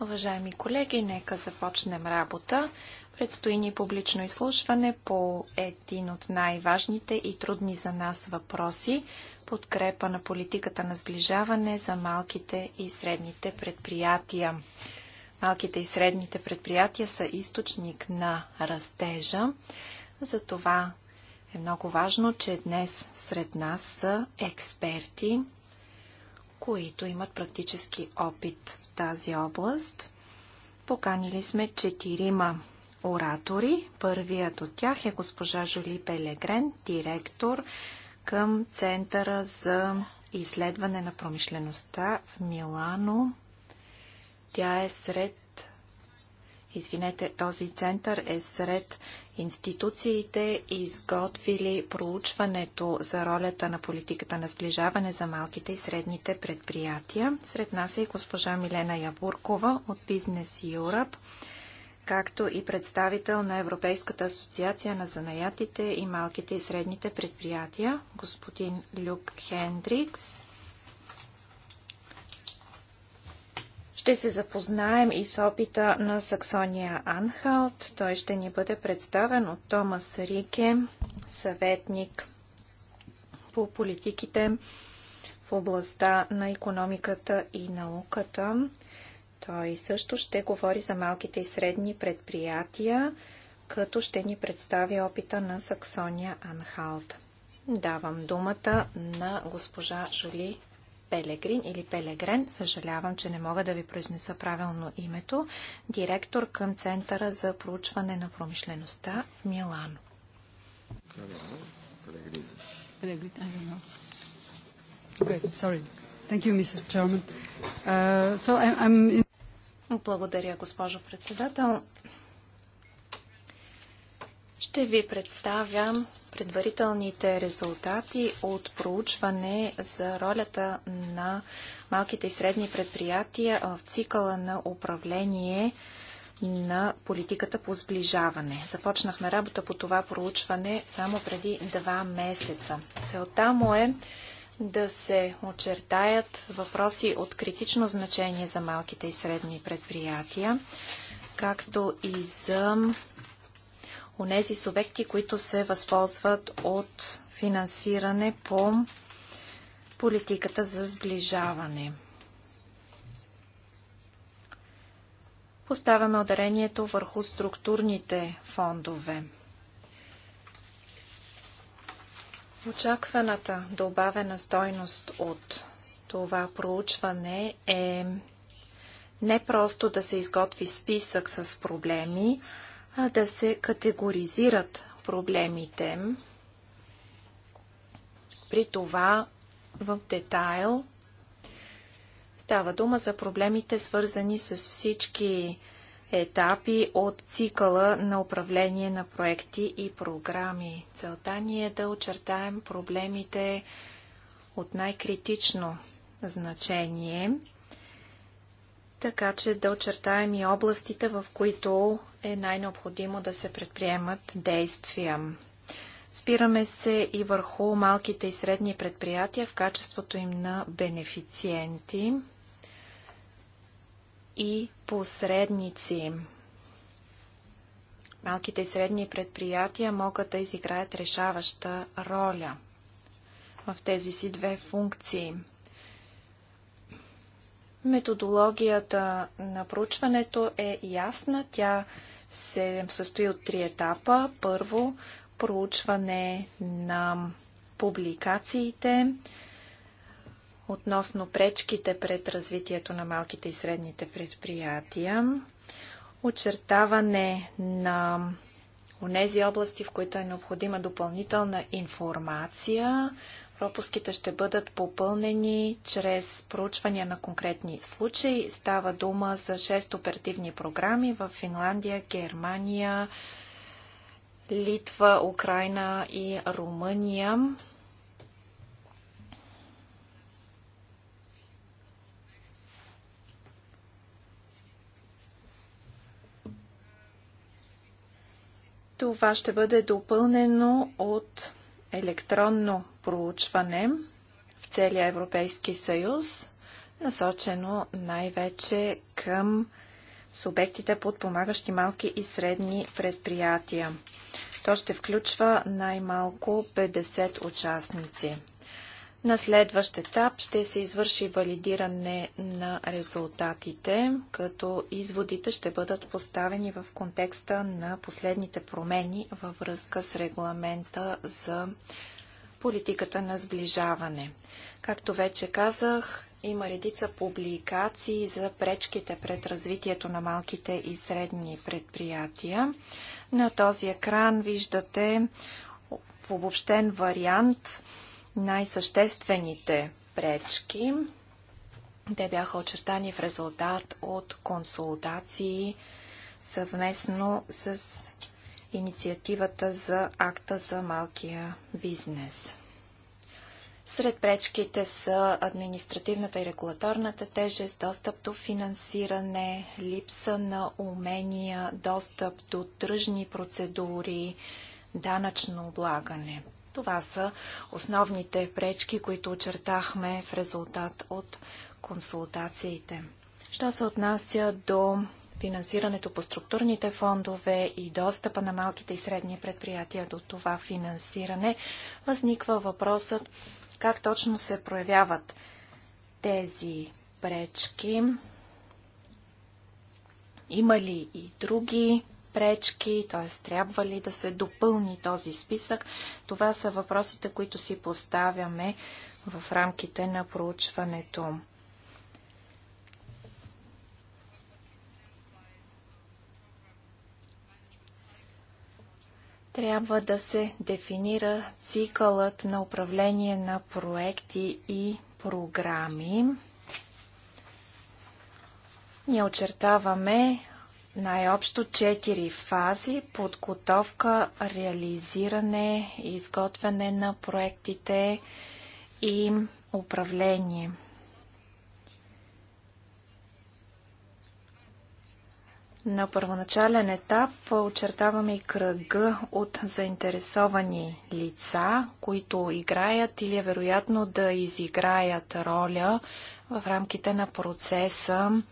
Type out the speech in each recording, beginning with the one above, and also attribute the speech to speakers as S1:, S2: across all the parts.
S1: Уважаеми колеги, нека започнем работа. Предстои ни публично изслушване по един от най-важните и трудни за нас въпроси – подкрепа на политиката на сближаване за малките и средните предприятия. Малките и средните предприятия са източник на растежа. Затова е много важно, че днес сред нас са експерти, които имат практически опит в тази област. Поканили сме четирима оратори. Първият от тях е госпожа Жоли Пелегрен, директор към Центъра за изследване на промишлеността в Милано. Тя е сред Извинете, този център е сред институциите, изготвили проучването за ролята на политиката на сближаване за малките и средните предприятия. Сред нас е и госпожа Милена Ябуркова от Business Europe, както и представител на Европейската асоциация на занаятите и малките и средните предприятия, господин Люк Хендрикс, Ще се запознаем и с опита на Саксония Анхалт. Той ще ни бъде представен от Томас Рике, съветник по политиките в областта на економиката и науката. Той също ще говори за малките и средни предприятия, като ще ни представи опита на Саксония Анхалт. Давам думата на госпожа Жули Пелегрин или Пелегрен, съжалявам, че не мога да ви произнеса правилно името, директор към Центъра за проучване на промишлеността в Милано.
S2: Uh,
S1: Благодаря, госпожо председател. Ще ви представям предварителните резултати от проучване за ролята на малките и средни предприятия в цикъла на управление на политиката по сближаване. Започнахме работа по това проучване само преди два месеца. Целта му е да се очертаят въпроси от критично значение за малките и средни предприятия, както и за онези субекти, които се възползват от финансиране по политиката за сближаване. Поставяме ударението върху структурните фондове. Очакваната добавена стойност от това проучване е не просто да се изготви списък с проблеми, да се категоризират проблемите. При това в детайл става дума за проблемите, свързани с всички етапи от цикъла на управление на проекти и програми. Целта ни е да очертаем проблемите от най-критично значение така че да очертаем и областите, в които е най-необходимо да се предприемат действия. Спираме се и върху малките и средни предприятия в качеството им на бенефициенти и посредници. Малките и средни предприятия могат да изиграят решаваща роля в тези си две функции – Методологията на проучването е ясна. Тя се състои от три етапа. Първо, проучване на публикациите относно пречките пред развитието на малките и средните предприятия, очертаване на онези области, в които е необходима допълнителна информация, Пропуските ще бъдат попълнени чрез проучвания на конкретни случаи. Става дума за 6 оперативни програми в Финландия, Германия, Литва, Украина и Румъния. Това ще бъде допълнено от електронно проучване в целия Европейски съюз, насочено най-вече към субектите подпомагащи малки и средни предприятия. То ще включва най-малко 50 участници. На следващ етап ще се извърши валидиране на резултатите, като изводите ще бъдат поставени в контекста на последните промени във връзка с регламента за политиката на сближаване. Както вече казах, има редица публикации за пречките пред развитието на малките и средни предприятия. На този екран виждате в обобщен вариант най-съществените пречки. Те бяха очертани в резултат от консултации съвместно с инициативата за акта за малкия бизнес. Сред пречките са административната и регулаторната тежест, достъп до финансиране, липса на умения, достъп до тръжни процедури, данъчно облагане. Това са основните пречки, които очертахме в резултат от консултациите. Що се отнася до финансирането по структурните фондове и достъпа на малките и средни предприятия до това финансиране, възниква въпросът как точно се проявяват тези пречки. Има ли и други пречки, т.е. трябва ли да се допълни този списък. Това са въпросите, които си поставяме в рамките на проучването. трябва да се дефинира цикълът на управление на проекти и програми. Ние очертаваме най-общо четири фази – подготовка, реализиране, изготвяне на проектите и управление. На първоначален етап очертаваме кръга от заинтересовани лица, които играят или е вероятно да изиграят роля в рамките на процеса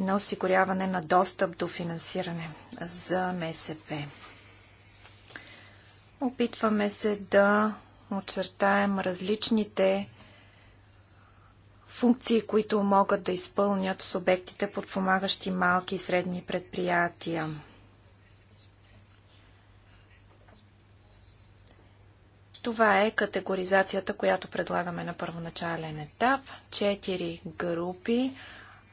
S1: на осигуряване на достъп до финансиране за МСП. Опитваме се да очертаем различните функции, които могат да изпълнят субектите, подпомагащи малки и средни предприятия. Това е категоризацията, която предлагаме на първоначален етап. Четири групи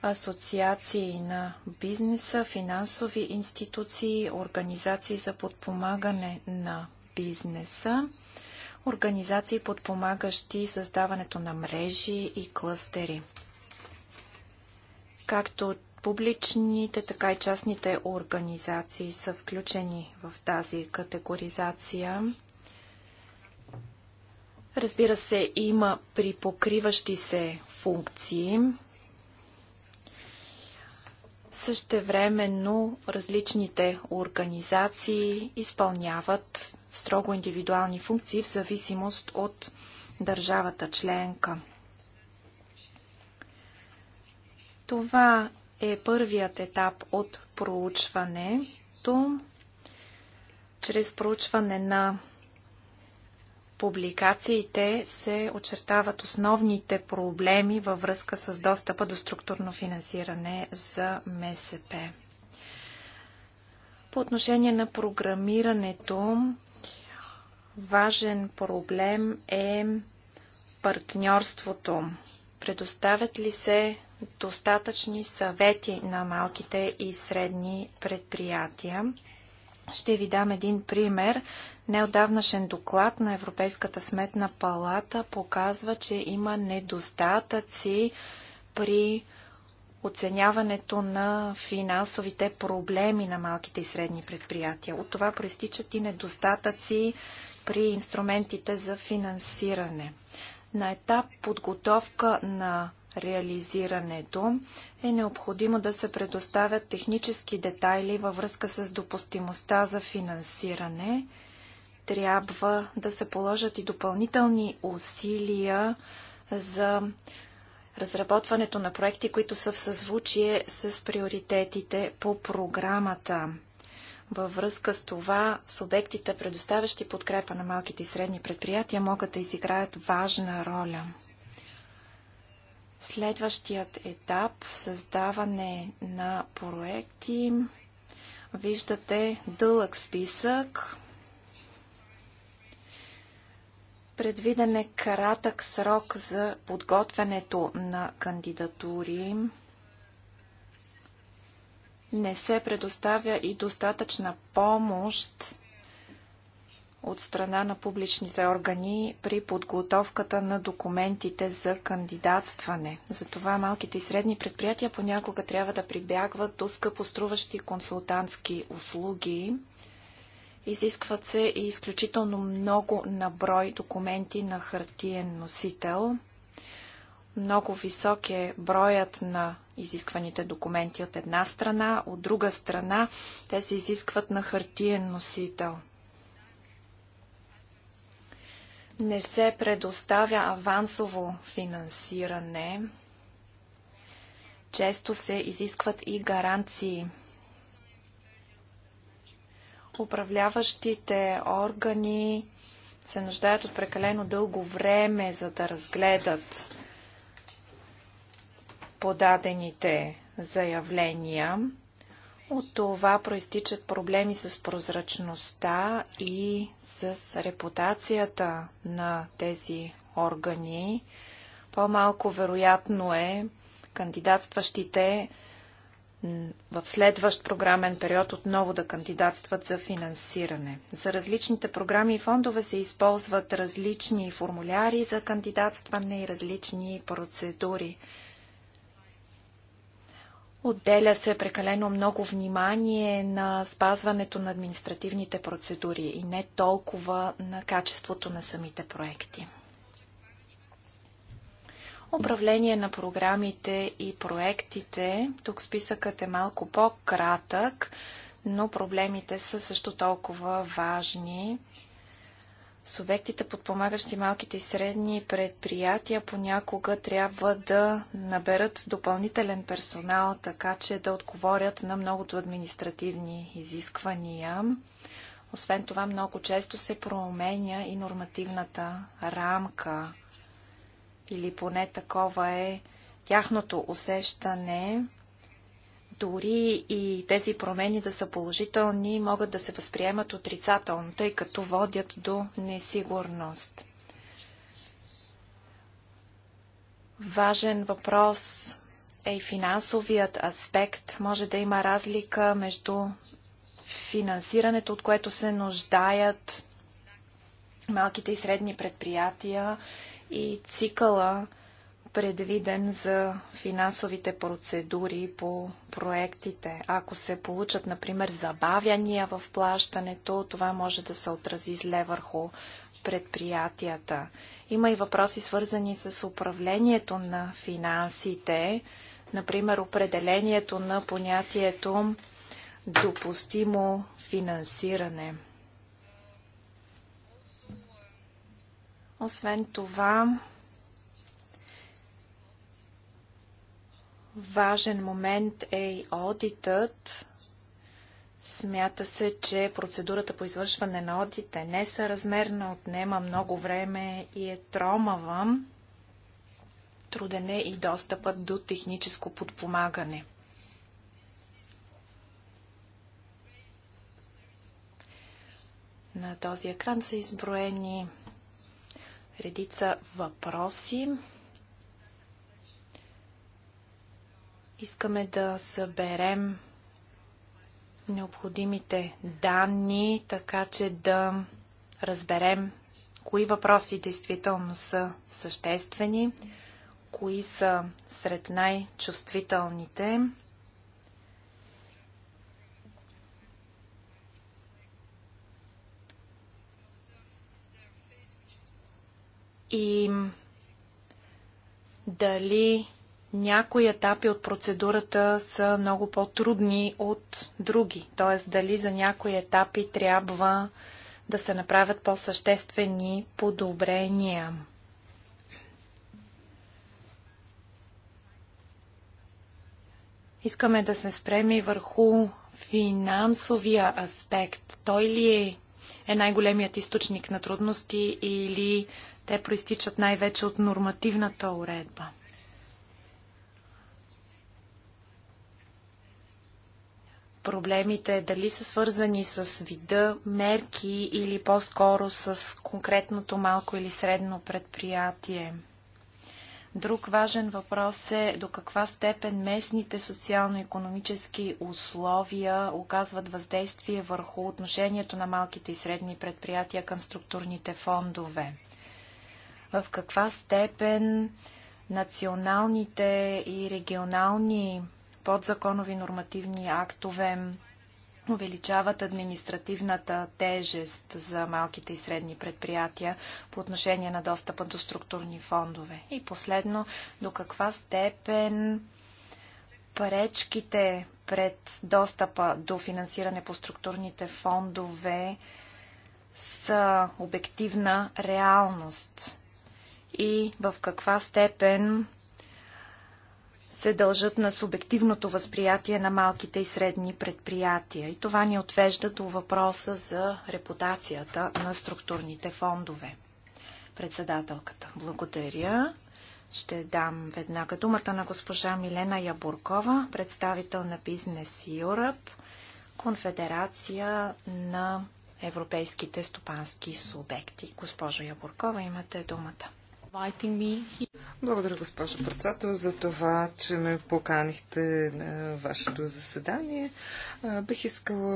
S1: асоциации на бизнеса, финансови институции, организации за подпомагане на бизнеса, организации подпомагащи създаването на мрежи и клъстери. Както публичните, така и частните организации са включени в тази категоризация. Разбира се, има припокриващи се функции. Същевременно различните организации изпълняват строго индивидуални функции в зависимост от държавата членка. Това е първият етап от проучването. Чрез проучване на публикациите се очертават основните проблеми във връзка с достъпа до структурно финансиране за МСП. По отношение на програмирането, важен проблем е партньорството. Предоставят ли се достатъчни съвети на малките и средни предприятия? Ще ви дам един пример. Неодавнашен доклад на Европейската сметна палата показва, че има недостатъци при оценяването на финансовите проблеми на малките и средни предприятия. От това проистичат и недостатъци при инструментите за финансиране. На етап подготовка на реализирането, е необходимо да се предоставят технически детайли във връзка с допустимостта за финансиране. Трябва да се положат и допълнителни усилия за разработването на проекти, които са в съзвучие с приоритетите по програмата. Във връзка с това, субектите, предоставящи подкрепа на малките и средни предприятия, могат да изиграят важна роля. Следващият етап създаване на проекти. Виждате дълъг списък. Предвиден е кратък срок за подготвянето на кандидатури. Не се предоставя и достатъчна помощ от страна на публичните органи при подготовката на документите за кандидатстване. Затова малките и средни предприятия понякога трябва да прибягват до скъпоструващи консултантски услуги. Изискват се и изключително много наброй документи на хартиен носител. Много висок е броят на изискваните документи от една страна, от друга страна те се изискват на хартиен носител. не се предоставя авансово финансиране. Често се изискват и гаранции. Управляващите органи се нуждаят от прекалено дълго време, за да разгледат подадените заявления. От това проистичат проблеми с прозрачността и с репутацията на тези органи. По-малко вероятно е кандидатстващите в следващ програмен период отново да кандидатстват за финансиране. За различните програми и фондове се използват различни формуляри за кандидатстване и различни процедури. Отделя се прекалено много внимание на спазването на административните процедури и не толкова на качеството на самите проекти. Управление на програмите и проектите. Тук списъкът е малко по-кратък, но проблемите са също толкова важни. Субектите, подпомагащи малките и средни предприятия, понякога трябва да наберат допълнителен персонал, така че да отговорят на многото административни изисквания. Освен това, много често се променя и нормативната рамка, или поне такова е тяхното усещане дори и тези промени да са положителни, могат да се възприемат отрицателно, тъй като водят до несигурност. Важен въпрос е и финансовият аспект. Може да има разлика между финансирането, от което се нуждаят малките и средни предприятия и цикъла предвиден за финансовите процедури по проектите. Ако се получат, например, забавяния в плащането, това може да се отрази зле върху предприятията. Има и въпроси свързани с управлението на финансите, например определението на понятието допустимо финансиране. Освен това, Важен момент е и одитът. Смята се, че процедурата по извършване на одит е несъразмерна, отнема много време и е тромава. Труден е и достъпът до техническо подпомагане. На този екран са изброени редица въпроси. Искаме да съберем необходимите данни, така че да разберем кои въпроси действително са съществени, кои са сред най-чувствителните. И дали някои етапи от процедурата са много по-трудни от други. Т.е. дали за някои етапи трябва да се направят по-съществени подобрения. Искаме да се спреме и върху финансовия аспект. Той ли е, е най-големият източник на трудности или те проистичат най-вече от нормативната уредба? проблемите дали са свързани с вида, мерки или по-скоро с конкретното малко или средно предприятие. Друг важен въпрос е до каква степен местните социално-економически условия оказват въздействие върху отношението на малките и средни предприятия към структурните фондове. В каква степен националните и регионални подзаконови нормативни актове, увеличават административната тежест за малките и средни предприятия по отношение на достъпа до структурни фондове. И последно, до каква степен пречките пред достъпа до финансиране по структурните фондове са обективна реалност и в каква степен се дължат на субективното възприятие на малките и средни предприятия. И това ни отвежда до въпроса за репутацията на структурните фондове. Председателката, благодаря. Ще дам веднага думата на госпожа Милена Ябуркова, представител на бизнес Юръп, конфедерация на европейските стопански субекти. Госпожо Ябуркова, имате думата.
S3: Благодаря, госпожо председател, за това, че ме поканихте на вашето заседание. Бих искала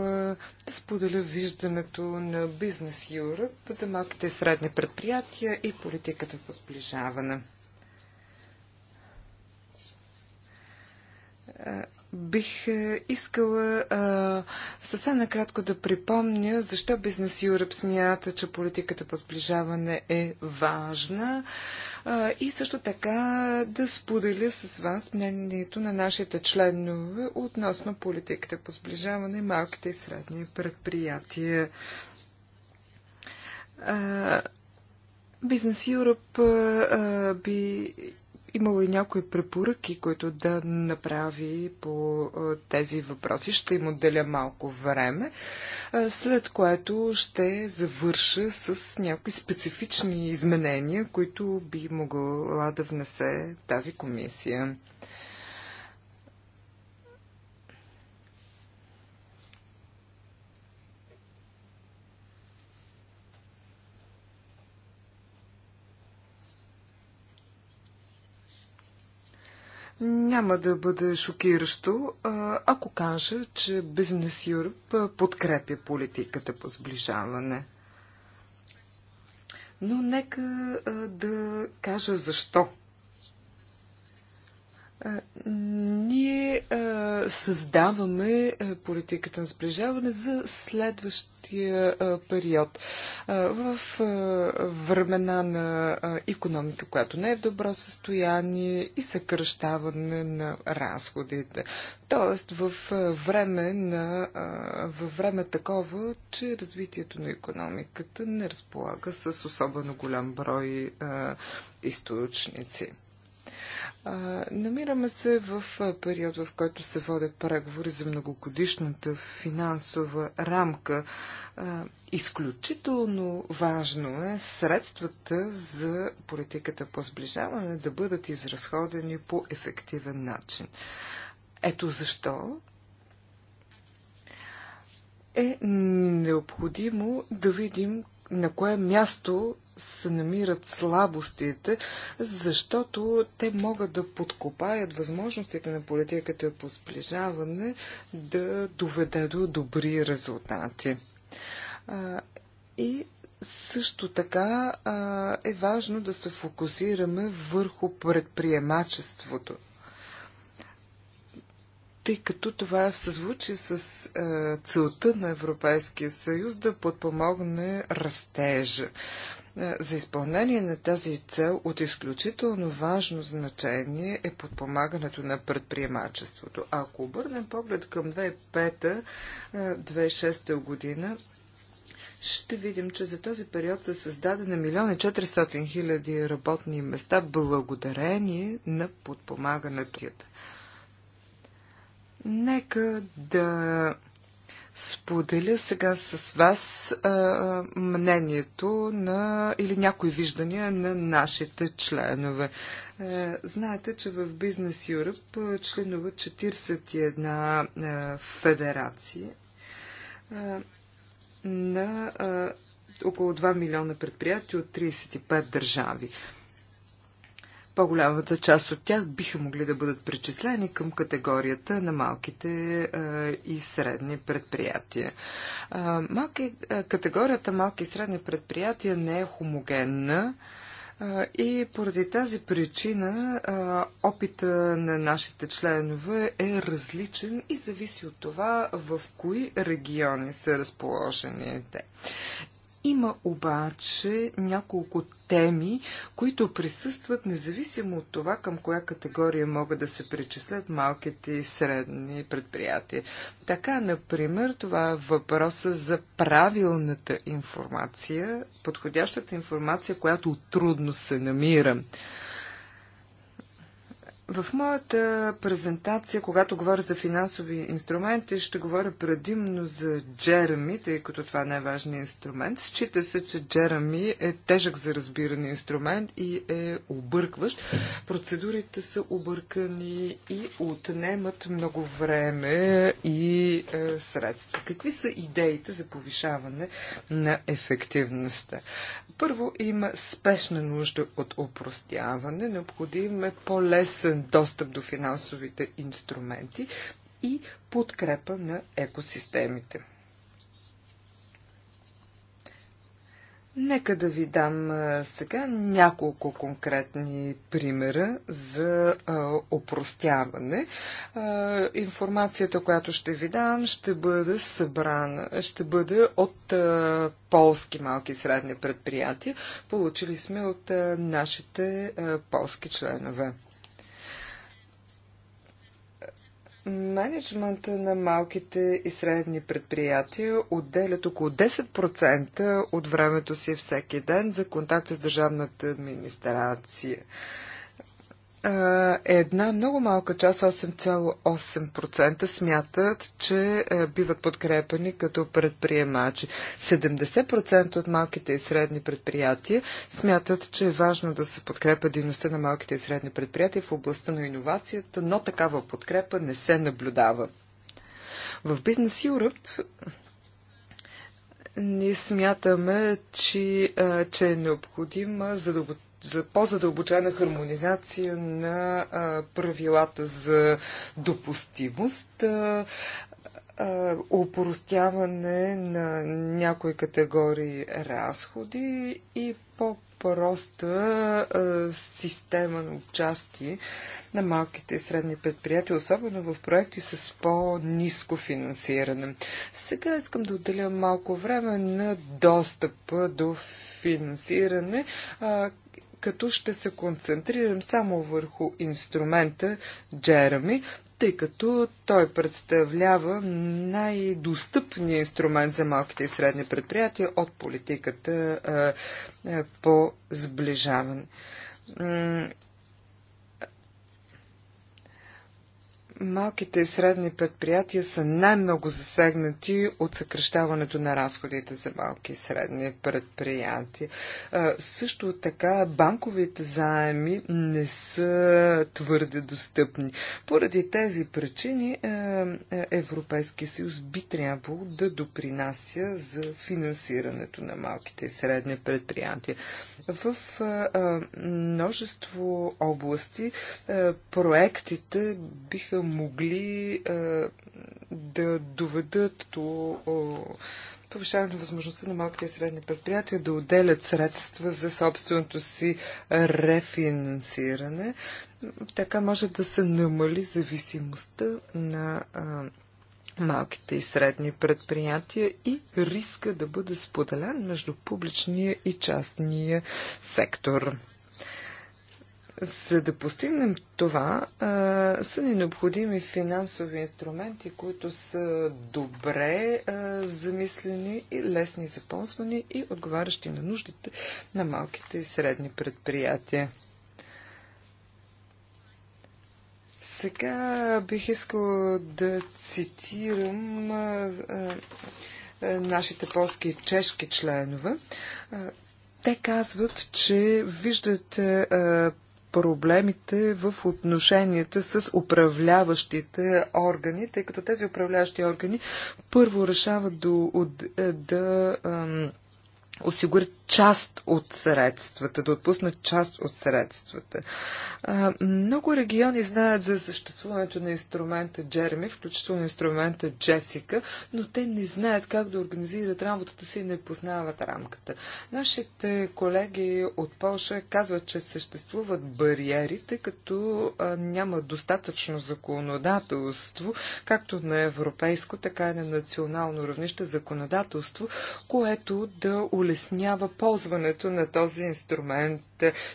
S3: да споделя виждането на бизнес Europe за малките и средни предприятия и политиката по сближаване. Бих е, искала а, съвсем накратко да припомня защо Бизнес Юръп смята, че политиката по сближаване е важна а, и също така да споделя с вас мнението на нашите членове относно политиката по сближаване и малките и средни предприятия. А, Бизнес Юръп би имало и някои препоръки, които да направи по тези въпроси. Ще им отделя малко време, след което ще завърша с някои специфични изменения, които би могла да внесе тази комисия. Няма да бъде шокиращо, ако кажа, че Бизнес Юрп подкрепя политиката по сближаване. Но нека да кажа защо ние създаваме политиката на сближаване за следващия период. в времена на економика, която не е в добро състояние и съкръщаване на разходите. Тоест в време, на, във време такова, че развитието на економиката не разполага с особено голям брой източници. Намираме се в период, в който се водят преговори за многогодишната финансова рамка. Изключително важно е средствата за политиката по сближаване да бъдат изразходени по ефективен начин. Ето защо е необходимо да видим на кое място се намират слабостите, защото те могат да подкопаят възможностите на политиката по сближаване да доведе до добри резултати. И също така а, е важно да се фокусираме върху предприемачеството тъй като това е в съзвучие с целта на Европейския съюз да подпомогне растежа. Е, за изпълнение на тази цел от изключително важно значение е подпомагането на предприемачеството. Ако обърнем поглед към 2005-2006 е, година, ще видим, че за този период са създадени 1 400 хиляди работни места благодарение на подпомагането. Нека да споделя сега с вас а, мнението на или някои виждания на нашите членове. А, знаете, че в Бизнес Юръп членува 41 а, федерации а, на а, около 2 милиона предприятия от 35 държави. А, по-голямата част от тях биха могли да бъдат причислени към категорията на малките и средни предприятия. Малки, категорията малки и средни предприятия не е хомогенна. И поради тази причина опита на нашите членове е различен и зависи от това в кои региони са разположени те. Има обаче няколко теми, които присъстват независимо от това към коя категория могат да се причислят малките и средни предприятия. Така, например, това е въпроса за правилната информация, подходящата информация, която трудно се намира. В моята презентация, когато говоря за финансови инструменти, ще говоря предимно за Джереми, тъй като това е най-важният инструмент. Счита се, че Джереми е тежък за разбиране инструмент и е объркващ. Процедурите са объркани и отнемат много време и е, средства. Какви са идеите за повишаване на ефективността? Първо има спешна нужда от опростяване. Необходим е по-лесен достъп до финансовите инструменти и подкрепа на екосистемите. Нека да ви дам сега няколко конкретни примера за а, опростяване. А, информацията, която ще ви дам, ще бъде събрана, ще бъде от а, полски малки и средни предприятия. Получили сме от а, нашите а, полски членове. Менеджмента на малките и средни предприятия отделят около 10% от времето си всеки ден за контакт с държавната администрация една много малка част, 8,8% смятат, че биват подкрепени като предприемачи. 70% от малките и средни предприятия смятат, че е важно да се подкрепа дейността на малките и средни предприятия в областта на иновацията, но такава подкрепа не се наблюдава. В Бизнес Europe ние смятаме, че, че е необходима задълбочена за по-задълбочена хармонизация на а, правилата за допустимост, а, а, упоростяване на някои категории разходи и по проста а, система на участие на малките и средни предприятия, особено в проекти с по-низко финансиране. Сега искам да отделя малко време на достъп до финансиране, като ще се концентрирам само върху инструмента Джерами, тъй като той представлява най-достъпния инструмент за малките и средни предприятия от политиката по сближаване. Малките и средни предприятия са най-много засегнати от съкръщаването на разходите за малки и средни предприятия. Също така банковите заеми не са твърде достъпни. Поради тези причини Европейския съюз би трябвало да допринася за финансирането на малките и средни предприятия. В множество области проектите биха могли да доведат до повишаване на възможността на малките и средни предприятия да отделят средства за собственото си рефинансиране. Така може да се намали зависимостта на а, малките и средни предприятия и риска да бъде споделен между публичния и частния сектор. За да постигнем това, са ни необходими финансови инструменти, които са добре замислени и лесни за ползване и отговарящи на нуждите на малките и средни предприятия. Сега бих искал да цитирам нашите полски и чешки членове. Те казват, че виждат проблемите в отношенията с управляващите органи, тъй като тези управляващи органи първо решават е, да, да, да осигурят част от средствата, да отпуснат част от средствата. Много региони знаят за съществуването на инструмента Джереми, включително инструмента Джесика, но те не знаят как да организират работата си и не познават рамката. Нашите колеги от Польша казват, че съществуват бариери, тъй като няма достатъчно законодателство, както на европейско, така и на национално равнище законодателство, което да улеснява ползването на този инструмент.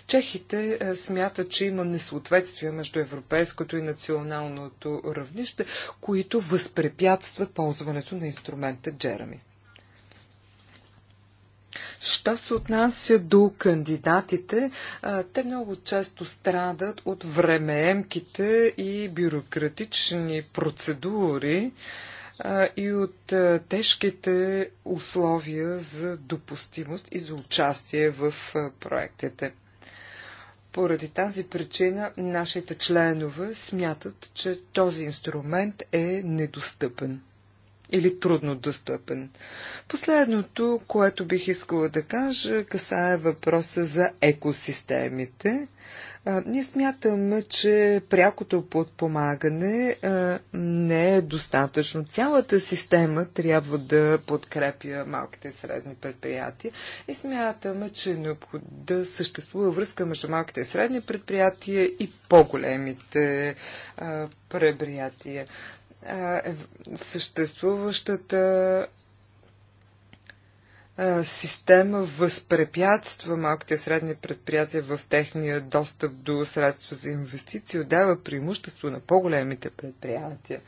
S3: Чехите е, смятат, че има несъответствия между европейското и националното равнище, които възпрепятстват ползването на инструмента джереми. Що се отнася до кандидатите, е, те много често страдат от времеемките и бюрократични процедури, а, и от а, тежките условия за допустимост и за участие в а, проектите. Поради тази причина нашите членове смятат, че този инструмент е недостъпен или трудно достъпен. Последното, което бих искала да кажа, касае въпроса за екосистемите. А, ние смятаме, че прякото подпомагане а, не е достатъчно. Цялата система трябва да подкрепя малките и средни предприятия и смятаме, че е необходимо да съществува връзка между малките и средни предприятия и по-големите предприятия. Е, съществуващата система възпрепятства малките и средни предприятия в техния достъп до средства за инвестиции, отдава преимущество на по-големите предприятия.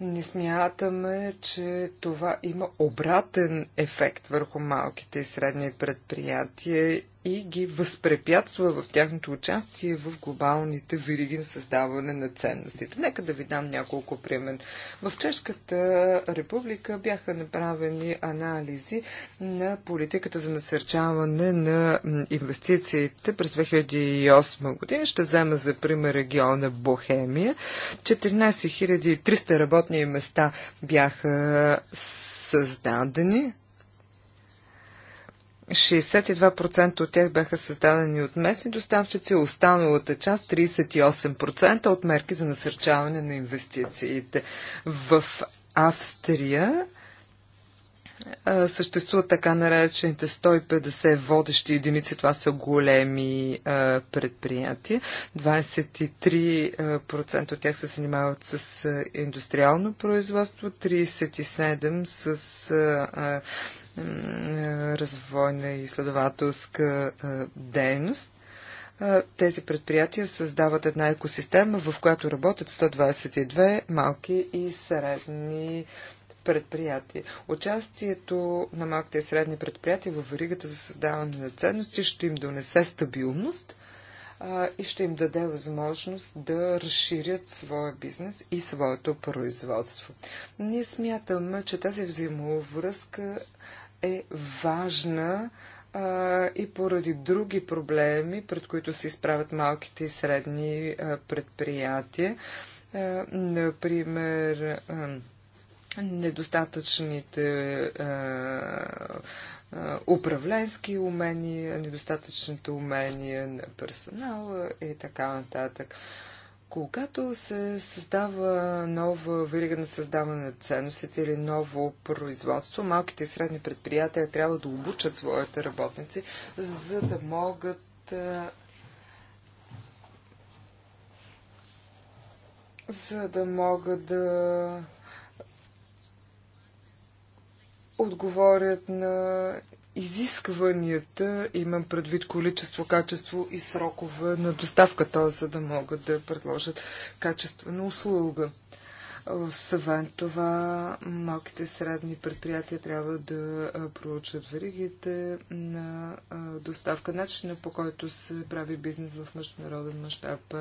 S3: Не смятаме, че това има обратен ефект върху малките и средни предприятия и ги възпрепятства в тяхното участие в глобалните вириги на създаване на ценностите. Нека да ви дам няколко примен. В Чешката република бяха направени анализи на политиката за насърчаване на инвестициите през 2008 година. Ще взема за пример региона Бохемия. 14 300 работни места бяха създадени 62% от тях бяха създадени от местни доставчици, останалата част 38% от мерки за насърчаване на инвестициите. В Австрия съществуват така наречените 150 водещи единици. Това са големи предприятия. 23% от тях се занимават с индустриално производство, 37% с развойна и следователска дейност. Тези предприятия създават една екосистема, в която работят 122 малки и средни предприятия. Участието на малките и средни предприятия в веригата за създаване на ценности ще им донесе стабилност и ще им даде възможност да разширят своя бизнес и своето производство. Ние смятаме, че тази взаимовръзка е важна а, и поради други проблеми, пред които се изправят малките и средни а, предприятия. А, например, а, недостатъчните а, управленски умения, недостатъчните умения на персонала и така нататък. А, когато се създава нова верига на създаване на ценностите или ново производство, малките и средни предприятия трябва да обучат своите работници, за да могат е, за да могат да отговорят на изискванията, имам предвид количество, качество и срокове на доставка, т.е. за да могат да предложат качествена услуга. Освен това, малките и средни предприятия трябва да проучат веригите на доставка, начина по който се прави бизнес в международен мащаб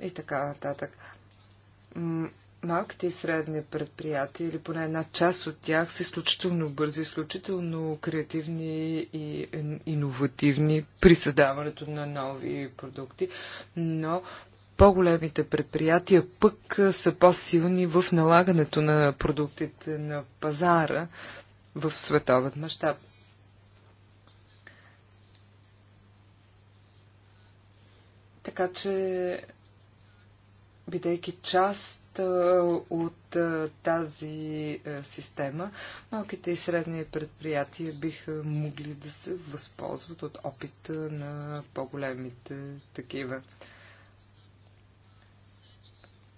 S3: и така нататък малките и средни предприятия, или поне една част от тях, са изключително бързи, изключително креативни и иновативни при създаването на нови продукти, но по-големите предприятия пък са по-силни в налагането на продуктите на пазара в световен мащаб. Така че, бидейки част от е, е, тази е, система, малките и средни предприятия биха могли да се възползват от опита на по-големите такива.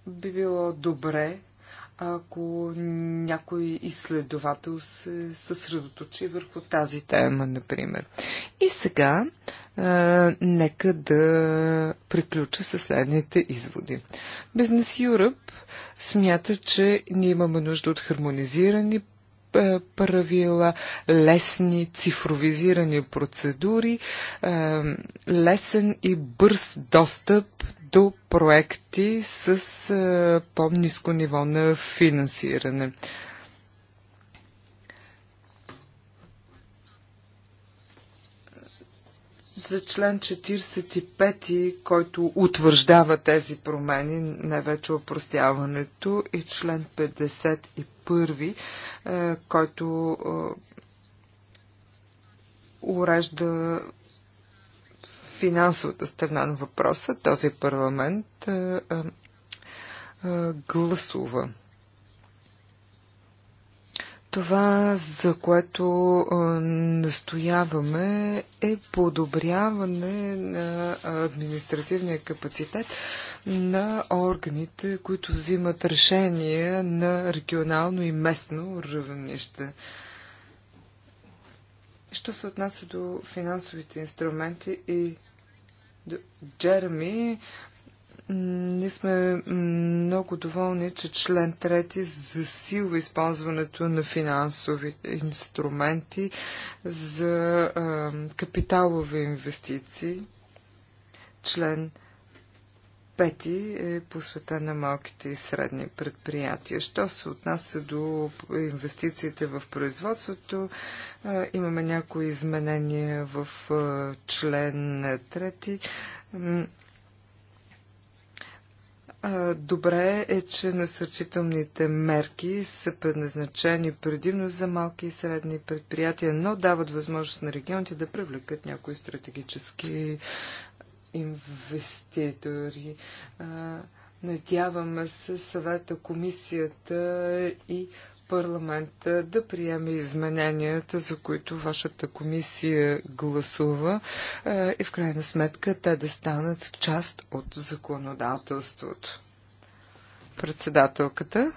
S3: Би било добре ако някой изследовател се съсредоточи върху тази тема, например. И сега а, нека да приключа със следните изводи. Бизнес Юръп смята, че ние имаме нужда от хармонизирани правила, лесни цифровизирани процедури, лесен и бърз достъп до проекти с по-низко ниво на финансиране. за член 45, който утвърждава тези промени, най-вече опростяването, и член 51, който урежда финансовата страна на въпроса този парламент а, а, а, гласува. Това, за което а, настояваме, е подобряване на административния капацитет на органите, които взимат решения на регионално и местно равнище. Що се отнася до финансовите инструменти и Джереми, ние сме много доволни, че член трети засилва използването на финансови инструменти за капиталови инвестиции. Член пети е света на малките и средни предприятия. Що се отнася до инвестициите в производството, имаме някои изменения в член трети. Добре е, че насърчителните мерки са предназначени предимно за малки и средни предприятия, но дават възможност на регионите да привлекат някои стратегически инвеститори. Надяваме се съвета, комисията и парламента да приеме измененията, за които вашата комисия гласува и в крайна сметка те да станат част от законодателството. Председателката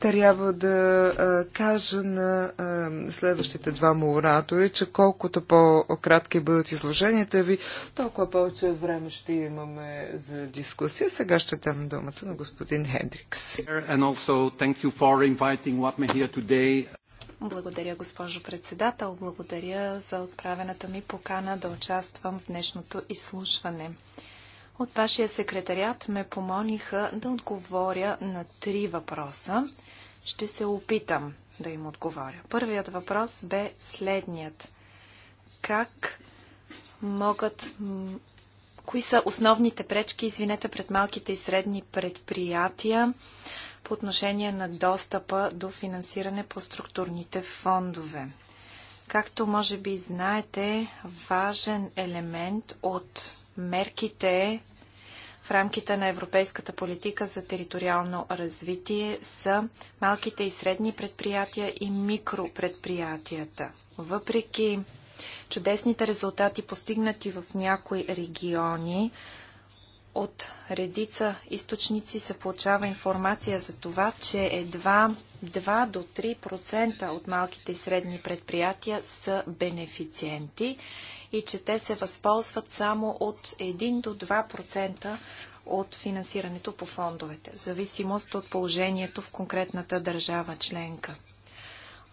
S3: трябва да а, кажа на а, следващите двама оратори, че колкото по-кратки бъдат изложенията ви, толкова повече време ще имаме за дискусия. Сега ще дам думата на господин Хендрикс.
S1: Благодаря, госпожо председател. Благодаря за отправената ми покана да участвам в днешното изслушване. От вашия секретариат ме помолиха да отговоря на три въпроса. Ще се опитам да им отговоря. Първият въпрос бе следният. Как могат кои са основните пречки, извинете, пред малките и средни предприятия по отношение на достъпа до финансиране по структурните фондове? Както може би знаете, важен елемент от Мерките в рамките на европейската политика за териториално развитие са малките и средни предприятия и микропредприятията. Въпреки чудесните резултати, постигнати в някои региони, от редица източници се получава информация за това, че едва 2 до 3% от малките и средни предприятия са бенефициенти и че те се възползват само от 1 до 2% от финансирането по фондовете, в зависимост от положението в конкретната държава членка.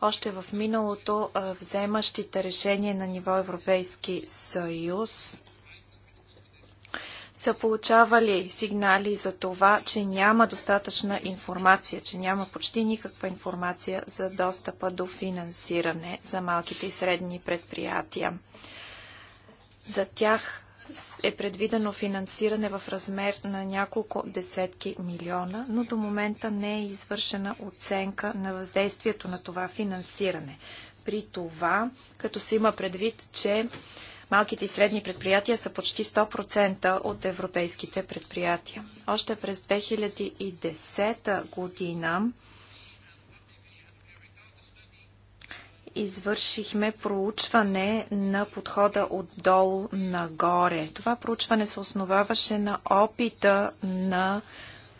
S1: Още в миналото вземащите решения на ниво Европейски съюз са получавали сигнали за това, че няма достатъчна информация, че няма почти никаква информация за достъпа до финансиране за малките и средни предприятия. За тях е предвидено финансиране в размер на няколко десетки милиона, но до момента не е извършена оценка на въздействието на това финансиране. При това, като се има предвид, че Малките и средни предприятия са почти 100% от европейските предприятия. Още през 2010 година извършихме проучване на подхода отдолу нагоре. Това проучване се основаваше на опита на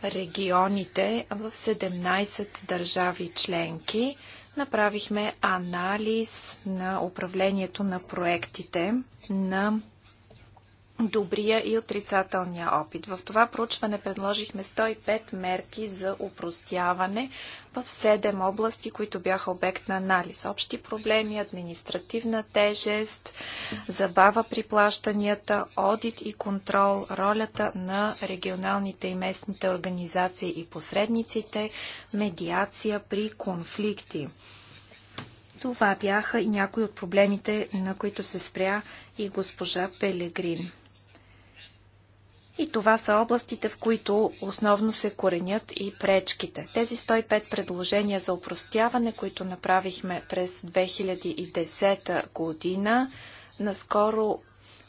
S1: регионите в 17 държави членки. Направихме анализ на управлението на проектите на добрия и отрицателния опит. В това проучване предложихме 105 мерки за упростяване в 7 области, които бяха обект на анализ. Общи проблеми, административна тежест, забава при плащанията, одит и контрол, ролята на регионалните и местните организации и посредниците, медиация при конфликти. Това бяха и някои от проблемите, на които се спря и госпожа Пелегрин. И това са областите, в които основно се коренят и пречките. Тези 105 предложения за упростяване, които направихме през 2010 година, наскоро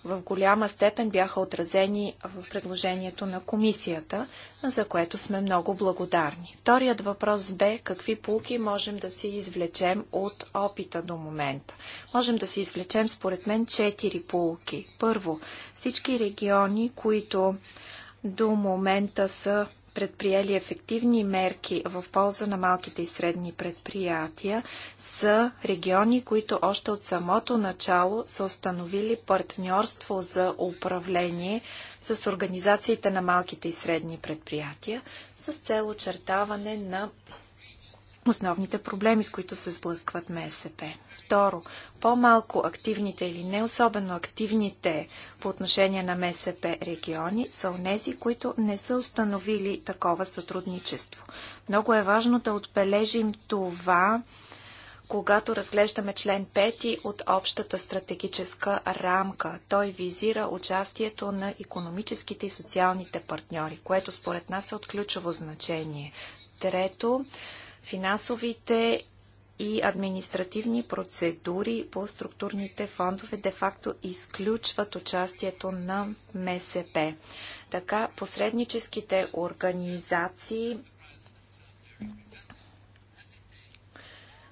S1: в голяма степен бяха отразени в предложението на комисията, за което сме много благодарни. Вторият въпрос бе какви полки можем да си извлечем от опита до момента. Можем да си извлечем според мен четири полки. Първо, всички региони, които до момента са предприели ефективни мерки в полза на малките и средни предприятия са региони, които още от самото начало са установили партньорство за управление с организациите на малките и средни предприятия с цел очертаване на основните проблеми, с които се сблъскват МСП. Второ, по-малко активните или не особено активните по отношение на МСП региони са онези, които не са установили такова сътрудничество. Много е важно да отбележим това, когато разглеждаме член 5 от общата стратегическа рамка. Той визира участието на економическите и социалните партньори, което според нас е от ключово значение. Трето, Финансовите и административни процедури по структурните фондове де-факто изключват участието на МСП. Така посредническите организации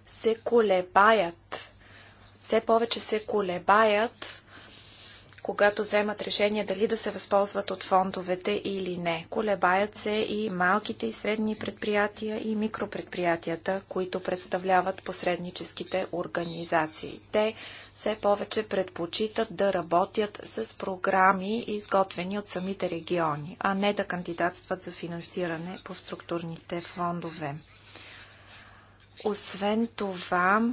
S1: се колебаят, все повече се колебаят когато вземат решение дали да се възползват от фондовете или не. Колебаят се и малките и средни предприятия и микропредприятията, които представляват посредническите организации. Те все повече предпочитат да работят с програми, изготвени от самите региони, а не да кандидатстват за финансиране по структурните фондове. Освен това,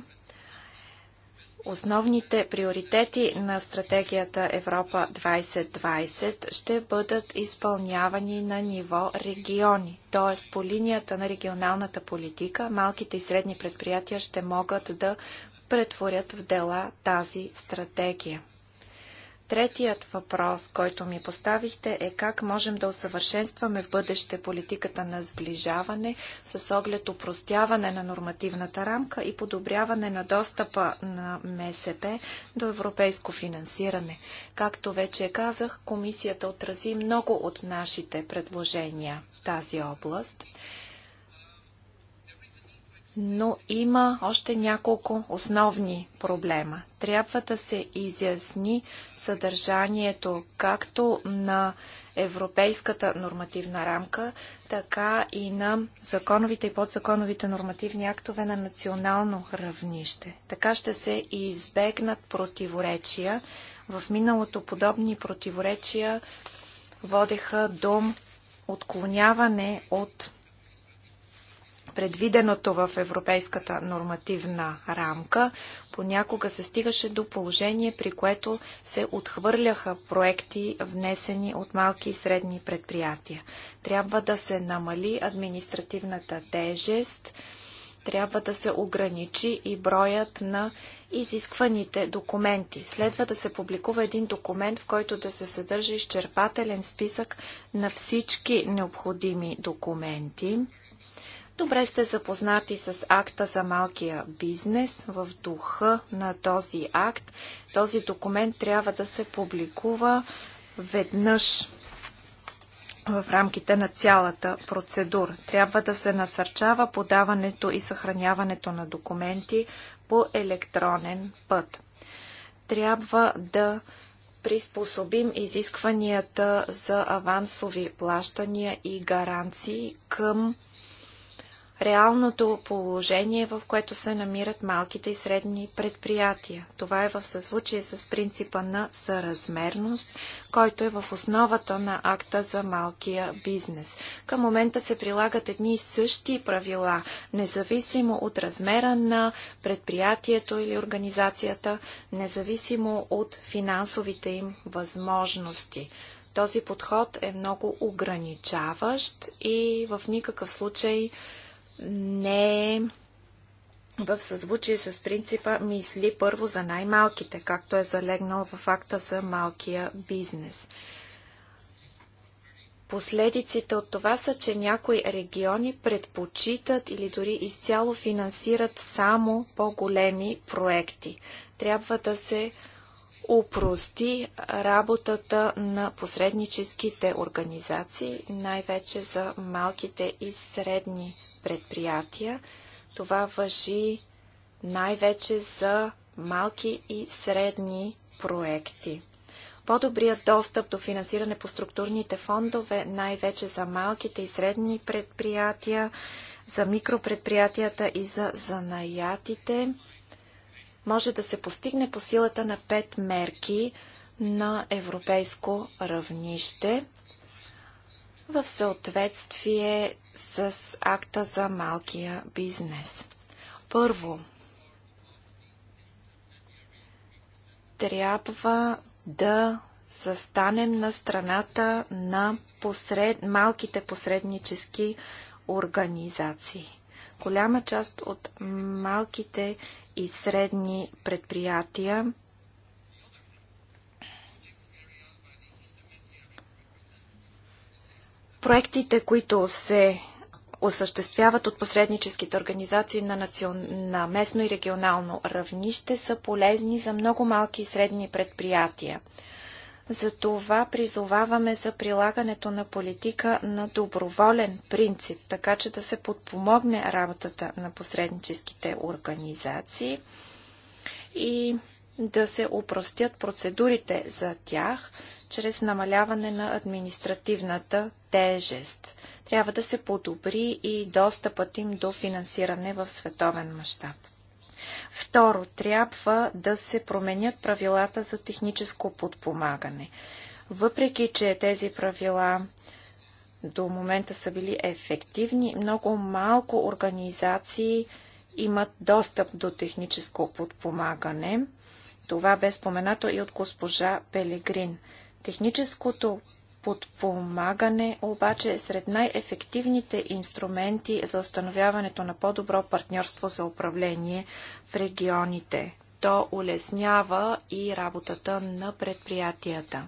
S1: Основните приоритети на стратегията Европа 2020 ще бъдат изпълнявани на ниво региони, т.е. по линията на регионалната политика малките и средни предприятия ще могат да претворят в дела тази стратегия. Третият въпрос, който ми поставихте е как можем да усъвършенстваме в бъдеще политиката на сближаване с оглед упростяване на нормативната рамка и подобряване на достъпа на МСП до европейско финансиране. Както вече казах, комисията отрази много от нашите предложения в тази област но има още няколко основни проблема. Трябва да се изясни съдържанието както на европейската нормативна рамка, така и на законовите и подзаконовите нормативни актове на национално равнище. Така ще се избегнат противоречия. В миналото подобни противоречия водеха до отклоняване от предвиденото в европейската нормативна рамка, понякога се стигаше до положение, при което се отхвърляха проекти, внесени от малки и средни предприятия. Трябва да се намали административната тежест, трябва да се ограничи и броят на изискваните документи. Следва да се публикува един документ, в който да се съдържа изчерпателен списък на всички необходими документи. Добре сте запознати с акта за малкия бизнес. В духа на този акт този документ трябва да се публикува веднъж в рамките на цялата процедура. Трябва да се насърчава подаването и съхраняването на документи по електронен път. Трябва да приспособим изискванията за авансови плащания и гаранции към реалното положение, в което се намират малките и средни предприятия. Това е в съзвучие с принципа на съразмерност, който е в основата на акта за малкия бизнес. Към момента се прилагат едни и същи правила, независимо от размера на предприятието или организацията, независимо от финансовите им възможности. Този подход е много ограничаващ и в никакъв случай не е в съзвучие с принципа мисли първо за най-малките, както е залегнал в факта за малкия бизнес. Последиците от това са, че някои региони предпочитат или дори изцяло финансират само по-големи проекти. Трябва да се упрости работата на посредническите организации, най-вече за малките и средни предприятия. Това въжи най-вече за малки и средни проекти. По-добрият достъп до финансиране по структурните фондове, най-вече за малките и средни предприятия, за микропредприятията и за занаятите, може да се постигне по силата на пет мерки на европейско равнище в съответствие с акта за малкия бизнес. Първо, трябва да застанем на страната на посред... малките посреднически организации. Голяма част от малките и средни предприятия Проектите, които се осъществяват от посредническите организации на, национ... на местно и регионално равнище, са полезни за много малки и средни предприятия. Затова призоваваме за прилагането на политика на доброволен принцип, така че да се подпомогне работата на посредническите организации и да се упростят процедурите за тях чрез намаляване на административната тежест. Трябва да се подобри и достъпът им до финансиране в световен мащаб. Второ, трябва да се променят правилата за техническо подпомагане. Въпреки, че тези правила до момента са били ефективни, много малко организации имат достъп до техническо подпомагане. Това бе споменато и от госпожа Пелегрин. Техническото подпомагане обаче е сред най-ефективните инструменти за установяването на по-добро партньорство за управление в регионите. То улеснява и работата на предприятията.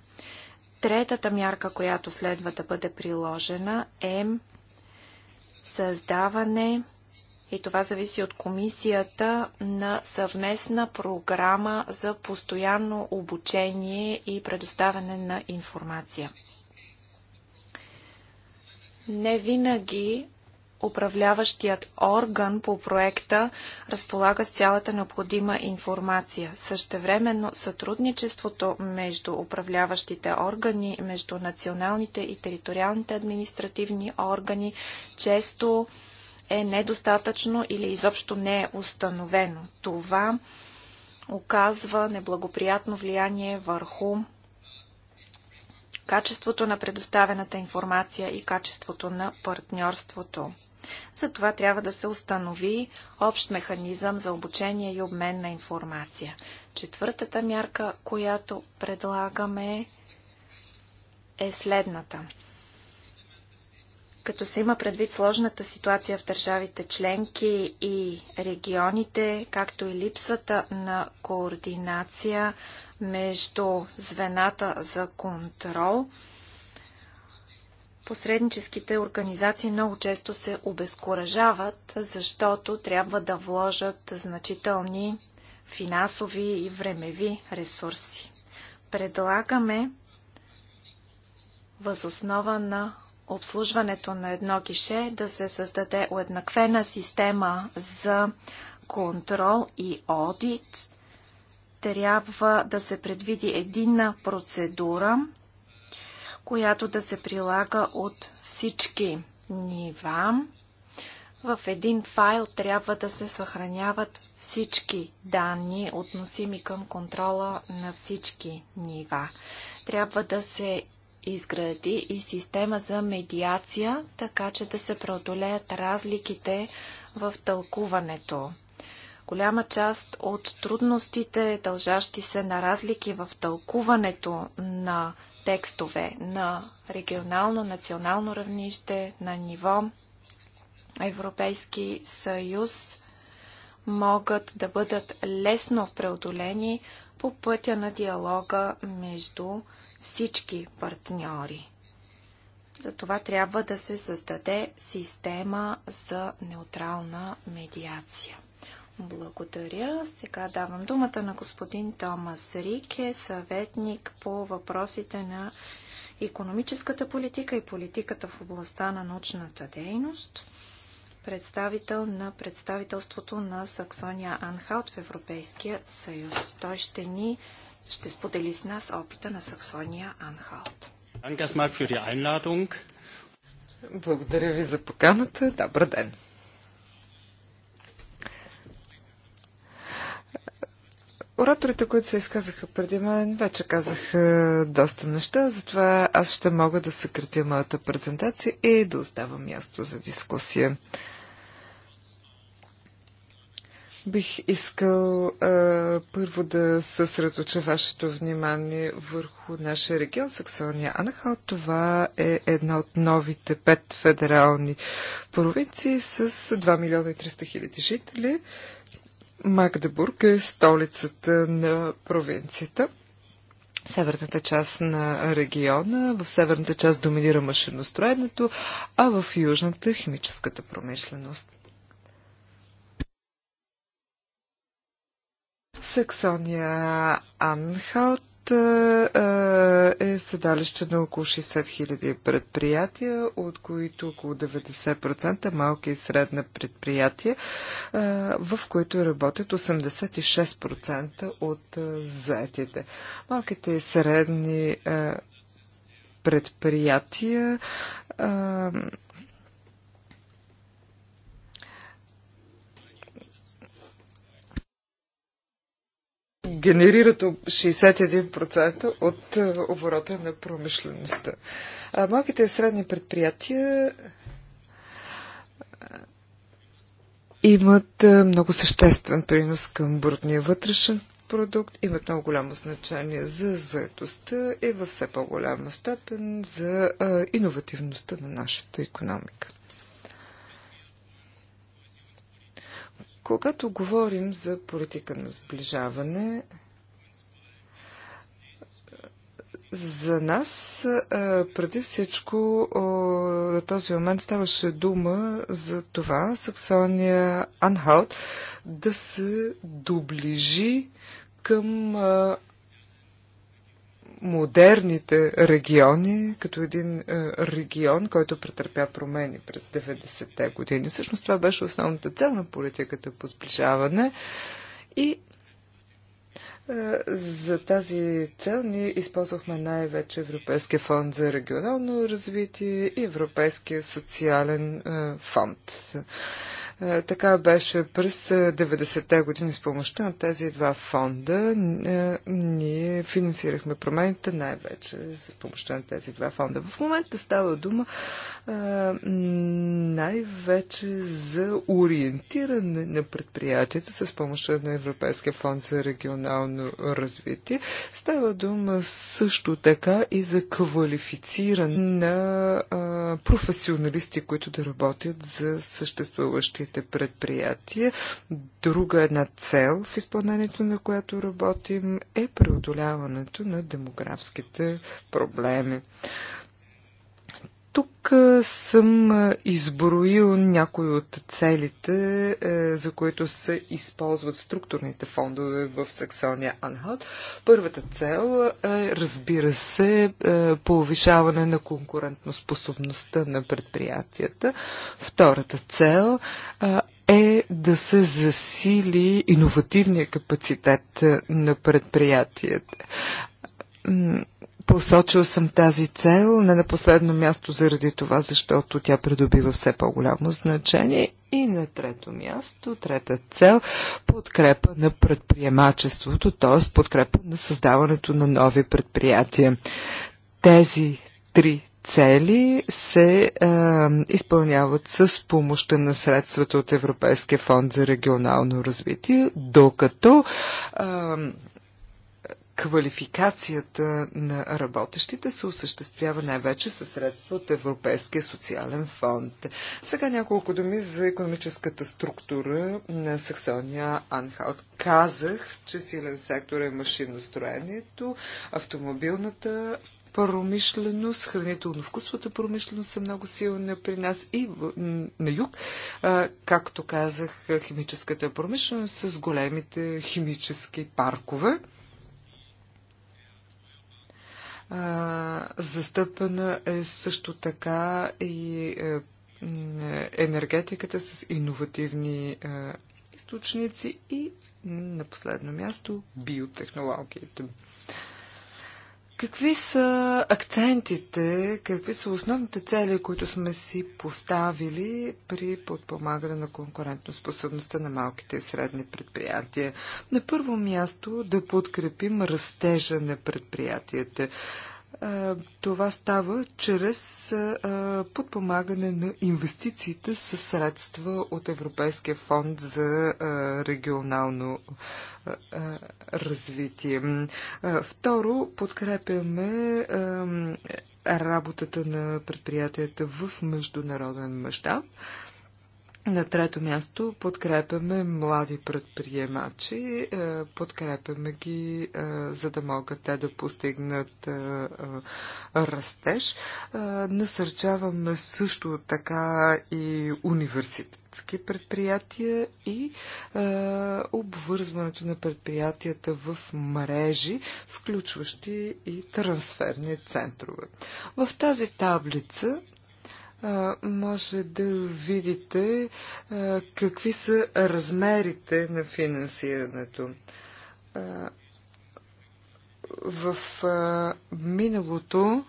S1: Третата мярка, която следва да бъде приложена е създаване и това зависи от комисията на съвместна програма за постоянно обучение и предоставяне на информация. Не винаги управляващият орган по проекта разполага с цялата необходима информация. Същевременно сътрудничеството между управляващите органи, между националните и териториалните административни органи често е недостатъчно или изобщо не е установено. Това оказва неблагоприятно влияние върху качеството на предоставената информация и качеството на партньорството. Затова трябва да се установи общ механизъм за обучение и обмен на информация. Четвъртата мярка, която предлагаме е следната. Като се има предвид сложната ситуация в държавите членки и регионите, както и липсата на координация между звената за контрол, посредническите организации много често се обезкуражават, защото трябва да вложат значителни финансови и времеви ресурси. Предлагаме възоснова на обслужването на едно гише да се създаде уеднаквена система за контрол и одит. Трябва да се предвиди единна процедура, която да се прилага от всички нива. В един файл трябва да се съхраняват всички данни, относими към контрола на всички нива. Трябва да се изгради и система за медиация, така че да се преодолеят разликите в тълкуването. Голяма част от трудностите, дължащи се на разлики в тълкуването на текстове на регионално, национално равнище, на ниво Европейски съюз, могат да бъдат лесно преодолени по пътя на диалога между всички партньори. Затова трябва да се създаде система за неутрална медиация. Благодаря. Сега давам думата на господин Томас Рике, съветник по въпросите на економическата политика и политиката в областта на научната дейност, представител на представителството на Саксония Анхаут в Европейския съюз. Той ще ни ще сподели с нас опита на Саксония Анхалт.
S3: Благодаря ви за поканата. Добър ден! Ораторите, които се изказаха преди мен, вече казах доста неща, затова аз ще мога да съкратя моята презентация и да оставам място за дискусия. Бих искал а, първо да съсредоча вашето внимание върху нашия регион Саксония. Анахал, това е една от новите пет федерални провинции с 2 милиона и 300 хиляди жители. Магдебург е столицата на провинцията. Северната част на региона. В северната част доминира машиностроенето, а в южната химическата промишленост. Саксония Анхалт е, е, е седалище на около 60 000 предприятия, от които около 90% малки и средна предприятия, е, в които работят 86% от заетите. Малките и средни предприятия генерират 61% от е, оборота на промишлеността. А малките и средни предприятия е, имат е, много съществен принос към брутния вътрешен продукт, имат много голямо значение за заедостта и във все по-голяма степен за иновативността на нашата економика. Когато говорим за политика на сближаване, за нас преди всичко на този момент ставаше дума за това Саксония Анхалт да се доближи към модерните региони, като един е, регион, който претърпя промени през 90-те години. Всъщност това беше основната цел на политиката по сближаване и е, за тази цел ние използвахме най-вече Европейския фонд за регионално развитие и Европейския социален е, фонд. Е, така беше през 90-те е, години с помощта на тези два фонда. Е, ние финансирахме промените най-вече с помощта на тези два фонда. В момента става дума най-вече за ориентиране на предприятията с помощта на Европейския фонд за регионално развитие. Става дума също така и за квалифициране на професионалисти, които да работят за съществуващите нашите предприятия. Друга една цел в изпълнението на която работим е преодоляването на демографските проблеми. Тук съм изброил някои от целите, за които се използват структурните фондове в Саксония анхалт. Първата цел е, разбира се, повишаване на конкурентноспособността на предприятията. Втората цел е да се засили иновативния капацитет на предприятията Посочил съм тази цел не на последно място заради това, защото тя придобива все по-голямо значение. И на трето място, трета цел подкрепа на предприемачеството, т.е. подкрепа на създаването на нови предприятия. Тези три цели се е, изпълняват с помощта на средствата от Европейския фонд за регионално развитие, докато е, квалификацията на работещите се осъществява най-вече със средства от Европейския социален фонд. Сега няколко думи за економическата структура на Саксония Анхалт. Казах, че силен сектор е машиностроението, автомобилната промишленост, хранително-вкусовата промишленост са много силна при нас и на юг, както казах, химическата промишленост с големите химически паркове. Застъпена е също така и е, енергетиката с иновативни е, източници и на последно място биотехнологиите. Какви са акцентите, какви са основните цели, които сме си поставили при подпомагане на конкурентоспособността на малките и средни предприятия? На първо място да подкрепим растежа на предприятията. Това става чрез подпомагане на инвестициите със средства от Европейския фонд за регионално развитие. Второ, подкрепяме работата на предприятията в международен мащаб. На трето място подкрепяме млади предприемачи, е, подкрепяме ги, е, за да могат те да постигнат е, растеж. Насърчаваме също така и университетски предприятия и обвързването на предприятията в мрежи, включващи и трансферни центрове. В тази таблица може да видите какви са размерите на финансирането. В миналото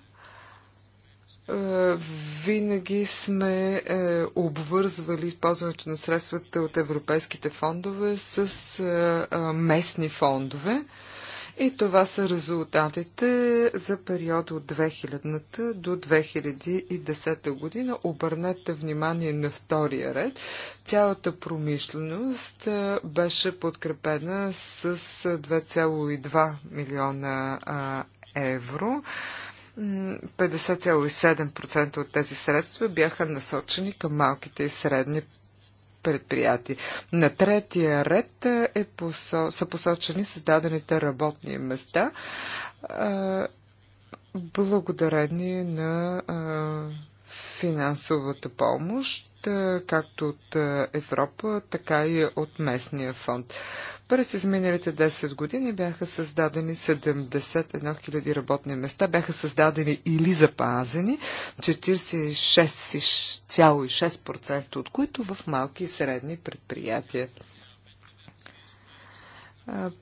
S3: винаги сме е, обвързвали използването на средствата от европейските фондове с местни фондове. И това са резултатите за период от 2000-та до 2010 година. Обърнете внимание на втория ред. Цялата промишленост беше подкрепена с 2,2 милиона евро. 50,7% от тези средства бяха насочени към малките и средни предприятия. На третия ред е посо... са посочени създадените работни места благодарение на финансовата помощ както от Европа, така и от местния фонд. През изминалите 10 години бяха създадени 71 000 работни места, бяха създадени или запазени, 46,6% от които в малки и средни предприятия.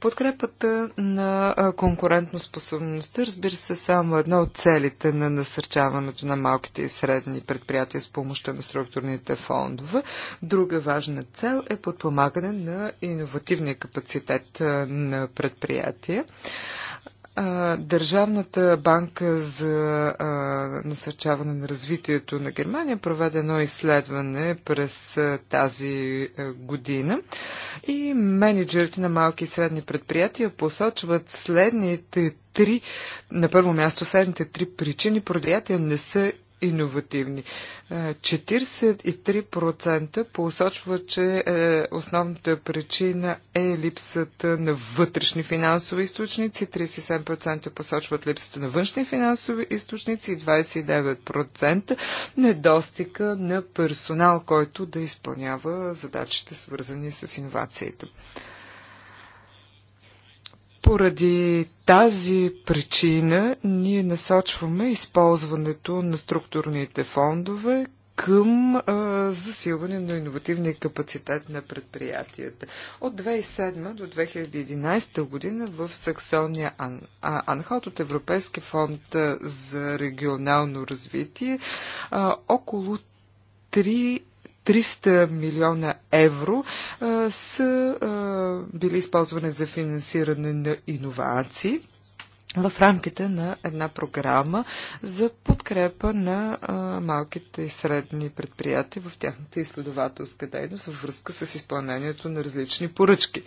S3: Подкрепата на конкурентоспособността, разбира се, само една от целите на насърчаването на малките и средни предприятия с помощта на структурните фондове. Друга важна цел е подпомагане на иновативния капацитет на предприятия. Държавната банка за насърчаване на развитието на Германия проведе едно изследване през тази година и менеджерите на малки и средни предприятия посочват следните три, на първо място следните три причини, предприятия не са иновативни. 43% е, посочва, че е, основната причина е липсата на вътрешни финансови източници, 37% посочват липсата на външни финансови източници и 29% недостига на персонал, който да изпълнява задачите, свързани с иновациите. Поради тази причина ние насочваме използването на структурните фондове към а, засилване на иновативния капацитет на предприятията. От 2007 до 2011 година в Саксония Ан, а, Анхот от Европейски фонд за регионално развитие а, около 300 милиона евро а, са а, били използвани за финансиране на иновации в рамките на една програма за подкрепа на а, малките и средни предприятия в тяхната изследователска дейност във връзка с изпълнението на различни поръчки.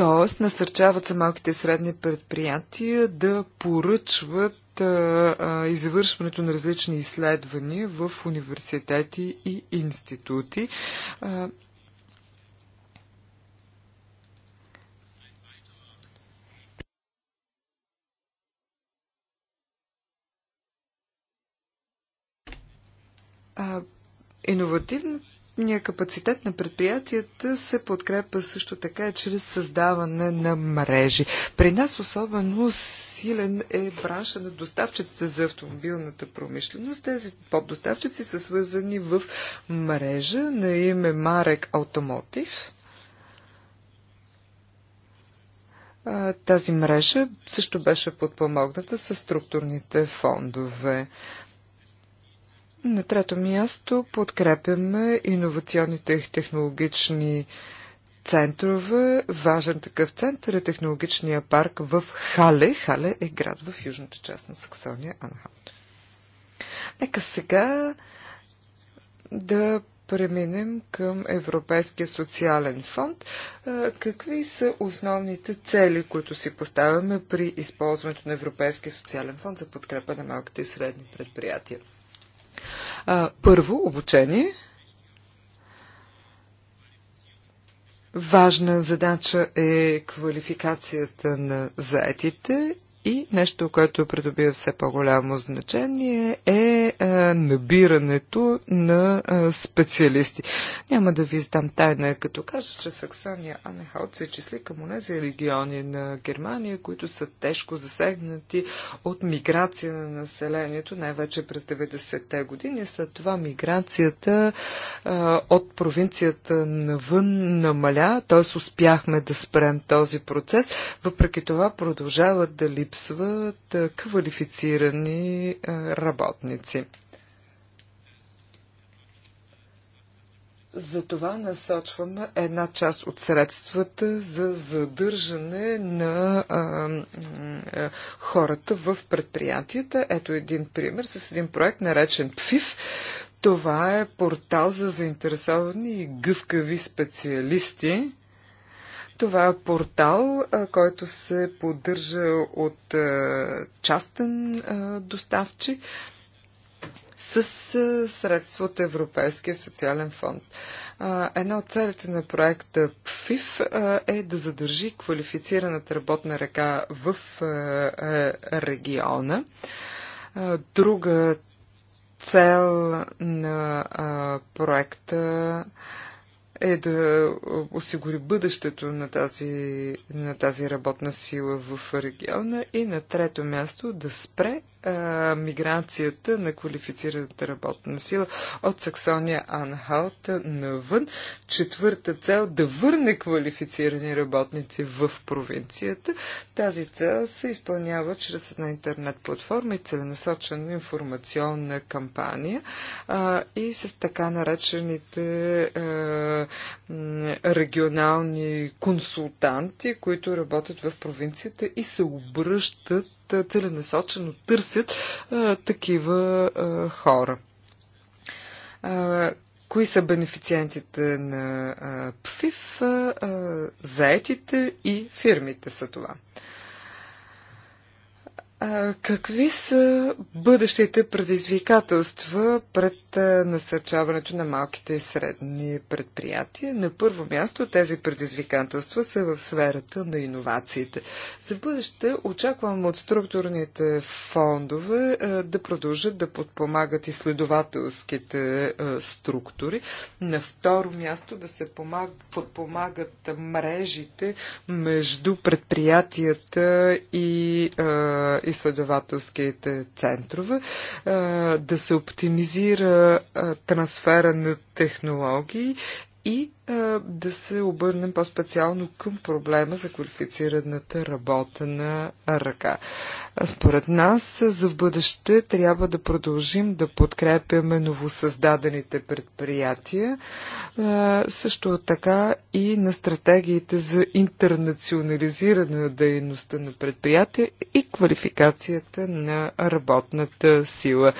S3: Тоест, насърчават се малките и средни предприятия да поръчват а, а, извършването на различни изследвания в университети и институти. А, иновативната ние капацитет на предприятията се подкрепа също така чрез създаване на мрежи. При нас особено силен е бранша на доставчиците за автомобилната промишленост. Тези поддоставчици са свързани в мрежа на име Марек Automotive. Тази мрежа също беше подпомогната с структурните фондове. На трето място подкрепяме иновационните технологични центрове. Важен такъв център е технологичния парк в Хале. Хале е град в южната част на Саксония, Анхалт. Нека сега да преминем към Европейския социален фонд. Какви са основните цели, които си поставяме при използването на Европейския социален фонд за подкрепа на малките и средни предприятия? Първо, обучение. Важна задача е квалификацията на заетите и нещо, което придобива все по-голямо значение е, е набирането на е, специалисти. Няма да ви издам тайна, като кажа, че Саксония Анехалт се числи към унези региони на Германия, които са тежко засегнати от миграция на населението, най-вече през 90-те години. След това миграцията е, от провинцията навън намаля, т.е. успяхме да спрем този процес. Въпреки това продължават да ли липсват квалифицирани работници. Затова насочваме една част от средствата за задържане на а, а, хората в предприятията. Ето един пример с един проект, наречен ПФИФ. Това е портал за заинтересовани и гъвкави специалисти. Това е портал, който се поддържа от частен доставчик с средства от Европейския социален фонд. Една от целите на проекта ПФИФ е да задържи квалифицираната работна ръка в региона. Друга цел на проекта е е да осигури бъдещето на тази, на тази работна сила в региона и на трето място да спре а, миграцията на квалифицираната работна сила от Саксония Анхалт навън. Четвърта цел да върне квалифицирани работници в провинцията. Тази цел се изпълнява чрез една интернет платформа и целенасочена информационна кампания а, и с така наречените а, регионални консултанти, които работят в провинцията и се обръщат е, целенасочено търсят а, е, такива а, е, хора. А, кои са бенефициентите на а, ПФИФ? А, заетите и фирмите са това. какви са бъдещите предизвикателства пред насърчаването на малките и средни предприятия. На първо място тези предизвикателства са в сферата на иновациите. За бъдеще очаквам от структурните фондове да продължат да подпомагат изследователските структури. На второ място да се подпомагат мрежите между предприятията и изследователските центрове, да се оптимизира трансфера на технологии и да се обърнем по-специално към проблема за квалифицираната работена ръка. Според нас за в бъдеще трябва да продължим да подкрепяме новосъздадените предприятия, също така и на стратегиите за интернационализиране на дейността на предприятия и квалификацията на работната сила.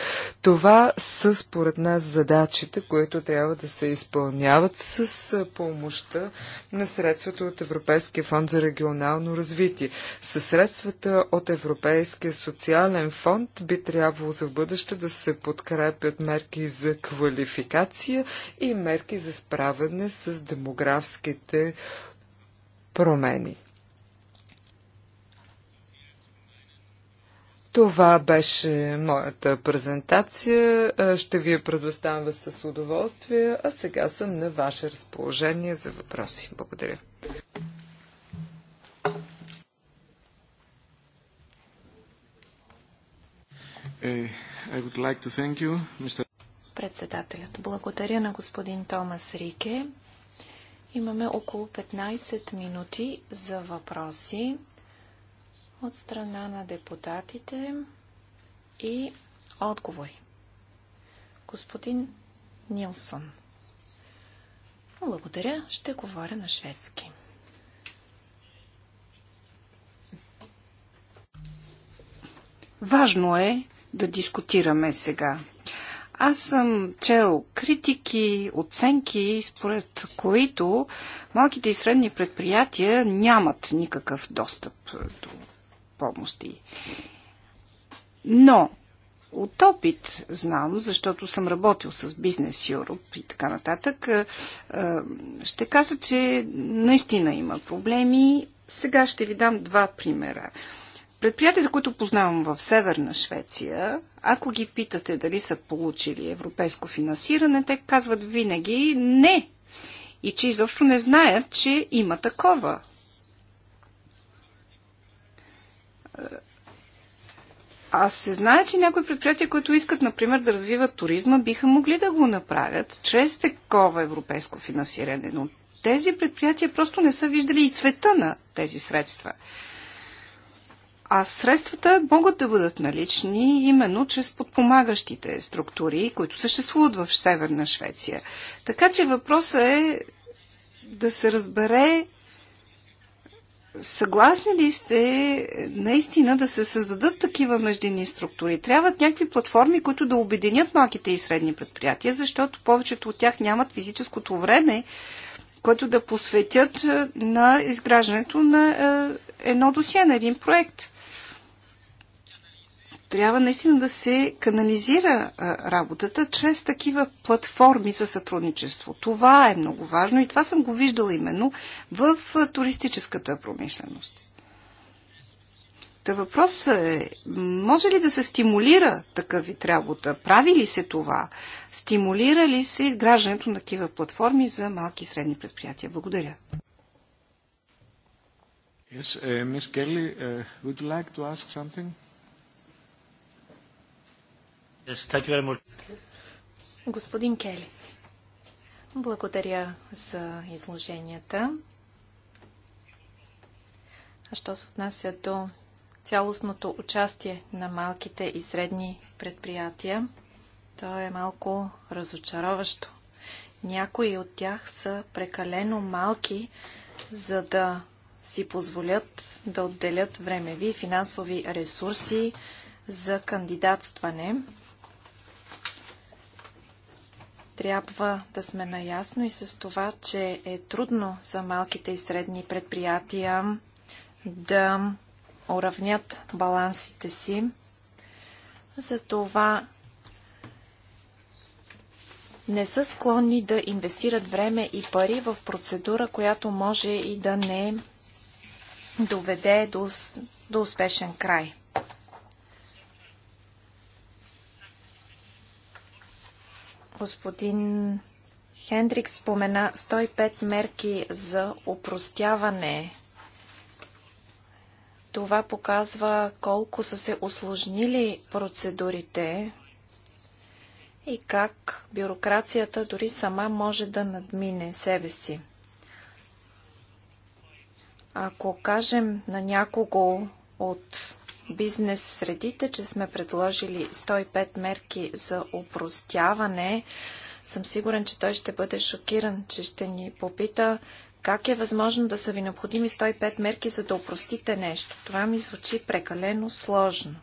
S3: Това са според нас задачите, които трябва да се изпълняват с помощта на средствата от Европейския фонд за регионално развитие. Със средствата от Европейския социален фонд би трябвало за бъдеще да се подкрепят мерки за квалификация и мерки за справяне с демографските промени. Това беше моята презентация. Е, ще ви я предоставя с удоволствие, а сега съм на ваше разположение за въпроси. Благодаря. Е, like you,
S1: Председателят, благодаря на господин Томас Рике. Имаме около 15 минути за въпроси от страна на депутатите и отговори. Господин Нилсон. Благодаря, ще говоря на шведски.
S2: Важно е да дискутираме сега. Аз съм чел критики, оценки, според които малките и средни предприятия нямат никакъв достъп до помощи. Но от опит знам, защото съм работил с Бизнес Юроп и така нататък, ще кажа, че наистина има проблеми. Сега ще ви дам два примера. Предприятията, които познавам в Северна Швеция, ако ги питате дали са получили европейско финансиране, те казват винаги не. И че изобщо не знаят, че има такова. Аз се знае, че някои предприятия, които искат, например, да развиват туризма, биха могли да го направят чрез такова европейско финансиране, но тези предприятия просто не са виждали и цвета на тези средства. А средствата могат да бъдат налични именно чрез подпомагащите структури, които съществуват в Северна Швеция. Така че въпросът е да се разбере Съгласни ли сте наистина да се създадат такива междинни структури? Трябват някакви платформи, които да обединят малките и средни предприятия, защото повечето от тях нямат физическото време, което да посветят на изграждането на едно досие, на един проект трябва наистина да се канализира работата чрез такива платформи за сътрудничество. Това е много важно и това съм го виждала именно в туристическата промишленост. Та въпросът е, може ли да се стимулира такъв вид работа? Прави ли се това? Стимулира ли се изграждането на такива платформи за малки и средни предприятия? Благодаря.
S3: Yes, uh, Miss Kelly, uh, would you like to ask
S1: something? Господин Кели, благодаря за изложенията. А що се отнася до цялостното участие на малките и средни предприятия, то е малко разочароващо. Някои от тях са прекалено малки, за да си позволят да отделят времеви и финансови ресурси за кандидатстване трябва да сме наясно и с това, че е трудно за малките и средни предприятия да уравнят балансите си. Затова не са склонни да инвестират време и пари в процедура, която може и да не доведе до, до успешен край. Господин Хендрикс спомена 105 мерки за упростяване. Това показва колко са се осложнили процедурите и как бюрокрацията дори сама може да надмине себе си. Ако кажем на някого от бизнес средите, че сме предложили 105 мерки за упростяване. Съм сигурен, че той ще бъде шокиран, че ще ни попита как е възможно да са ви необходими 105 мерки, за да упростите нещо. Това ми звучи прекалено сложно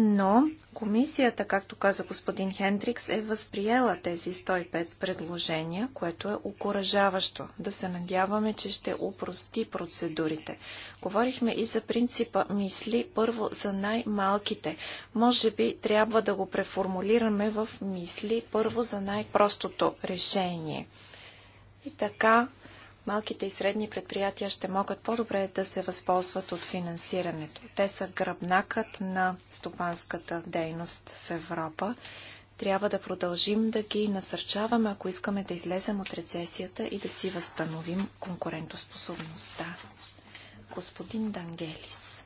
S1: но комисията, както каза господин Хендрикс, е възприела тези 105 предложения, което е окоръжаващо. Да се надяваме, че ще упрости процедурите. Говорихме и за принципа мисли първо за най-малките. Може би трябва да го преформулираме в мисли първо за най-простото решение. И така малките и средни предприятия ще могат по-добре да се възползват от финансирането. Те са гръбнакът на стопанската дейност в Европа. Трябва да продължим да ги насърчаваме, ако искаме да излезем от рецесията и да си възстановим конкурентоспособността. Господин Дангелис.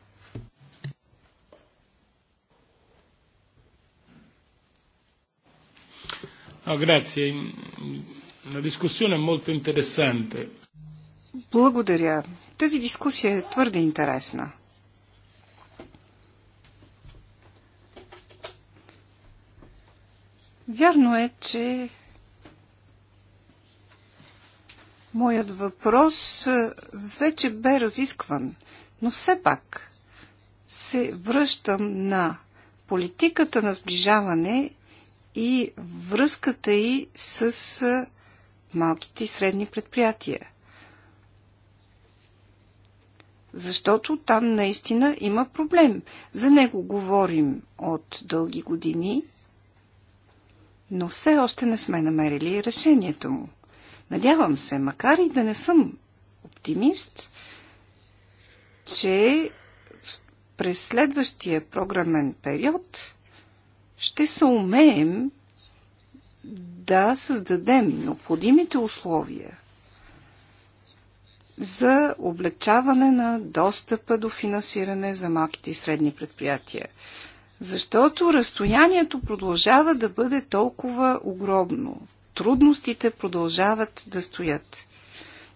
S3: grazie. La discussione è molto interessante.
S2: Благодаря. Тази дискусия е твърде интересна. Вярно е, че моят въпрос вече бе разискван, но все пак се връщам на политиката на сближаване и връзката й с малките и средни предприятия защото там наистина има проблем. За него говорим от дълги години, но все още не сме намерили решението му. Надявам се, макар и да не съм оптимист, че през следващия програмен период ще се умеем да създадем необходимите условия за облегчаване на достъпа до финансиране за малките и средни предприятия. Защото разстоянието продължава да бъде толкова огромно. Трудностите продължават да стоят.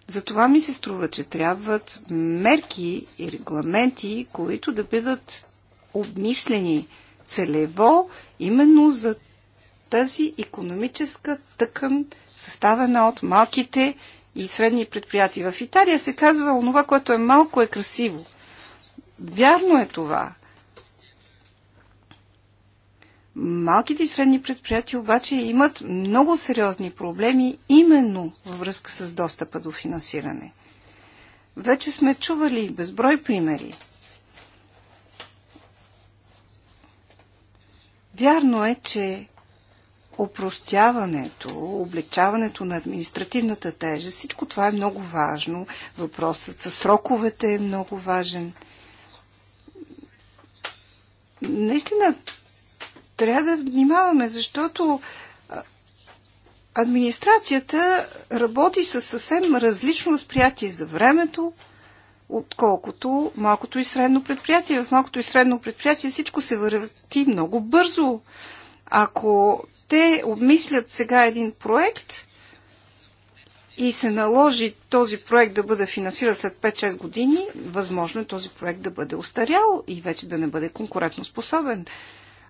S2: Затова ми се струва, че трябват мерки и регламенти, които да бъдат обмислени целево именно за тази економическа тъкан, съставена от малките и средни предприятия. В Италия се казва, онова, което е малко е красиво. Вярно е това. Малките и средни предприятия обаче имат много сериозни проблеми именно във връзка с достъпа до финансиране. Вече сме чували безброй примери. Вярно е, че опростяването, облегчаването на административната тежест, всичко това е много важно. Въпросът със сроковете е много важен. Наистина, трябва да внимаваме, защото администрацията работи с съвсем различно възприятие за времето, отколкото малкото и средно предприятие. В малкото и средно предприятие всичко се върти много бързо. Ако те обмислят сега един проект и се наложи този проект да бъде финансиран след 5-6 години, възможно е този проект да бъде устарял и вече да не бъде конкурентно способен.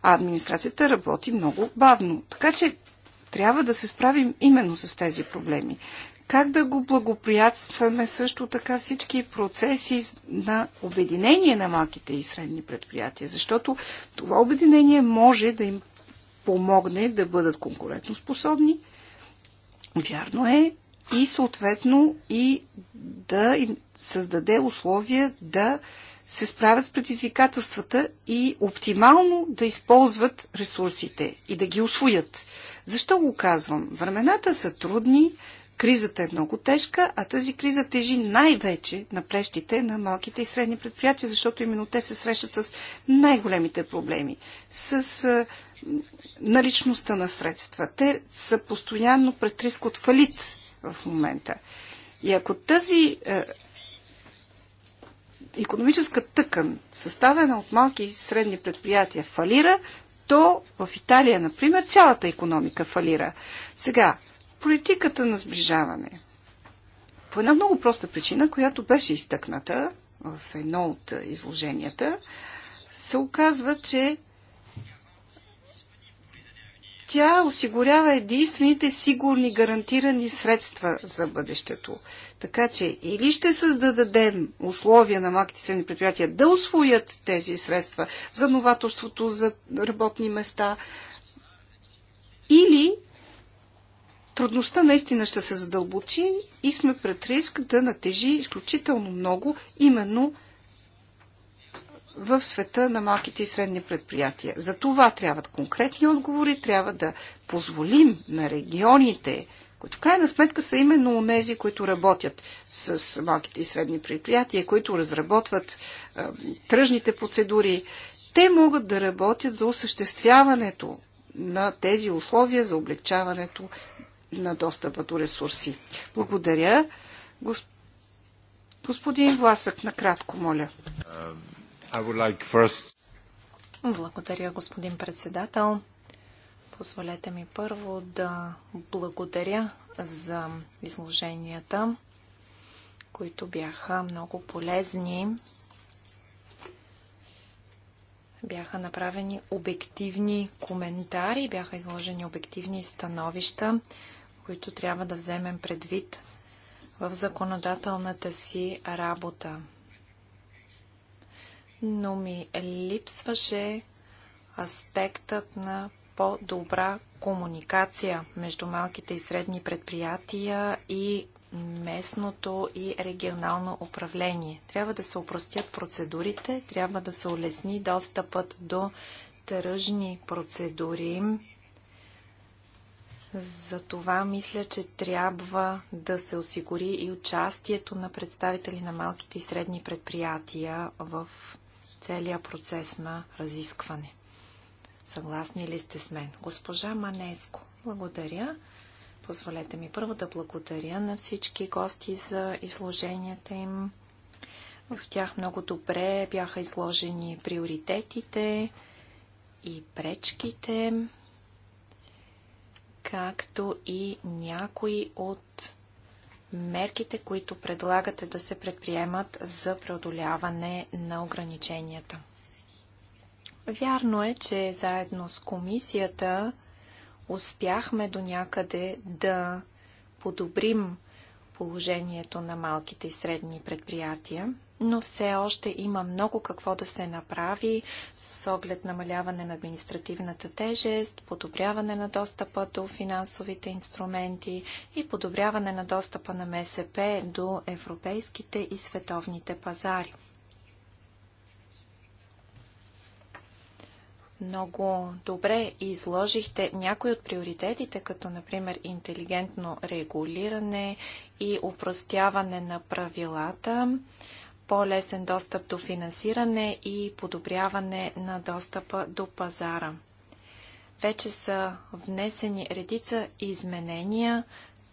S2: А администрацията работи много бавно. Така че трябва да се справим именно с тези проблеми. Как да го благоприятстваме също така всички процеси на обединение на малките и средни предприятия, защото това обединение може да им помогне да бъдат конкурентоспособни. Вярно е, и съответно и да им създаде условия да се справят с предизвикателствата и оптимално да използват ресурсите и да ги освоят. Защо го казвам? Времената са трудни, кризата е много тежка, а тази криза тежи най-вече на плещите на малките и средни предприятия, защото именно те се срещат с най-големите проблеми. С наличността на средства. Те са постоянно пред риск от фалит в момента. И ако тази е, економическа тъкан, съставена от малки и средни предприятия, фалира, то в Италия, например, цялата економика фалира. Сега, политиката на сближаване. По една много проста причина, която беше изтъкната в едно от изложенията, се оказва, че тя осигурява единствените сигурни гарантирани средства за бъдещето. Така че или ще създадем условия на малките средни предприятия да освоят тези средства за новаторството, за работни места, или трудността наистина ще се задълбочи и сме пред риск да натежи изключително много именно в света на малките и средни предприятия. За това трябват конкретни отговори, трябва да позволим на регионите, които в крайна сметка са именно нези, които работят с малките и средни предприятия, които разработват е, тръжните процедури, те могат да работят за осъществяването на тези условия за облегчаването на достъпа до ресурси. Благодаря.
S1: Господин Власък, накратко, моля. Благодаря, господин председател. Позволете ми първо да благодаря за изложенията, които бяха много полезни. Бяха направени обективни коментари, бяха изложени обективни становища, които трябва да вземем предвид в законодателната си работа но ми липсваше аспектът на по-добра комуникация между малките и средни предприятия и местното и регионално управление. Трябва да се упростят процедурите, трябва да се улесни достъпът до тръжни процедури. За това мисля, че трябва да се осигури и участието на представители на малките и средни предприятия в целият процес на разискване. Съгласни ли сте с мен? Госпожа Манеско, благодаря. Позволете ми първо да благодаря на всички гости за изложенията им. В тях много добре бяха изложени приоритетите и пречките, както и някои от мерките, които предлагате да се предприемат за преодоляване на ограниченията. Вярно е, че заедно с комисията успяхме до някъде да подобрим положението на малките и средни предприятия но все още има много какво да се направи с оглед намаляване на административната тежест, подобряване на достъпа до финансовите инструменти и подобряване на достъпа на МСП до европейските и световните пазари. много добре изложихте някои от приоритетите, като например интелигентно регулиране и упростяване на правилата по-лесен достъп до финансиране и подобряване на достъпа до пазара. Вече са внесени редица изменения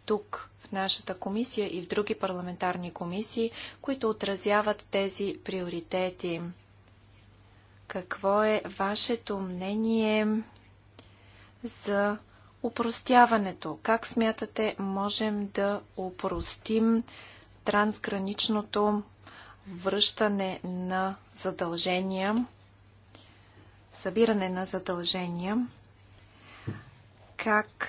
S1: тук в нашата комисия и в други парламентарни комисии, които отразяват тези приоритети. Какво е вашето мнение за упростяването? Как смятате можем да упростим трансграничното връщане на задължения, събиране на задължения, как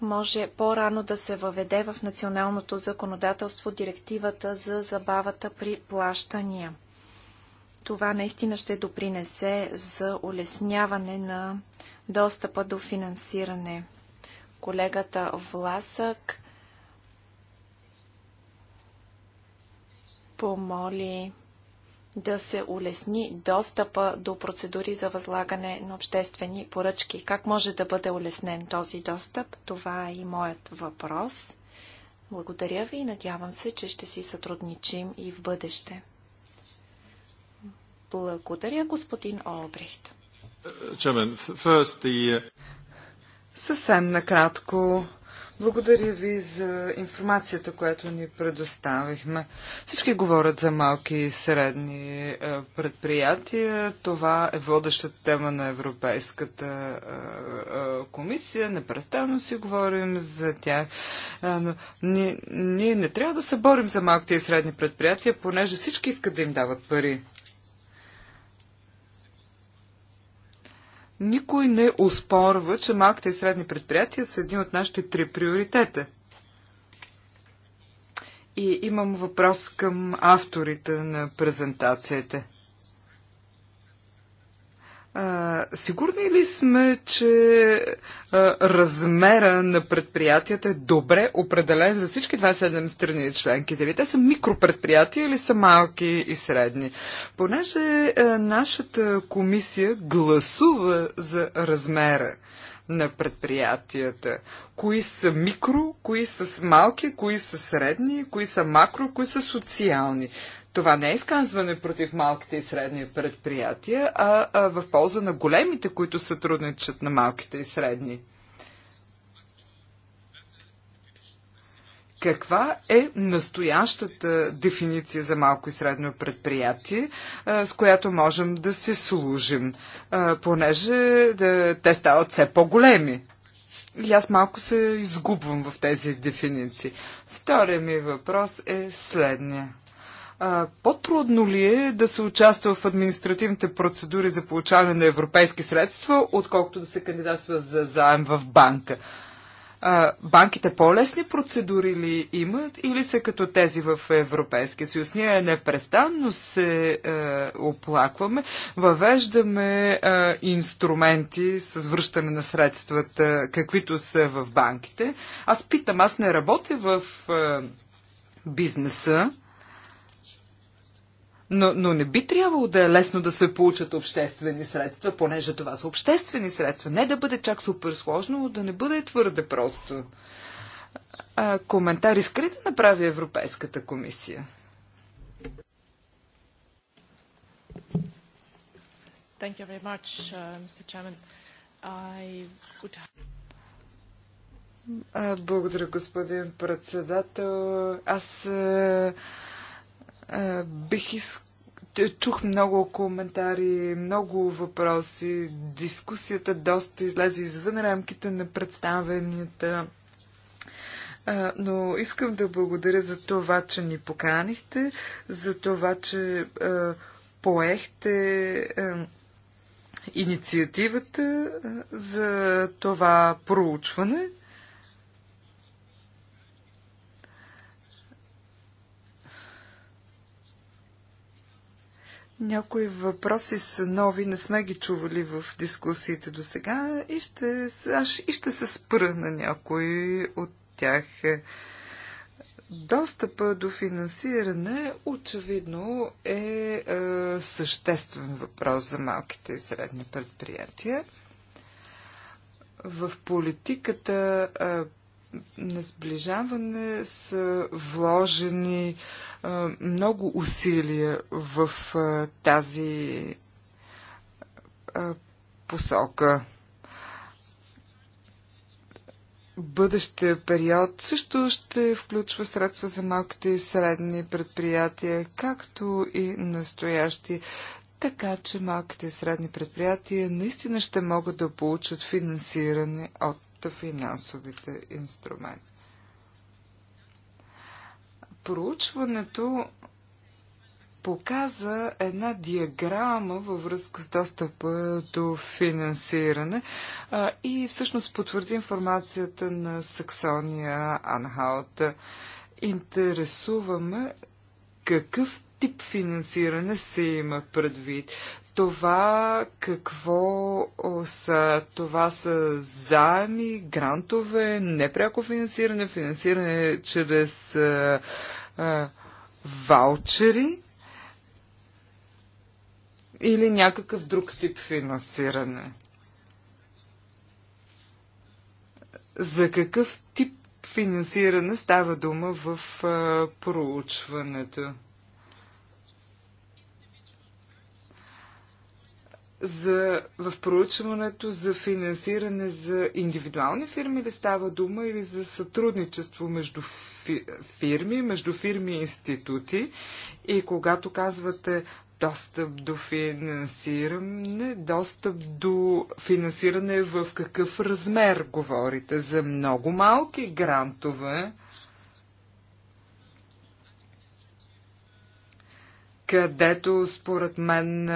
S1: може по-рано да се въведе в националното законодателство директивата за забавата при плащания. Това наистина ще допринесе за улесняване на достъпа до финансиране. Колегата Власък помоли да се улесни достъпа до процедури за възлагане на обществени поръчки. Как може да бъде улеснен този достъп? Това е и моят въпрос. Благодаря ви и надявам се, че ще си сътрудничим и в бъдеще. Благодаря, господин Олбрихт.
S3: Uh, Съвсем накратко благодаря ви за информацията, която ни предоставихме. Всички говорят за малки и средни е, предприятия. Това е водещата тема на Европейската е, е, комисия. Непрестанно си говорим за тях. Но ние, ние не трябва да се борим за малките и средни предприятия, понеже всички искат да им дават пари. Никой не успорва, че малките и средни предприятия са един от нашите три приоритета. И имам въпрос към авторите на презентацията. А, сигурни ли сме, че а, размера на предприятията е добре определен за всички 27 страни членки? Дали те са микропредприятия или са малки и средни? Понеже а, нашата комисия гласува за размера на предприятията. Кои са микро, кои са малки, кои са средни, кои са макро, кои са социални. Това не е изказване против малките и средни предприятия, а, а в полза на големите, които сътрудничат на малките и средни. Каква е настоящата дефиниция за малко и средно предприятие, с която можем да се служим, понеже да, те стават все по-големи? И аз малко се изгубвам в тези дефиниции. Втория ми въпрос е следния по-трудно ли е да се участва в административните процедури за получаване на европейски средства, отколкото да се кандидатства за заем в банка? А, банките по-лесни процедури ли имат или са като тези в Европейския съюз? Ние непрестанно се е, оплакваме, въвеждаме е, инструменти с връщане на средствата, каквито са в банките. Аз питам, аз не работя в е, бизнеса, но, но не би трябвало да е лесно да се получат обществени средства, понеже това са обществени средства. Не да бъде чак супер сложно, да не бъде твърде просто. А, коментар искри да направи Европейската комисия.
S1: Thank you very much, uh, Mr. Chairman. I would...
S3: Благодаря, господин председател. Аз е, бих из... Чух много коментари, много въпроси. Дискусията доста излезе извън рамките на представенията. Е, но искам да благодаря за това, че ни поканихте, за това, че е, поехте инициативата за това проучване. Някои въпроси са нови, не сме ги чували в дискусиите до сега и ще, аз и ще се спра на някои от тях. Достъпа до финансиране очевидно е, е съществен въпрос за малките и средни предприятия. В политиката е, на сближаване са вложени а, много усилия в а, тази а, посока. Бъдещия период също ще включва средства за малките и средни предприятия, както и настоящи така че малките и средни предприятия наистина ще могат да получат финансиране от финансовите инструменти. Проучването показа една диаграма във връзка с достъпа до финансиране а, и всъщност потвърди информацията на Саксония Анхаут. Интересуваме какъв тип финансиране се има предвид това какво са? Това са заеми, грантове, непряко финансиране, финансиране чрез а, а, ваучери или някакъв друг тип финансиране? За какъв тип финансиране става дума в а, проучването? за, в проучването за финансиране за индивидуални фирми ли става дума или за сътрудничество между фи, фирми, между фирми и институти? И когато казвате достъп до финансиране, достъп до финансиране в какъв размер говорите? За много малки грантове? където според мен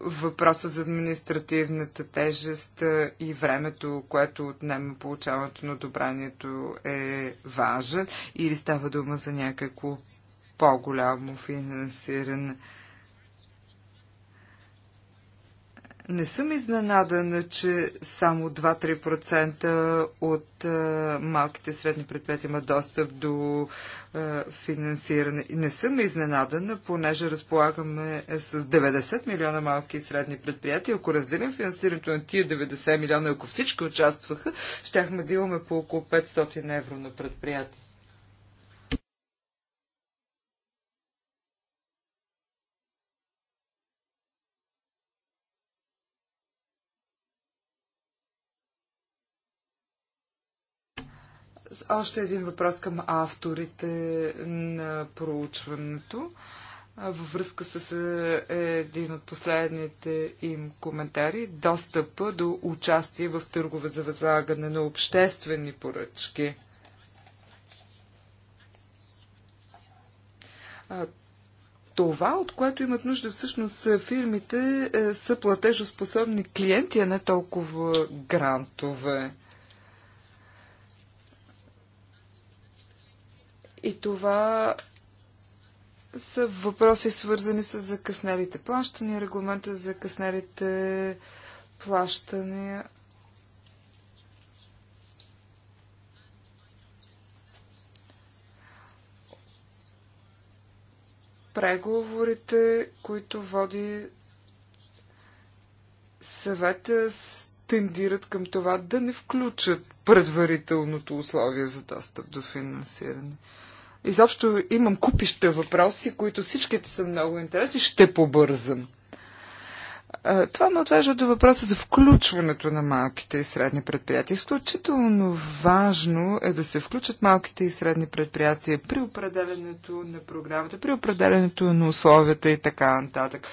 S3: въпроса за административната тежест и времето, което отнема получаването на одобрението е важен или става дума за някакво по-голямо финансиране? Не съм изненадана, че само 2-3% от е, малките средни предприятия имат достъп до е, финансиране. Не съм изненадана, понеже разполагаме е, с 90 милиона малки и средни предприятия. Ако разделим финансирането на тия 90 милиона, ако всички участваха, щяхме да имаме по около 500 евро на предприятие. още един въпрос към авторите на проучването във връзка с един от последните им коментари достъпа до участие в търгове за възлагане на обществени поръчки. Това, от което имат нужда всъщност фирмите, е, са платежоспособни клиенти, а не толкова грантове. И това са въпроси свързани с закъснелите плащания, регламента за закъснелите плащания. Преговорите, които води съвета, тендират към това да не включат предварителното условие за достъп до финансиране. Изобщо имам купища въпроси, които всичките са много интересни. Ще побързам. Това ме отвежда до въпроса за включването на малките и средни предприятия. Изключително важно е да се включат малките и средни предприятия при определенето на програмата, при определенето на условията и така нататък.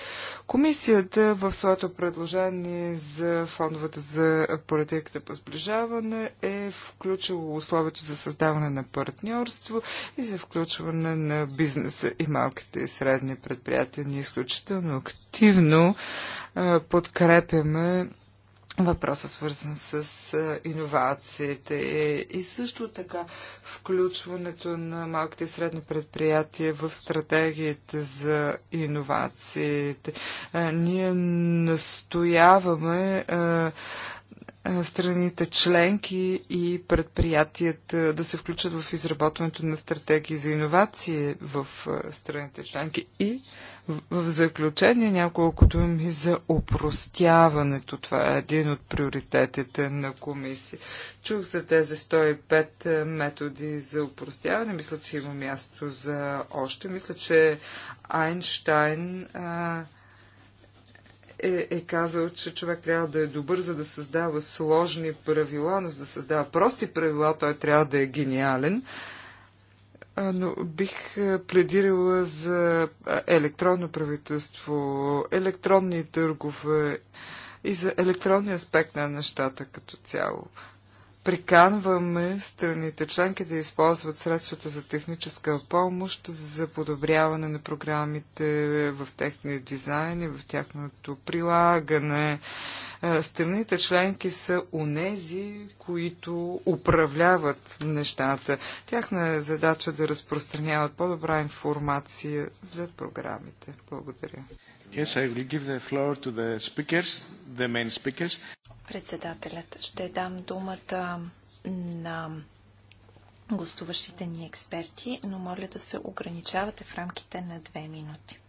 S3: Комисията в своето предложение за фондовата за политиката по сближаване е включила условието за създаване на партньорство и за включване на бизнеса и малките и средни предприятия. Ние изключително активно подкрепяме въпроса, свързан с иновациите и също така включването на малките и средни предприятия в стратегиите за иновациите. Ние настояваме страните членки и предприятията да се включат в изработването на стратегии за иновации в страните членки и в заключение няколко думи за упростяването. Това е един от приоритетите на комисия. Чух за тези 105 е, методи за упростяване. Мисля, че има място за още. Мисля, че Айнштайн а, е, е, е казал, че човек трябва да е добър, за да създава сложни правила, но за да създава прости правила, той трябва да е гениален. А, но бих пледирала за електронно правителство, електронни търгове и за електронния аспект на нещата като цяло. Приканваме страните членки да използват средствата за техническа помощ за подобряване на програмите в техния дизайн и в тяхното прилагане. Е, страните членки са унези, които управляват нещата. Тяхна е задача да разпространяват по-добра информация за програмите. Благодаря. Yes, I will give the floor to the speakers, the main speakers.
S1: Председателят, ще дам думата на гостуващите ни експерти, но моля да се ограничавате в рамките на две минути.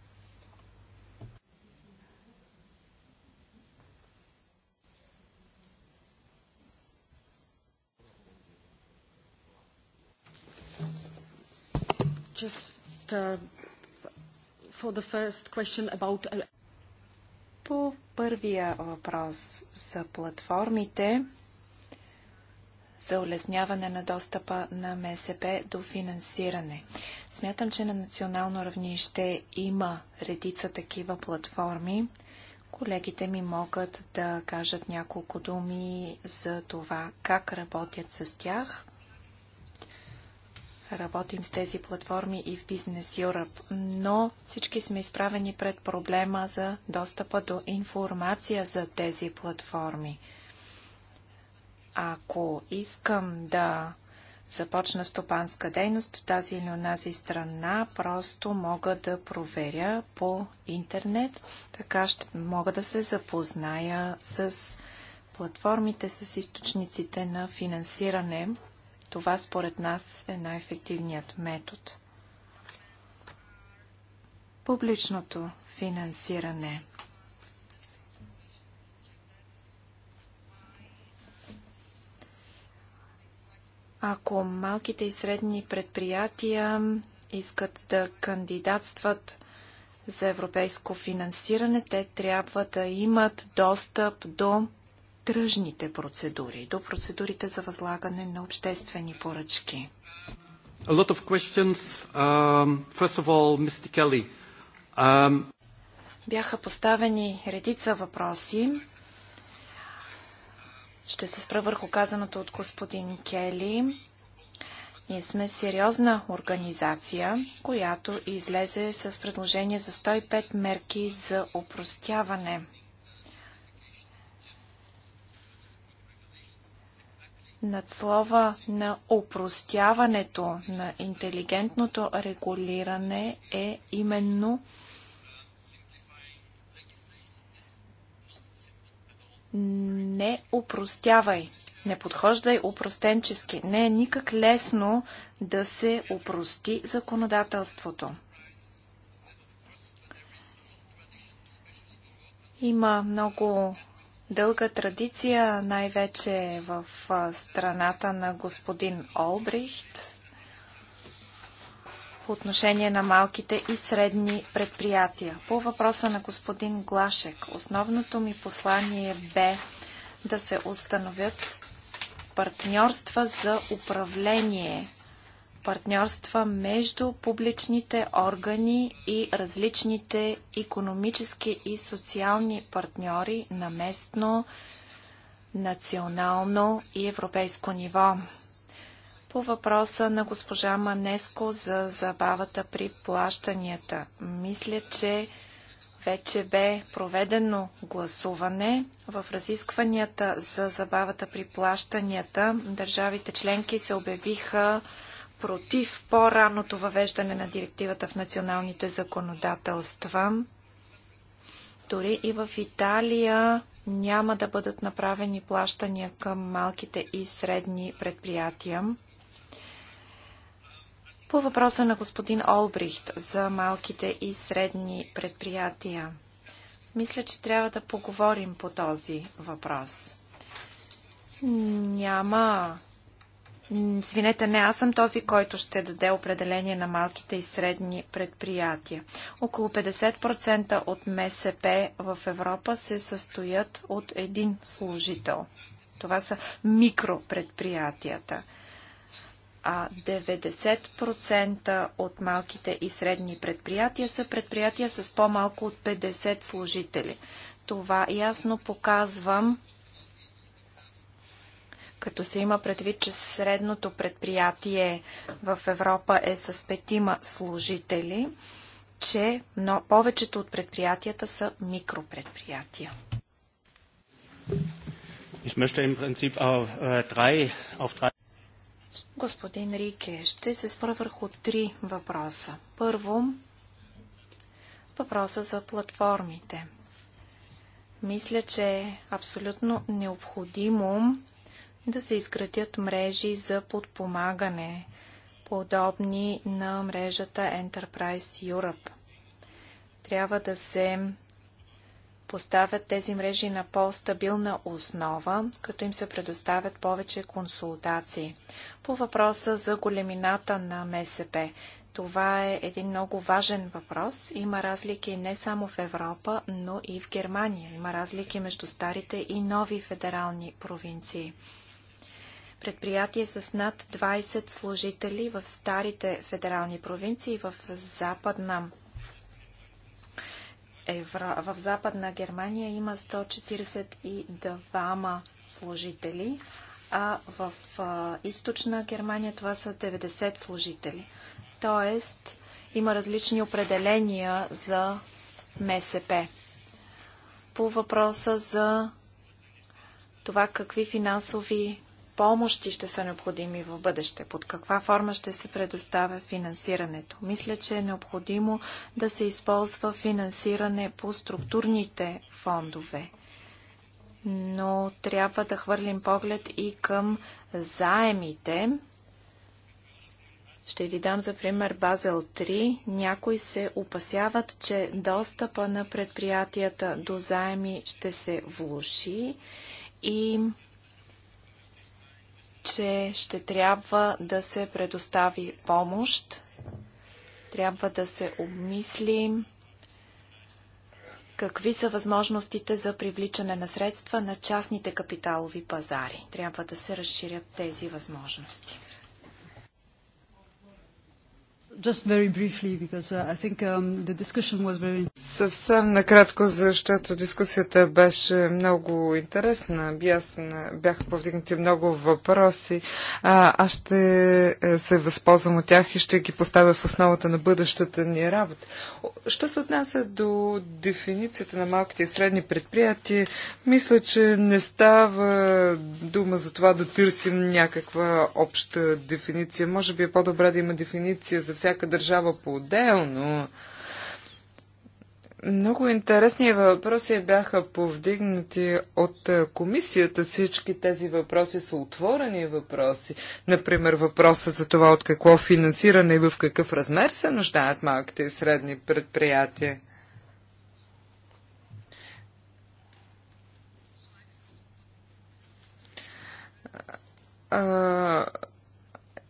S1: Just uh, for the first question about uh, по първия въпрос за платформите за улесняване на достъпа на МСП до финансиране. Смятам, че на национално равнище има редица такива платформи. Колегите ми могат да кажат няколко думи за това как работят с тях – Работим с тези платформи и в Business Europe, но всички сме изправени пред проблема за достъпа до информация за тези платформи. Ако искам да започна стопанска дейност в тази или онази страна, просто мога да проверя по интернет. Така ще мога да се запозная с платформите, с източниците на финансиране това според нас е най-ефективният метод. Публичното финансиране. Ако малките и средни предприятия искат да кандидатстват за европейско финансиране, те трябва да имат достъп до тръжните процедури, до процедурите за възлагане на обществени поръчки. A lot of questions. Um, first of all, Mr. Kelly. Um... Бяха поставени редица въпроси. Ще се спра върху казаното от господин Кели. Ние сме сериозна организация, която излезе с предложение за 105 мерки за упростяване надслова на упростяването на интелигентното регулиране е именно не упростявай, не подхождай упростенчески. Не е никак лесно да се упрости законодателството. Има много дълга традиция, най-вече в страната на господин Олбрихт по отношение на малките и средни предприятия. По въпроса на господин Глашек, основното ми послание бе да се установят партньорства за управление партньорства между публичните органи и различните економически и социални партньори на местно, национално и европейско ниво. По въпроса на госпожа Манеско за забавата при плащанията, мисля, че вече бе проведено гласуване. В разискванията за забавата при плащанията държавите членки се обявиха против по-ранното въвеждане на директивата в националните законодателства. Дори и в Италия няма да бъдат направени плащания към малките и средни предприятия. По въпроса на господин Олбрихт за малките и средни предприятия. Мисля, че трябва да поговорим по този въпрос. Няма Извинете, не аз съм този, който ще даде определение на малките и средни предприятия. Около 50% от МСП в Европа се състоят от един служител. Това са микропредприятията. А 90% от малките и средни предприятия са предприятия с по-малко от 50 служители. Това ясно показвам като се има предвид, че средното предприятие в Европа е с петима служители, че но повечето от предприятията са микропредприятия.
S2: Äh,
S1: Господин Рике, ще се спра върху три въпроса. Първо, въпроса за платформите. Мисля, че е абсолютно необходимо да се изградят мрежи за подпомагане, подобни на мрежата Enterprise Europe. Трябва да се поставят тези мрежи на по-стабилна основа, като им се предоставят повече консултации. По въпроса за големината на МСП. Това е един много важен въпрос. Има разлики не само в Европа, но и в Германия. Има разлики между старите и нови федерални провинции предприятие с над 20 служители в старите федерални провинции в Западна Евро... в Западна Германия има 142 служители, а в Източна Германия това са 90 служители. Тоест, има различни определения за МСП. По въпроса за това какви финансови помощи ще са необходими в бъдеще? Под каква форма ще се предоставя финансирането? Мисля, че е необходимо да се използва финансиране по структурните фондове. Но трябва да хвърлим поглед и към заемите. Ще ви дам за пример Базел 3. Някои се опасяват, че достъпа на предприятията до заеми ще се влуши и че ще трябва да се предостави помощ. Трябва да се обмислим какви са възможностите за привличане на средства на частните капиталови пазари. Трябва да се разширят тези възможности.
S2: Just very
S3: briefly, because uh, I think um, the discussion was very... Съвсем накратко, защото дискусията беше много интересна. бяха повдигнати много въпроси. А, аз ще е, се възползвам от тях и ще ги поставя в основата на бъдещата ни работа. Що се отнася до дефиницията на малките и средни предприятия, мисля, че не става дума за това да търсим някаква обща дефиниция. Може би е по-добре да има дефиниция за всяка всяка държава по-отделно. Много интересни въпроси бяха повдигнати от е, комисията. Всички тези въпроси са отворени въпроси. Например, въпроса за това от какво финансиране и в какъв размер се нуждаят малките и средни предприятия. А,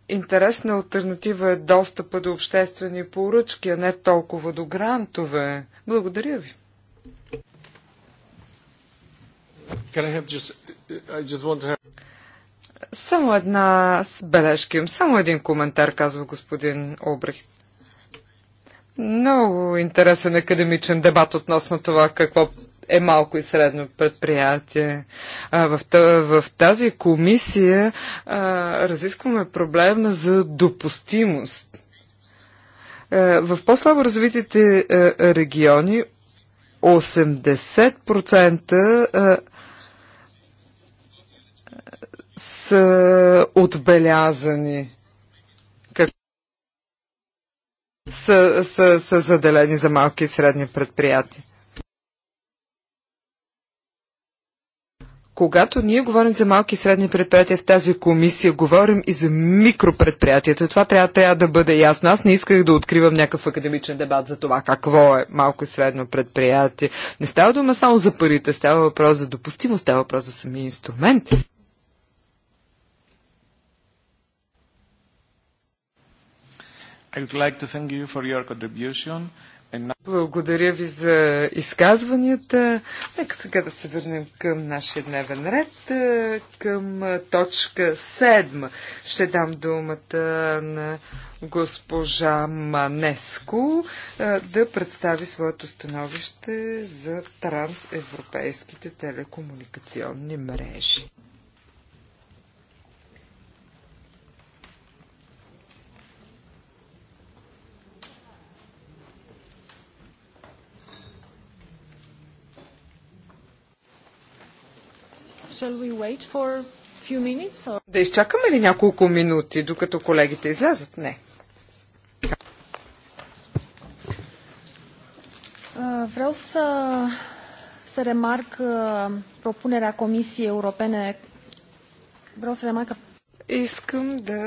S3: интересна альтернатива е достъпа до обществени поръчки, а не толкова до грантове. Благодаря ви.
S1: Just, just have...
S3: Само една бележка им, само един коментар, казва господин Обрехт. Много интересен академичен дебат относно това какво е малко и средно предприятие. А, в, тази комисия а, разискваме проблема за допустимост. А, е, в по-слабо развитите а, е, региони 80% а, е, са отбелязани са, са, са заделени за малки и средни предприятия. Когато ние говорим за малки и средни предприятия в тази комисия, говорим и за микропредприятията. Това трябва, трябва да бъде ясно. Аз не исках да откривам някакъв академичен дебат за това какво е малко и средно предприятие. Не става дума само за парите, става въпрос за допустимост, става въпрос за самия инструмент. I would like to thank you for your contribution благодаря ви за изказванията. Нека сега да се върнем към нашия дневен ред, е, към е, точка 7. Ще дам думата на госпожа Манеско е, да представи своето становище за трансевропейските телекомуникационни мрежи. Да изчакаме ли няколко минути, докато колегите излязат? Не.
S1: Vreau să, să remarc propunerea Comisiei Europene. Vreau să remarc că...
S3: Искам да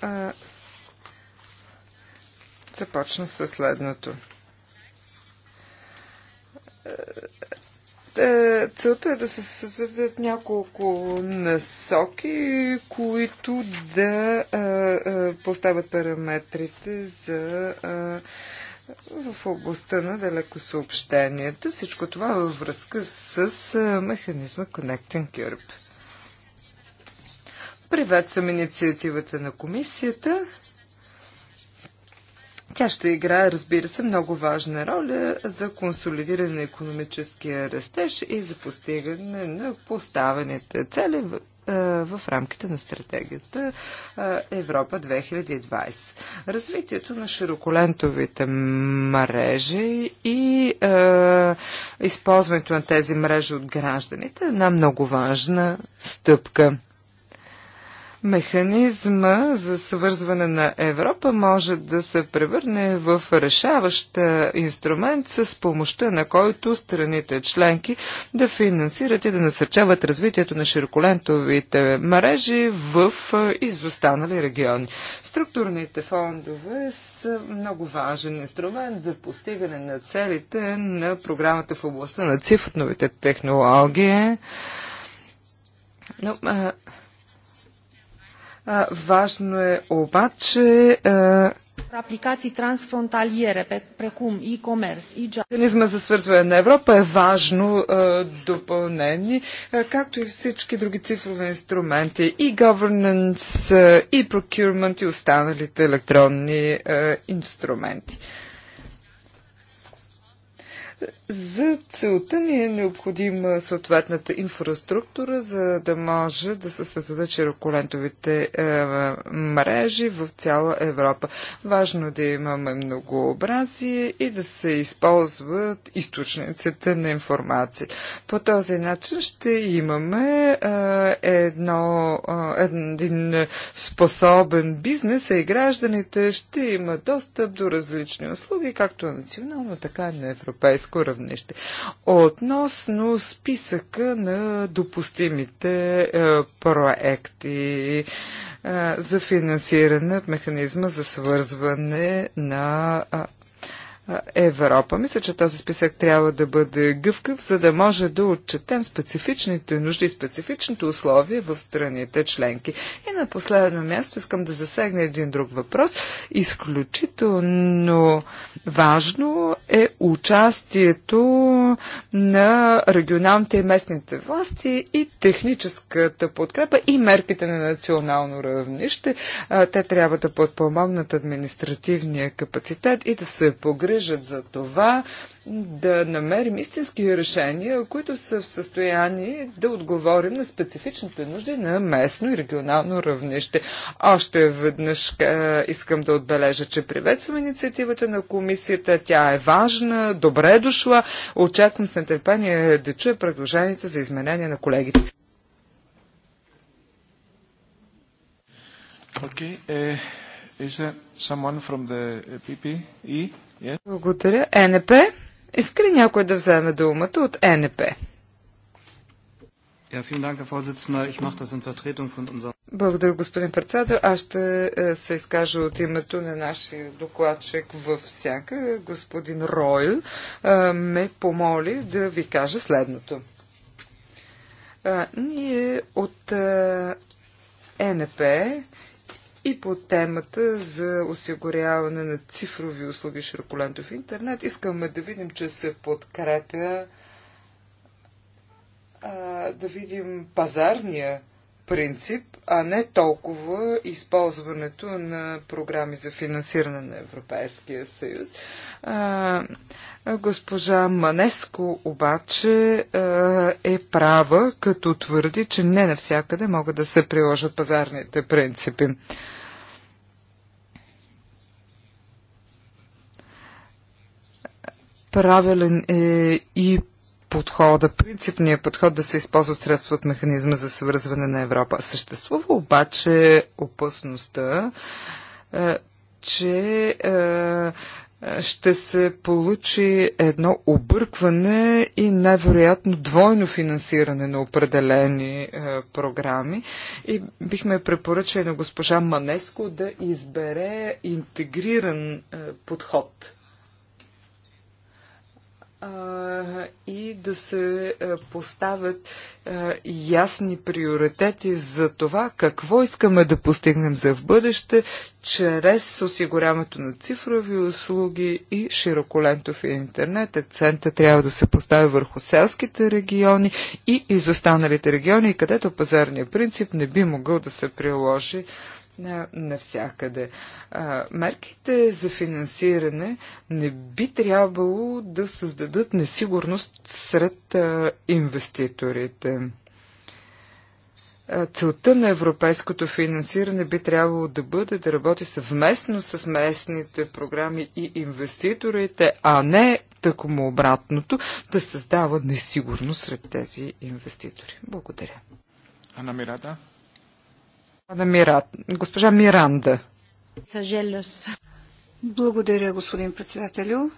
S3: а, започна със следното е, целта е да се създадат няколко насоки, които да е, е, поставят параметрите за в областта на далеко съобщението. Всичко това във връзка с механизма Connecting Europe. Приветствам инициативата на комисията. Тя ще играе, разбира се, много важна роля за консолидиране на економическия растеж и за постигане на поставените цели в, е, в рамките на стратегията е, Европа 2020. Развитието на широколентовите мрежи и е, използването на тези мрежи от гражданите е една много важна стъпка. Механизма за свързване на Европа може да се превърне в решаващ е, инструмент с помощта на който страните членки да финансират и да насърчават развитието на широколентовите мрежи в е, изостанали региони. Структурните фондове са много важен инструмент за постигане на целите на програмата в областта на цифровите технологии. Но, а, е, Важно е обаче
S1: апликации трансфронталиере, прекум и комерс, и Механизма за
S3: свързване на Европа е важно допълнение, както и всички други цифрови инструменти и governance, и procurement и останалите електронни инструменти. За целта ни е необходима съответната инфраструктура, за да може да се създадат широколентовите е, мрежи в цяла Европа. Важно е да имаме многообразие и да се използват източниците на информация. По този начин ще имаме е, едно, е, един способен бизнес, а и гражданите ще имат достъп до различни услуги, както национално, така и на европейско равнище равнище. Относно списъка на допустимите е, проекти е, за финансиране от механизма за свързване на Европа. Мисля, че този списък трябва да бъде гъвкав, за да може да отчетем специфичните нужди и специфичните условия в страните членки. И на последно място искам да засегна един друг въпрос. Изключително важно е участието на регионалните и местните власти и техническата подкрепа и мерките на национално равнище. Те трябва да подпомогнат административния капацитет и да се погрежат грижат за това да намерим истински решения, които са в състояние да отговорим на специфичните нужди на местно и регионално равнище. Още веднъж е, искам да отбележа, че приветствам инициативата на комисията. Тя е важна, добре дошла. Очаквам с нетърпение да чуя предложенията за изменения на колегите. Okay, uh, is there someone from the PPE? Yeah. Благодаря. Е НП? Иска ли някой да вземе думата от е НП? Благодаря, господин председател. Аз ще е, се изкажа от името на нашия докладчик в сянка. Господин Ройл ме помоли да ви кажа следното. Ние от ЕНП и по темата за осигуряване на цифрови услуги широколентов интернет. Искаме да видим, че се подкрепя да видим пазарния принцип, а не толкова използването на програми за финансиране на Европейския съюз. А, госпожа Манеско обаче а, е права, като твърди, че не навсякъде могат да се приложат пазарните принципи. Правилен е и подхода, принципният подход да се използва средства от механизма за свързване на Европа. Съществува обаче опасността, е, че е, ще се получи едно объркване и най-вероятно двойно финансиране на определени е, програми. И бихме препоръчали на госпожа Манеско да избере интегриран подход и да се поставят ясни приоритети за това какво искаме да постигнем за в бъдеще чрез осигуряването на цифрови услуги и широколентов интернет. Акцента трябва да се постави върху селските региони и изостаналите региони, където пазарният принцип не би могъл да се приложи навсякъде. Мерките за финансиране не би трябвало да създадат несигурност сред инвеститорите. Целта на европейското финансиране би трябвало да бъде да работи съвместно с местните програми и инвеститорите, а не такому обратното, да създава несигурност сред тези инвеститори. Благодаря. Ана Мирата. Госпожа Миранда.
S2: Благодаря, господин председателю.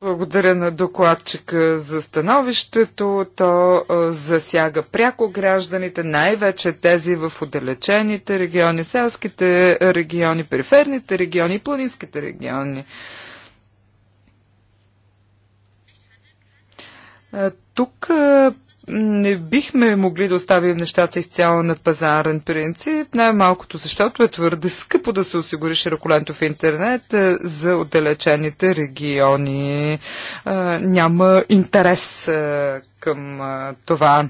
S3: Благодаря на докладчика за становището. То засяга пряко гражданите, най-вече тези в отдалечените региони, селските региони, периферните региони и планинските региони тук не бихме могли да оставим нещата изцяло на пазарен принцип, най-малкото защото е твърде скъпо да се осигури широколентов интернет за отдалечените региони. Няма интерес към това.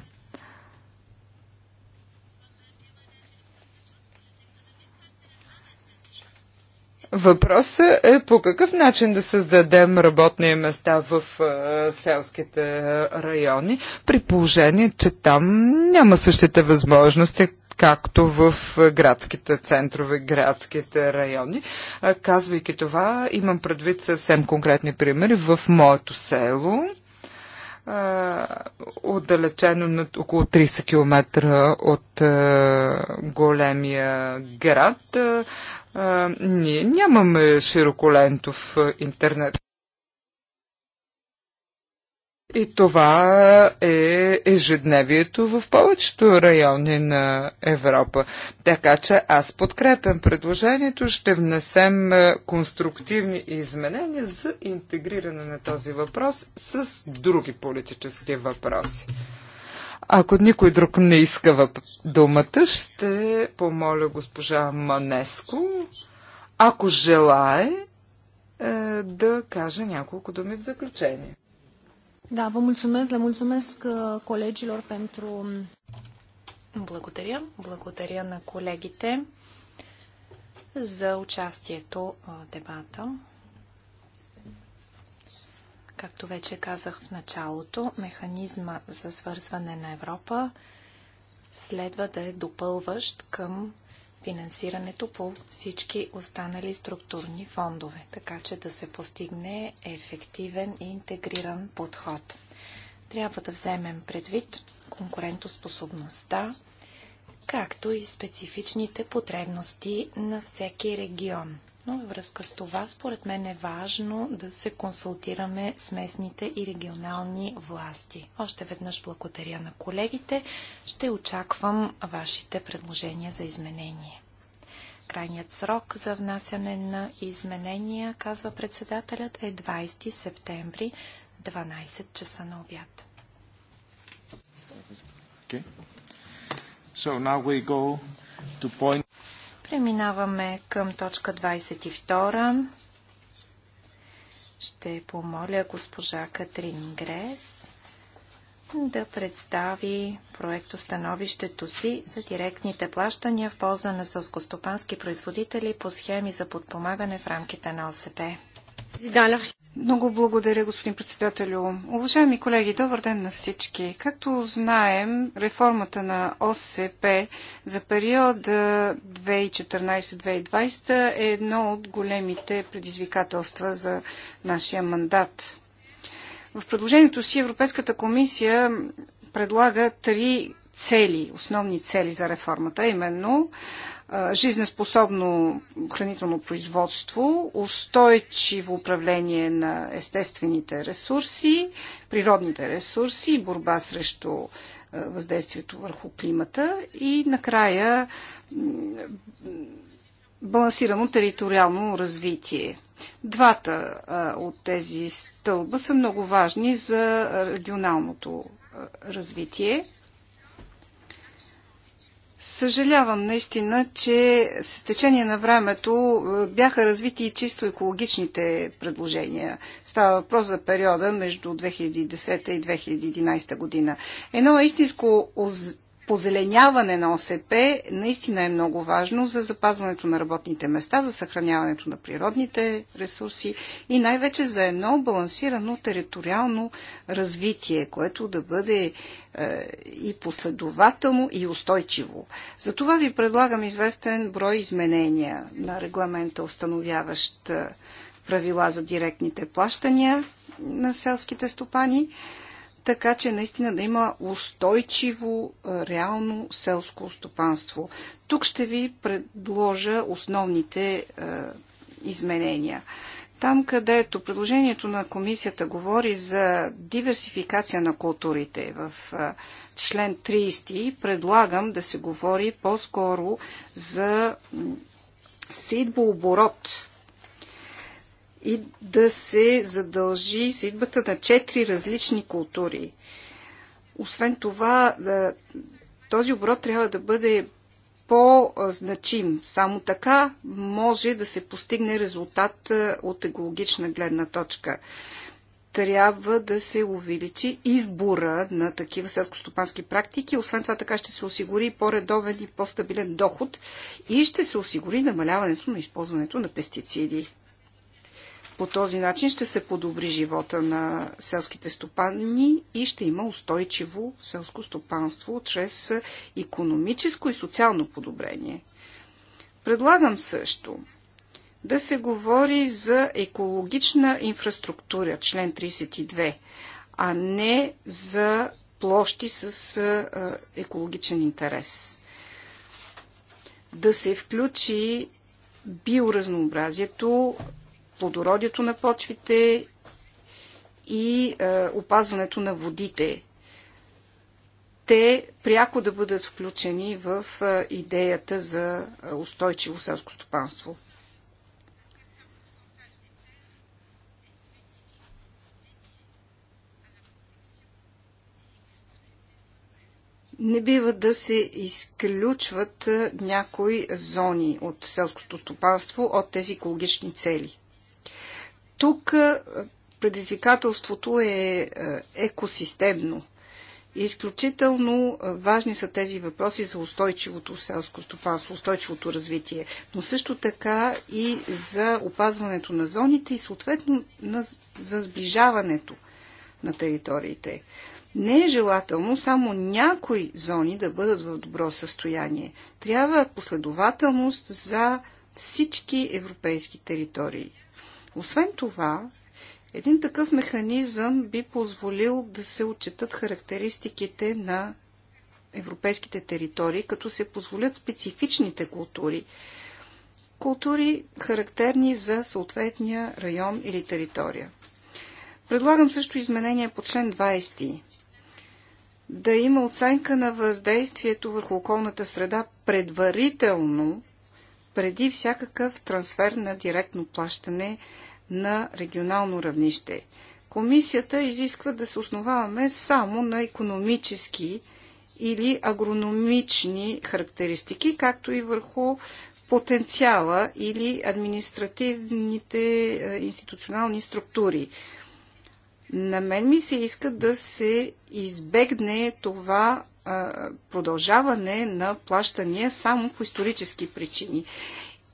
S3: Въпросът е по какъв начин да създадем работни места в селските райони, при положение, че там няма същите възможности, както в градските центрове, градските райони. Казвайки това, имам предвид съвсем конкретни примери. В моето село, отдалечено на около 30 км от големия град, а, ние нямаме широколентов интернет. И това е ежедневието в повечето райони на Европа. Така че аз подкрепям предложението, ще внесем конструктивни изменения за интегриране на този въпрос с други политически въпроси. Ако никой друг не иска думата, ще помоля госпожа Манеско, ако желае, е, да каже няколко думи в заключение.
S1: Да, vă mulțumesc, le mulțumesc е, colegilor pentru... Благодаря. Благодаря на колегите за участието в дебата. Както вече казах в началото, механизма за свързване на Европа следва да е допълващ към финансирането по всички останали структурни фондове, така че да се постигне ефективен и интегриран подход. Трябва да вземем предвид конкурентоспособността, както и специфичните потребности на всеки регион. Но във връзка с това, според мен е важно да се консултираме с местните и регионални власти. Още веднъж благодаря на колегите. Ще очаквам вашите предложения за изменение. Крайният срок за внасяне на изменения, казва председателят, е 20 септември, 12 часа на обяд.
S3: Okay. So now we go to point...
S1: Преминаваме към точка 22. Ще помоля госпожа Катрин Грес да представи становището си за директните плащания в полза на сълскостопански производители по схеми за подпомагане в рамките на ОСП. Много благодаря, господин председателю. Уважаеми колеги, добър ден на
S2: всички. Както знаем, реформата на ОСП за периода 2014-2020 е едно от големите предизвикателства за нашия мандат. В предложението си Европейската комисия предлага три цели, основни цели за реформата, именно жизнеспособно хранително производство, устойчиво управление на естествените ресурси, природните ресурси борба срещу въздействието върху климата и накрая балансирано териториално развитие. Двата от тези стълба са много важни за регионалното развитие. Съжалявам наистина, че с течение на времето е, бяха развити и чисто екологичните предложения. Става въпрос за периода между 2010 и 2011 година. Едно истинско позеленяване на ОСП наистина е много важно за запазването на работните места, за съхраняването на природните ресурси и най-вече за едно балансирано териториално развитие, което да бъде е, и последователно и устойчиво. Затова ви предлагам известен брой изменения на регламента, установяващ е, правила за директните плащания на селските стопани така че наистина да има устойчиво, реално селско стопанство. Тук ще ви предложа основните е, изменения. Там, където предложението на комисията говори за диверсификация на културите в член 30, предлагам да се говори по-скоро за сидбооборот и да се задължи съдбата на четири различни култури. Освен това, е, този оборот трябва да бъде по-значим. Само така може да се постигне резултат е, от екологична гледна точка. Трябва да се увеличи избора на такива селскостопански практики. Освен това, така ще се осигури по-редовен и по-стабилен доход и ще се осигури намаляването на използването на пестициди. По този начин ще се подобри живота на селските стопани и ще има устойчиво селско стопанство чрез економическо и социално подобрение. Предлагам също да се говори за екологична инфраструктура, член 32, а не за площи с екологичен интерес. Да се включи биоразнообразието плодородието на почвите и е, опазването на водите. Те пряко да бъдат включени в е, идеята за е, устойчиво селско стопанство. не бива да се изключват е, някои зони от селското стопанство от тези екологични цели. Тук предизвикателството е екосистемно. Изключително важни са тези въпроси за устойчивото селско стопанство, устойчивото развитие, но също така и за опазването на зоните и съответно на, за сближаването на териториите. Не е желателно само някои зони да бъдат в добро състояние. Трябва последователност за всички европейски територии. Освен това, един такъв механизъм би позволил да се отчитат характеристиките на европейските територии, като се позволят специфичните култури. Култури, характерни за съответния район или територия. Предлагам също изменение по член 20. Да има оценка на въздействието върху околната среда предварително преди всякакъв трансфер на директно плащане на регионално равнище. Комисията изисква да се основаваме само на економически или агрономични характеристики, както и върху потенциала или административните е, институционални структури. На мен ми се иска да се избегне това продължаване на плащания само по исторически причини.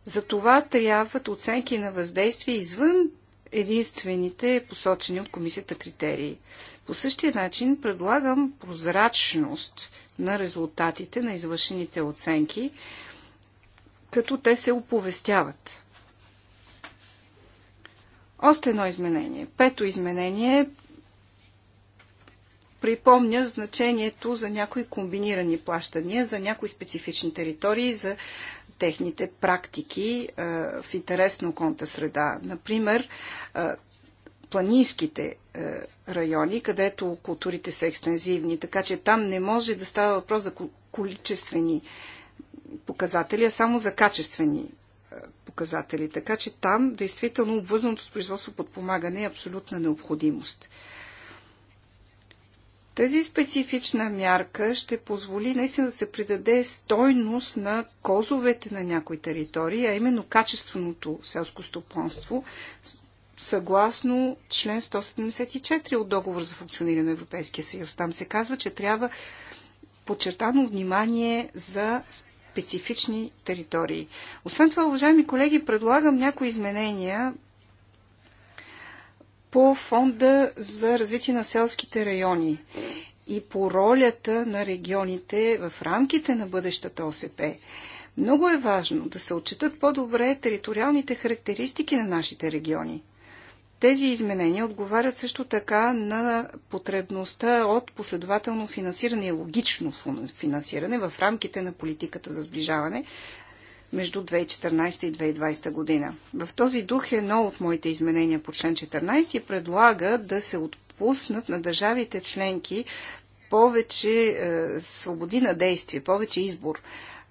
S2: За това трябват оценки на въздействие извън единствените посочени от комисията критерии. По същия начин предлагам прозрачност на резултатите на извършените оценки, като те се оповестяват. Още едно изменение. Пето изменение припомня значението за някои комбинирани плащания, за някои специфични територии, за техните практики в интерес на среда. Например, планинските райони, където културите са екстензивни, така че там не може да става въпрос за количествени показатели, а само за качествени показатели. Така че там действително обвързаното с производство подпомагане е абсолютна необходимост. Тази специфична мярка ще позволи наистина да се придаде стойност на козовете на някои територии, а именно качественото селско стопанство, съгласно член 174 от договор за функциониране на Европейския съюз. Там се казва, че трябва подчертано внимание за специфични територии. Освен това, уважаеми колеги, предлагам някои изменения по фонда за развитие на селските райони и по ролята на регионите в рамките на бъдещата ОСП. Много е важно да се отчитат по-добре териториалните характеристики на нашите региони. Тези изменения отговарят също така на потребността от последователно финансиране и логично финансиране в рамките на политиката за сближаване, между 2014 и 2020 година. В този дух е едно от моите изменения по член 14 и предлага да се отпуснат на държавите членки повече е, свободи на действие, повече избор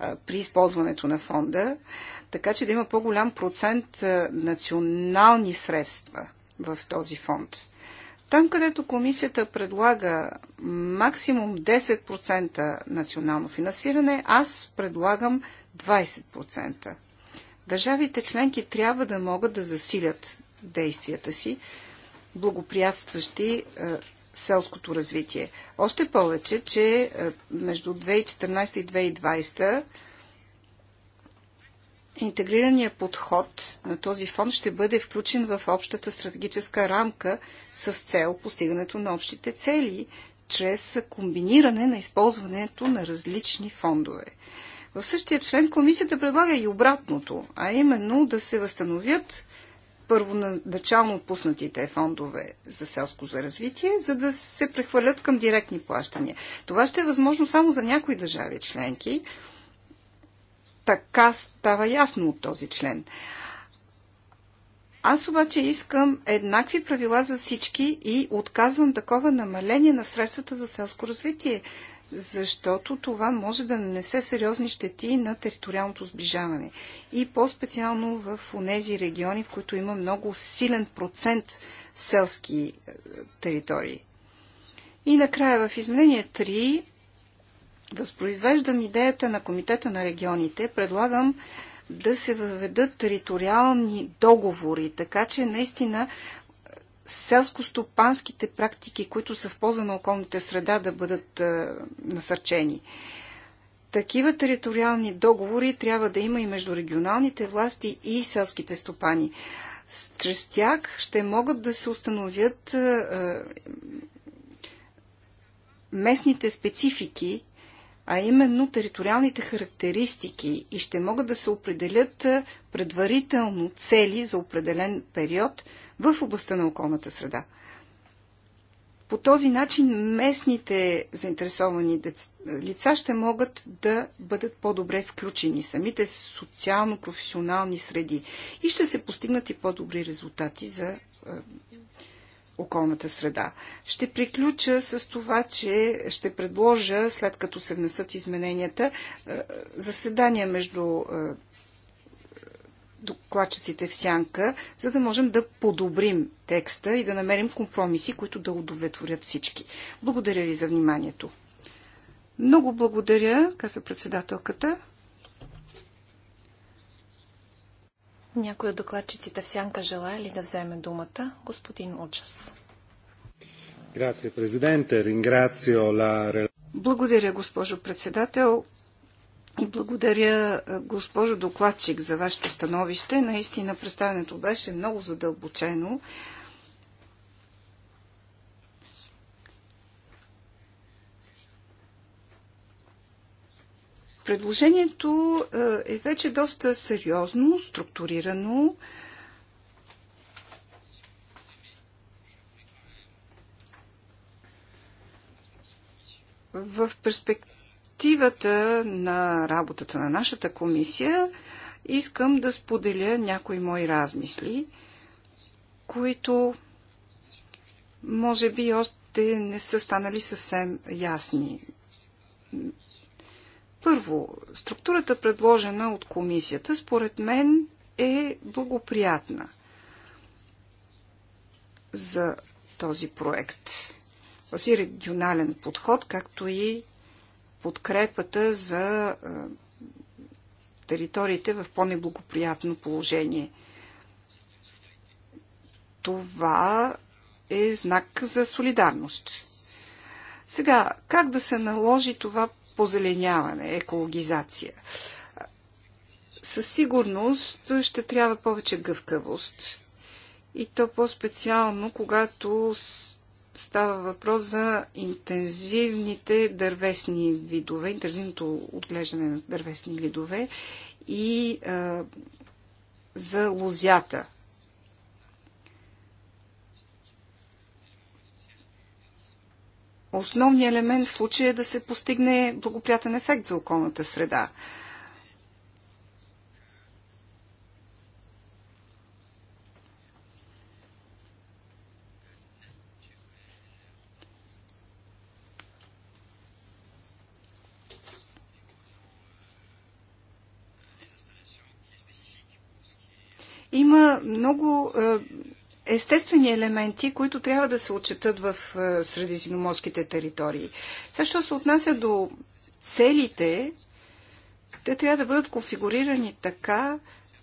S2: е, при използването на фонда, така че да има по-голям процент е, национални средства в този фонд. Там, където комисията предлага максимум 10% национално финансиране, аз предлагам 20%. Държавите членки трябва да могат да засилят действията си, благоприятстващи е, селското развитие. Още повече, че е, между 2014 и 2020 Интегрираният подход на този фонд ще бъде включен в общата стратегическа рамка с цел постигането на общите цели, чрез комбиниране на използването на различни фондове. В същия член комисията предлага и обратното, а именно да се възстановят първоначално отпуснатите фондове за селско за развитие, за да се прехвърлят към директни плащания. Това ще е възможно само за някои държави членки, така става ясно от този член. Аз обаче искам еднакви правила за всички и отказвам такова намаление на средствата за селско развитие, защото това може да нанесе сериозни щети на териториалното сближаване. И по-специално в тези региони, в които има много силен процент селски е, територии. И накрая в изменение 3 възпроизвеждам идеята на Комитета на регионите. Предлагам да се въведат териториални договори, така че наистина е, селско-стопанските практики, които са в полза на околните среда, да бъдат е, насърчени. Такива териториални договори трябва да има и между регионалните власти и селските стопани. Чрез тях ще могат да се установят е, е местните специфики а именно териториалните характеристики и ще могат да се определят предварително цели за определен период в областта на околната среда. По този начин местните заинтересовани лица ще могат да бъдат по-добре включени самите социално-професионални среди и ще се постигнат и по-добри резултати за околната среда. Ще приключа с това, че ще предложа, след като се внесат измененията, е, заседания между е, докладчиците в сянка, за да можем да подобрим текста и да намерим компромиси, които да удовлетворят всички. Благодаря ви за вниманието. Много благодаря, каза председателката.
S1: Някой от докладчиците в сянка желая ли да вземе думата? Господин Учас.
S2: Благодаря, госпожо председател. И благодаря, госпожо докладчик, за вашето становище. Наистина представенето беше много задълбочено. Предложението е, е вече доста сериозно, структурирано. В перспективата на работата на нашата комисия искам да споделя някои мои размисли, които може би още не са станали съвсем ясни първо, структурата предложена от комисията според мен е благоприятна за този проект. Този регионален подход, както и подкрепата за териториите в по-неблагоприятно положение. Това е знак за солидарност. Сега, как да се наложи това позеленяване, екологизация. Със сигурност ще трябва повече гъвкавост. И то по-специално, когато става въпрос за интензивните дървесни видове, интензивното отглеждане на дървесни видове и а, за лозята. Основният елемент в случая е да се постигне благоприятен ефект за околната среда. има много е, естествени елементи, които трябва да се отчетат в е, средиземноморските територии. Защо се отнася до целите, те трябва да бъдат конфигурирани така,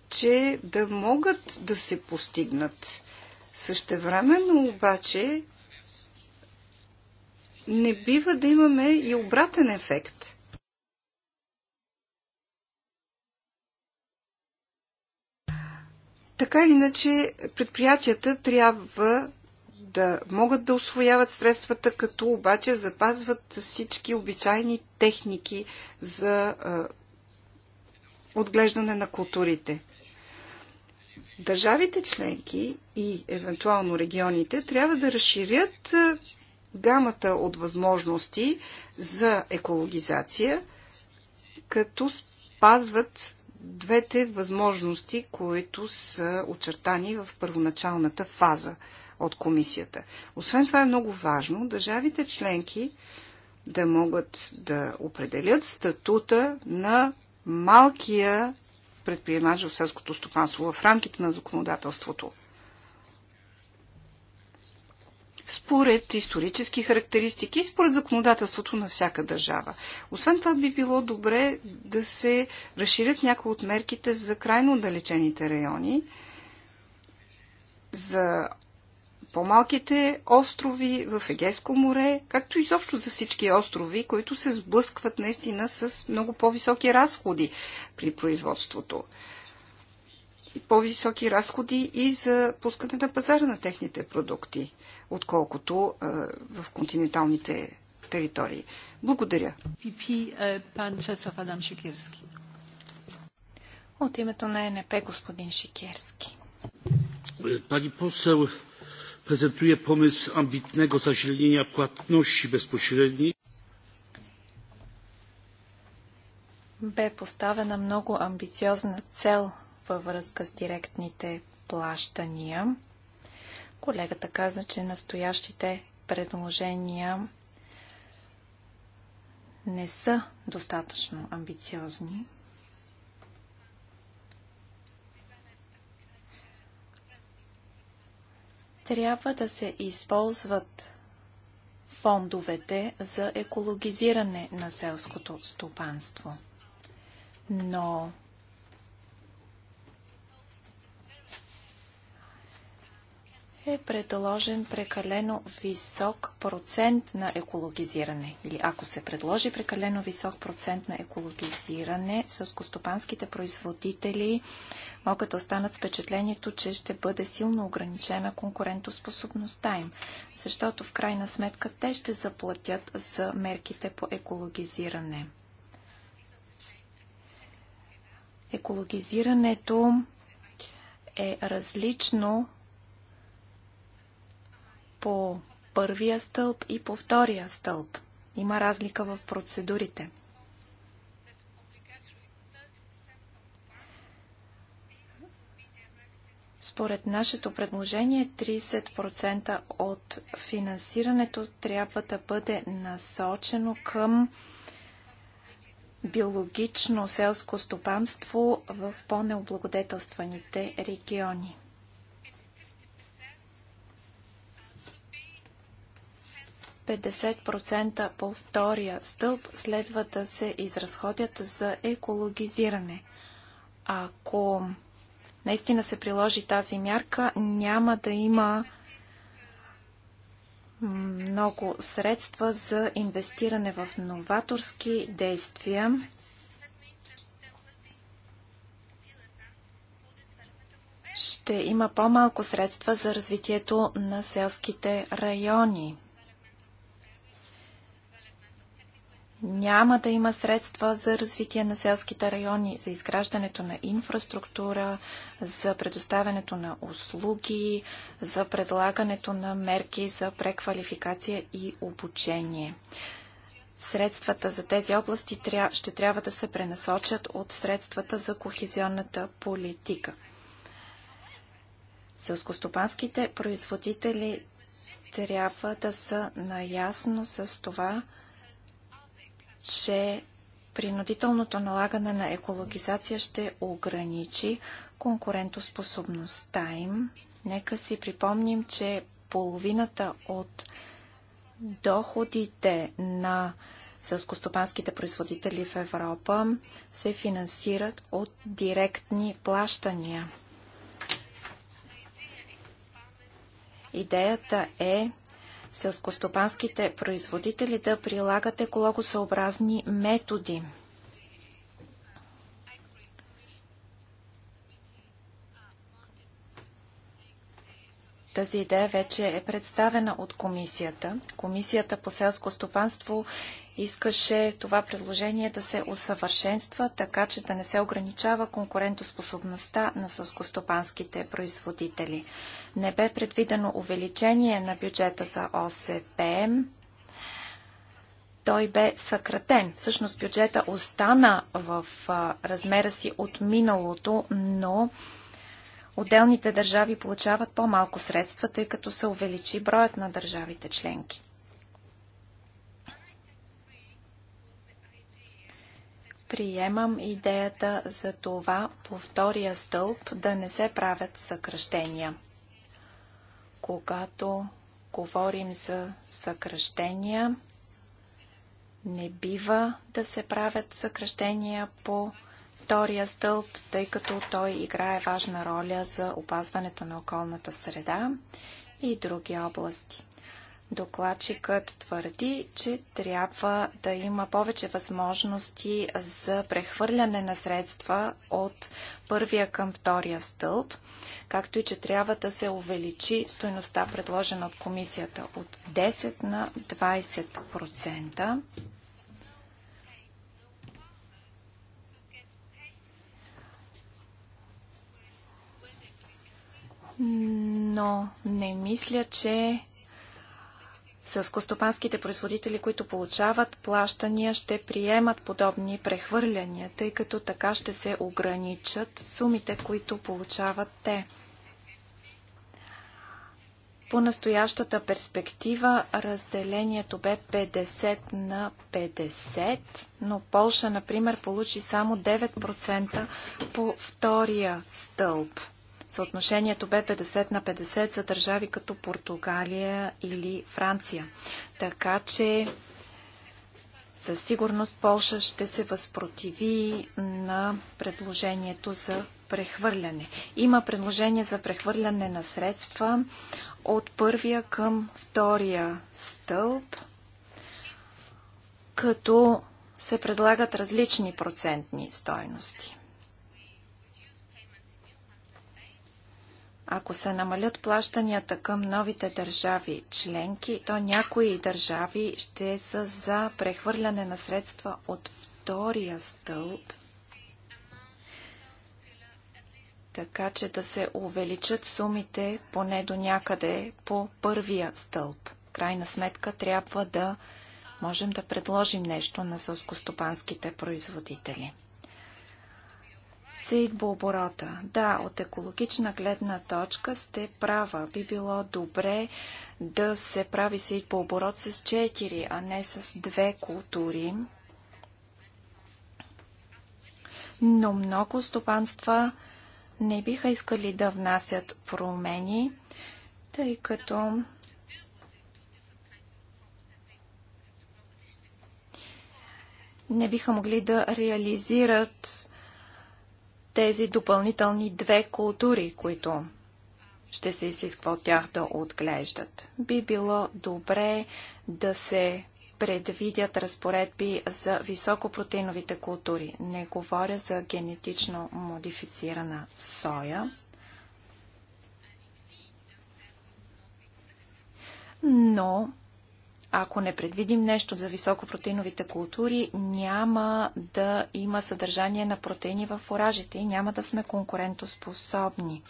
S2: че да могат да се постигнат. Същевременно обаче не бива да имаме и обратен ефект. Така или иначе предприятията трябва да могат да освояват средствата, като обаче запазват всички обичайни техники за отглеждане на културите. Държавите членки и евентуално регионите трябва да разширят гамата от възможности за екологизация, като спазват двете възможности, които са очертани в първоначалната фаза от комисията. Освен това е много важно държавите членки да могат да определят статута на малкия предприемач в селското стопанство в рамките на законодателството. според исторически характеристики и според законодателството на всяка държава. Освен това би било добре да се разширят някои от мерките за крайно отдалечените райони, за по-малките острови в Егейско море, както изобщо за всички острови, които се сблъскват наистина с много по-високи разходи при производството по-високи разходи и за пускане на пазара на техните продукти, отколкото а, в континенталните територии.
S1: Благодаря. ПП пан Чесов Адам Шикерски. От името на ЕНП господин Шикерски.
S2: Пани посел,
S3: poseł помес амбитнего за zazielenienia płatności безпочередни.
S1: Бе поставена много амбициозна цел във връзка с директните плащания. Колегата каза, че настоящите предложения не са достатъчно амбициозни. Трябва да се използват фондовете за екологизиране на селското стопанство. Но е предложен прекалено висок процент на екологизиране. Или ако се предложи прекалено висок процент на екологизиране, с костопанските производители могат да останат с впечатлението, че ще бъде силно ограничена конкурентоспособността им, защото в крайна сметка те ще заплатят за мерките по екологизиране. Екологизирането е различно по първия стълб и по втория стълб. Има разлика в процедурите. Според нашето предложение 30% от финансирането трябва да бъде насочено към биологично селско стопанство в по-необлагодетелстваните региони. 50% по втория стълб следва да се изразходят за екологизиране. Ако наистина се приложи тази мярка, няма да има много средства за инвестиране в новаторски действия. Ще има по-малко средства за развитието на селските райони. няма да има средства за развитие на селските райони, за изграждането на инфраструктура, за предоставянето на услуги, за предлагането на мерки за преквалификация и обучение. Средствата за тези области ще трябва да се пренасочат от средствата за кохезионната политика. Селскостопанските производители трябва да са наясно с това, че принудителното налагане на екологизация ще ограничи конкурентоспособността им. Нека си припомним, че половината от доходите на сълскостопанските производители в Европа се финансират от директни плащания. Идеята е селскостопанските производители да прилагат екологосъобразни методи. Тази идея вече е представена от комисията. Комисията по селско стопанство искаше това предложение да се усъвършенства, така че да не се ограничава конкурентоспособността на сълскостопанските производители. Не бе предвидено увеличение на бюджета за ОСПМ. Той бе съкратен. Всъщност бюджета остана в размера си от миналото, но отделните държави получават по-малко средства, тъй като се увеличи броят на държавите членки. приемам идеята за това по втория стълб да не се правят съкръщения. Когато говорим за съкръщения, не бива да се правят съкръщения по втория стълб, тъй като той играе важна роля за опазването на околната среда и други области. Докладчикът твърди, че трябва да има повече възможности за прехвърляне на средства от първия към втория стълб, както и че трябва да се увеличи стоеността, предложена от комисията, от 10 на 20%. но не мисля, че Селскостопанските производители, които получават плащания, ще приемат подобни прехвърляния, тъй като така ще се ограничат сумите, които получават те. По настоящата перспектива разделението бе 50 на 50, но Полша, например, получи само 9% по втория стълб – Съотношението бе 50 на 50 за държави като Португалия или Франция. Така че със сигурност Полша ще се възпротиви на предложението за прехвърляне. Има предложение за прехвърляне на средства от първия към втория стълб, като се предлагат различни процентни стойности. Ако се намалят плащанията към новите държави членки, то някои държави ще са за прехвърляне на средства от втория стълб, така че да се увеличат сумите поне до някъде по първия стълб. Крайна сметка трябва да можем да предложим нещо на сълскостопанските производители оборота. Да, от екологична гледна точка сте права. Би било добре да се прави оборот с четири, а не с две култури. Но много стопанства не биха искали да внасят промени, тъй като не биха могли да реализират тези допълнителни две култури, които ще се изисква от тях да отглеждат. Би било добре да се предвидят разпоредби за високопротеиновите култури. Не говоря за генетично модифицирана соя. Но ако не предвидим нещо за високопротеиновите култури, няма да има съдържание на протеини в фуражите и няма да сме конкурентоспособни.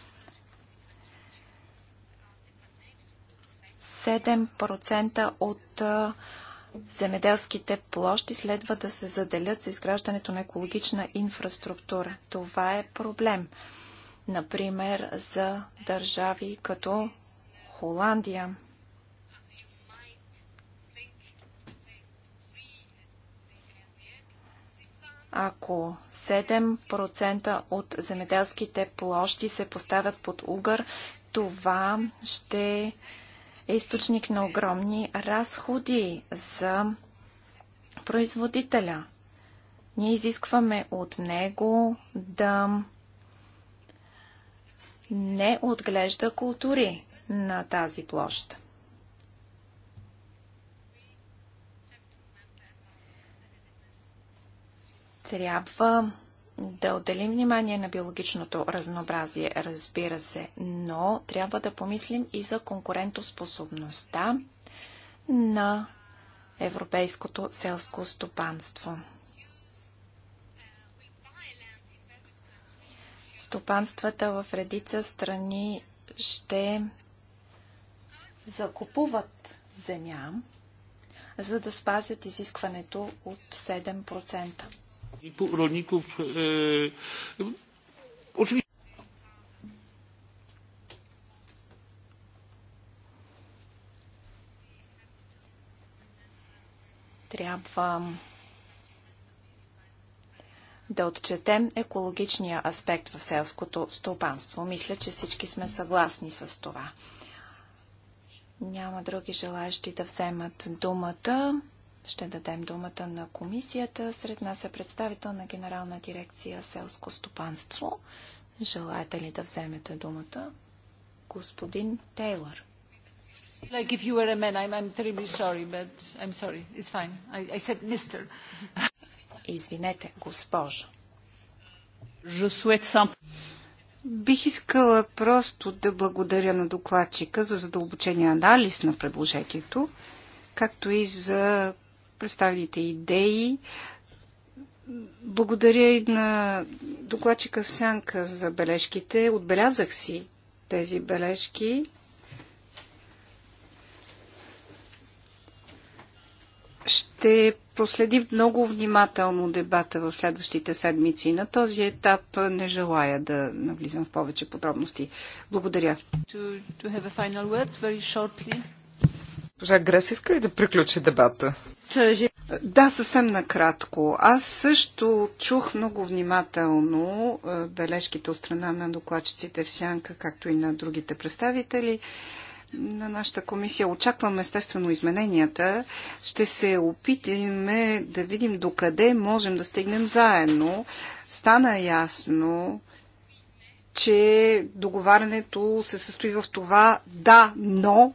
S1: 7% от земеделските площи следва да се заделят за изграждането на екологична инфраструктура. Това е проблем. Например, за държави като Холандия. Ако 7% от земеделските площи се поставят под угър, това ще е източник на огромни разходи за производителя. Ние изискваме от него да не отглежда култури на тази площ. трябва да отделим внимание на биологичното разнообразие, разбира се, но трябва да помислим и за конкурентоспособността на европейското селско стопанство. Стопанствата в редица страни ще закупуват земя, за да спазят изискването от 7%
S2: rolników. E, e,
S1: oczywiście. Трябва да отчетем екологичния аспект в селското стопанство. Мисля, че всички сме съгласни с това. Няма други желаящи да вземат думата. Ще дадем думата на комисията. Сред нас е представител на Генерална дирекция Селско стопанство. Желаете ли да вземете думата? Господин Тейлър.
S2: Like if you were a man, I'm, I'm terribly sorry, but I'm sorry. It's fine. I, I said mister.
S1: Извинете, госпожо. Je souhaite
S2: simple. Бих искала просто да благодаря на докладчика за задълбочения анализ на предложението, както и за представените идеи. Благодаря и на докладчика Сянка за бележките. Отбелязах си тези бележки. Ще проследим много внимателно дебата в следващите седмици. На този етап не желая да навлизам в повече подробности. Благодаря. To, to Госпожа Грес, иска ли да приключи дебата? Да, съвсем накратко. Аз също чух много внимателно е, бележките от страна на докладчиците в Сянка, както и на другите представители на нашата комисия. Очакваме естествено измененията. Ще се опитаме да видим докъде можем да стигнем заедно. Стана ясно, че договарянето се състои в това да, но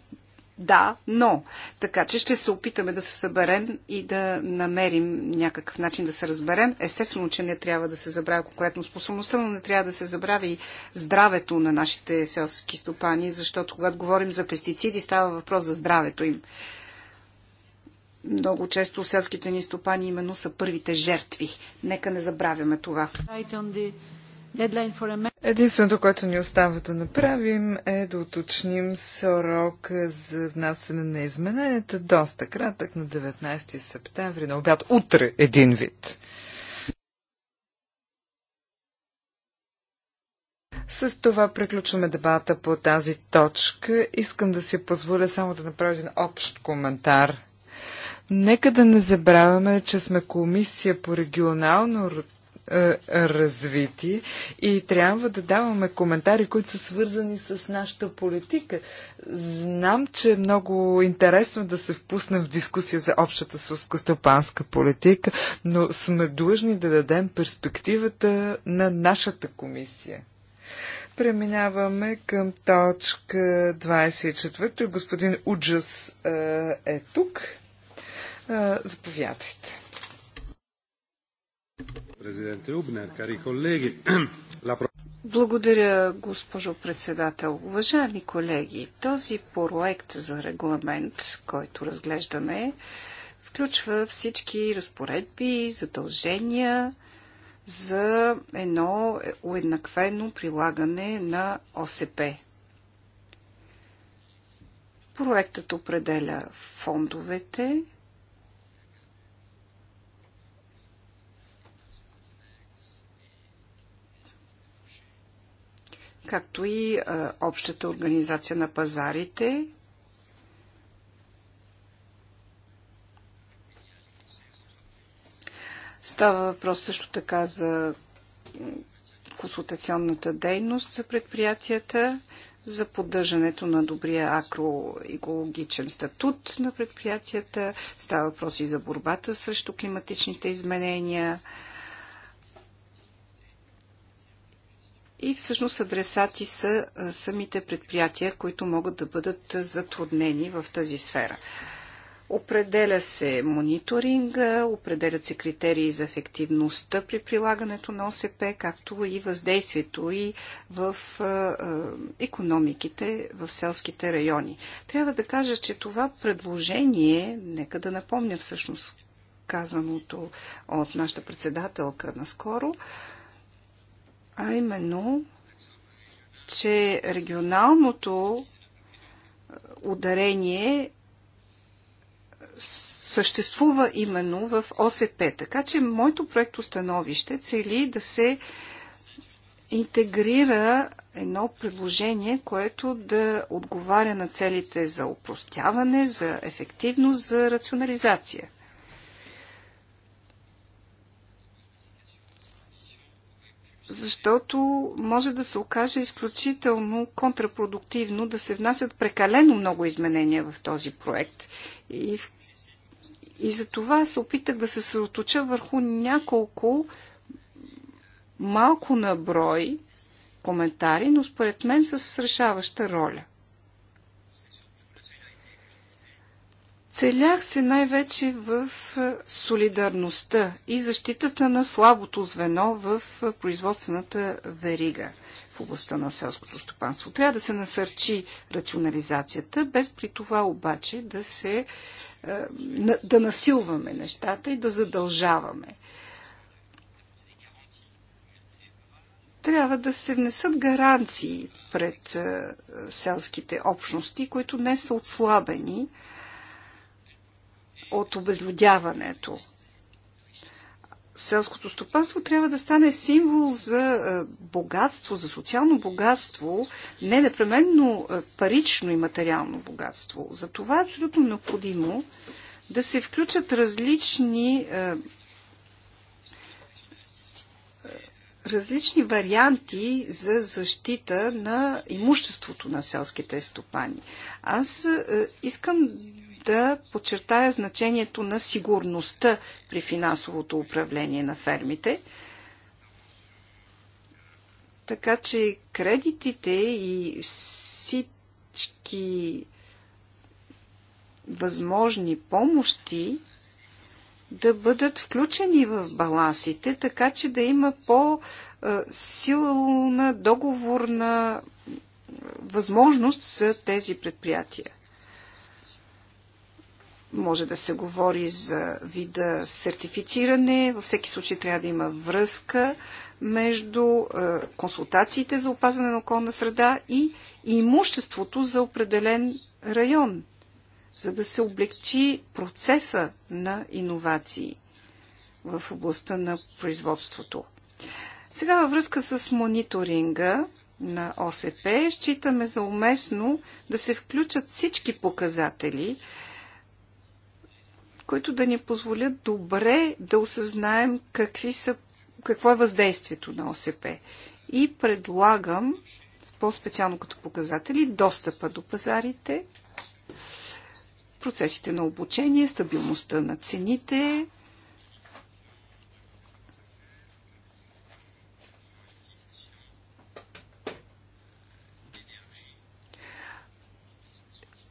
S2: да, но. Така че ще се опитаме да се съберем и да намерим някакъв начин да се разберем. Естествено, че не трябва да се забравя конкретно способността, но не трябва да се забрави здравето на нашите селски стопани, защото когато говорим за пестициди, става въпрос за здравето им. Много често селските ни стопани именно са първите жертви. Нека не забравяме това.
S3: Единственото, което ни остава да направим е да уточним срок за внасяне на измененията доста кратък на 19 септември на обяд. Утре един вид. С това приключваме дебата по тази точка. Искам да си позволя само да направя един общ коментар. Нека да не забравяме, че сме комисия по регионално е, развити и трябва да даваме коментари, които са свързани с нашата политика. Знам, че е много интересно да се впуснем в дискусия за общата сълскостопанска политика, но сме длъжни да дадем перспективата на нашата комисия. Преминаваме към точка 24. Господин Уджас е, е тук. Е, заповядайте.
S2: Благодаря, госпожо председател. Уважаеми колеги, този проект за регламент, който разглеждаме, включва всички разпоредби, задължения за едно уеднаквено прилагане на ОСП. Проектът определя фондовете, както и е, общата организация на пазарите. Става въпрос също така за консултационната дейност за предприятията, за поддържането на добрия акроекологичен статут на предприятията. Става въпрос и за борбата срещу климатичните изменения – и всъщност адресати са самите предприятия, които могат да бъдат затруднени в тази сфера. Определя се мониторинга, определят се критерии за ефективността при прилагането на ОСП, както и въздействието и в економиките в селските райони. Трябва да кажа, че това предложение, нека да напомня всъщност казаното от нашата председателка наскоро, а именно, че регионалното ударение съществува именно в ОСП. Така че моето проекто становище цели да се интегрира едно предложение, което да отговаря на целите за упростяване, за ефективност, за рационализация. защото може да се окаже изключително контрапродуктивно да се внасят прекалено много изменения в този проект. И, и за това се опитах да се съсредоточа върху няколко малко наброй коментари, но според мен с решаваща роля – Целях се най-вече в солидарността и защитата на слабото звено в производствената верига в областта на селското стопанство. Трябва да се насърчи рационализацията, без при това обаче да се да насилваме нещата и да задължаваме. Трябва да се внесат гаранции пред селските общности, които не са отслабени, от обезлюдяването. Селското стопанство трябва да стане символ за е, богатство, за социално богатство, не непременно е, парично и материално богатство. За това е абсолютно необходимо да се включат различни е, различни варианти за защита на имуществото на селските стопани. Аз искам да подчертая значението на сигурността при финансовото управление на фермите. Така че кредитите и всички възможни помощи да бъдат включени в балансите, така че да има по-силна договорна възможност за тези предприятия. Може да се говори за вида сертифициране. Във всеки случай трябва да има връзка между е, консултациите за опазване на околна среда и имуществото за определен район, за да се облегчи процеса на иновации в областта на производството. Сега във връзка с мониторинга на ОСП считаме за уместно да се включат всички показатели, които да ни позволят добре да осъзнаем какви са, какво е въздействието на ОСП. И предлагам, по-специално като показатели, достъпа до пазарите, процесите на обучение, стабилността на цените,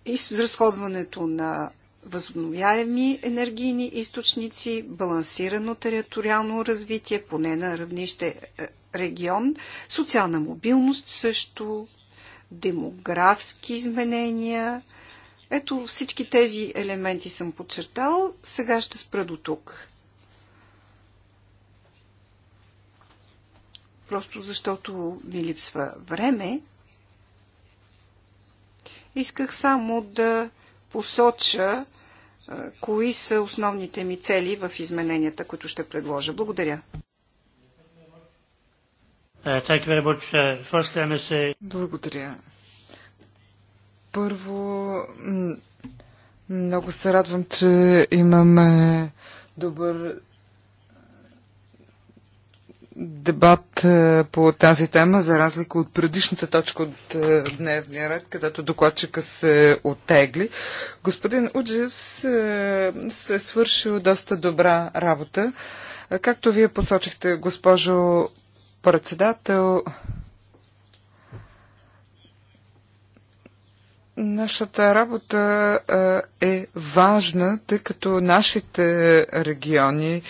S2: изразходването на възобновяеми енергийни източници, балансирано териториално развитие, поне на равнище е, регион, социална мобилност също, демографски изменения. Ето всички тези елементи съм подчертал. Сега ще спра до тук. Просто защото ми липсва време, исках само да посоча кои са основните ми цели в измененията, които ще предложа. Благодаря.
S3: Uh, uh, Благодаря. Първо, много се радвам, че имаме добър дебат е, по тази тема, за разлика от предишната точка от е, дневния ред, където докладчика се оттегли, Господин Уджис е, се е свършил доста добра работа. Както вие посочихте, госпожо председател, Нашата работа е важна, тъй като нашите региони,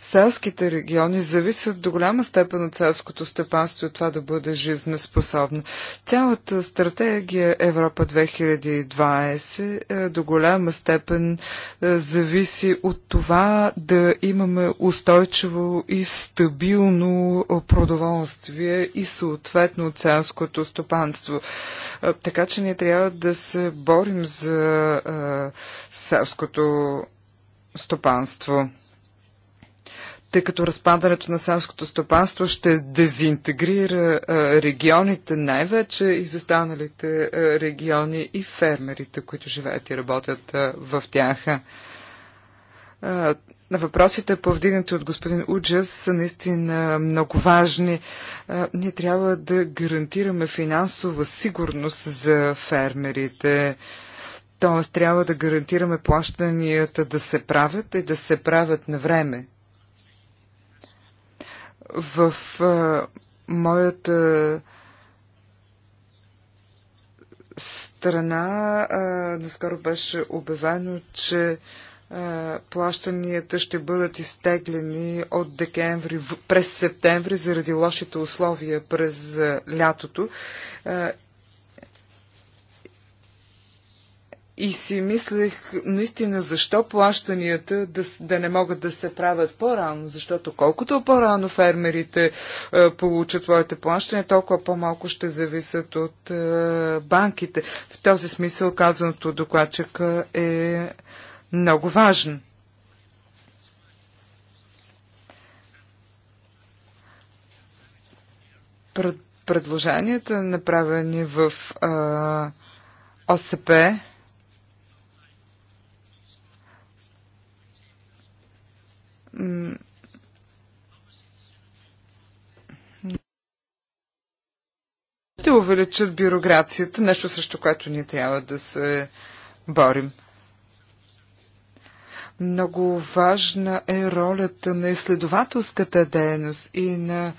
S3: селските региони, зависят до голяма степен от селското степанство и от това да бъде жизнеспособно. Цялата стратегия Европа 2020 до голяма степен зависи от това да имаме устойчиво и стабилно продоволствие и съответно от селското стопанство. Така че ние трябва да да се борим за а, селското стопанство тъй като разпадането на селското стопанство ще дезинтегрира регионите, най-вече изостаналите региони и фермерите, които живеят и работят в тях на въпросите, повдигнати от господин Уджас, са наистина много важни. Ние трябва да гарантираме финансова сигурност за фермерите. Т.е. трябва да гарантираме плащанията да се правят и да се правят на време. В а, моята страна а, наскоро беше обявено, че а, плащанията ще бъдат изтеглени от декември през септември заради лошите условия през лятото. И си мислех наистина защо плащанията да, да не могат да се правят по-рано, защото колкото по-рано фермерите е, получат своите плащания, толкова по-малко ще зависят от е, банките. В този смисъл казаното докладчика е много важен. предложенията, направени в а, ОСП, ще увеличат бюрокрацията, нещо срещу което ние трябва да се борим. Много важна е ролята на изследователската дейност и на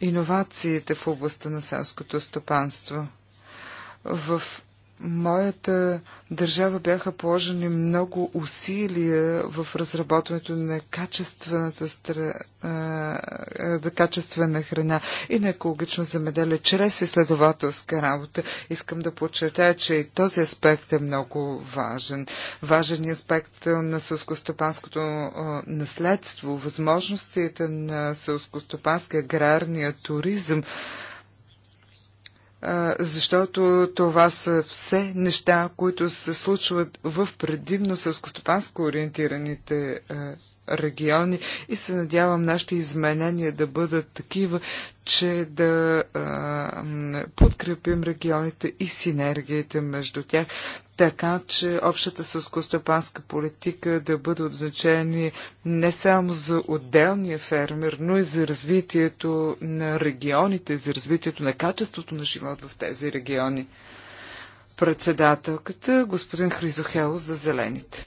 S3: иновациите в областта на селското стопанство. В моята държава бяха положени много усилия в разработването на качествената стра... качествена храна и на екологично замеделие чрез изследователска работа. Искам да подчертая, че и този аспект е много важен. Важен е аспект на сълскостопанското наследство, възможностите на сълскостопанския аграрния туризъм защото това са все неща, които се случват в предимно с костопанско ориентираните региони и се надявам нашите изменения да бъдат такива, че да а, подкрепим регионите и синергиите между тях, така че общата сълскостопанска политика да бъде от значение не само за отделния фермер, но и за развитието на регионите, за развитието на качеството на живот в тези региони. Председателката, господин Хризохело за зелените.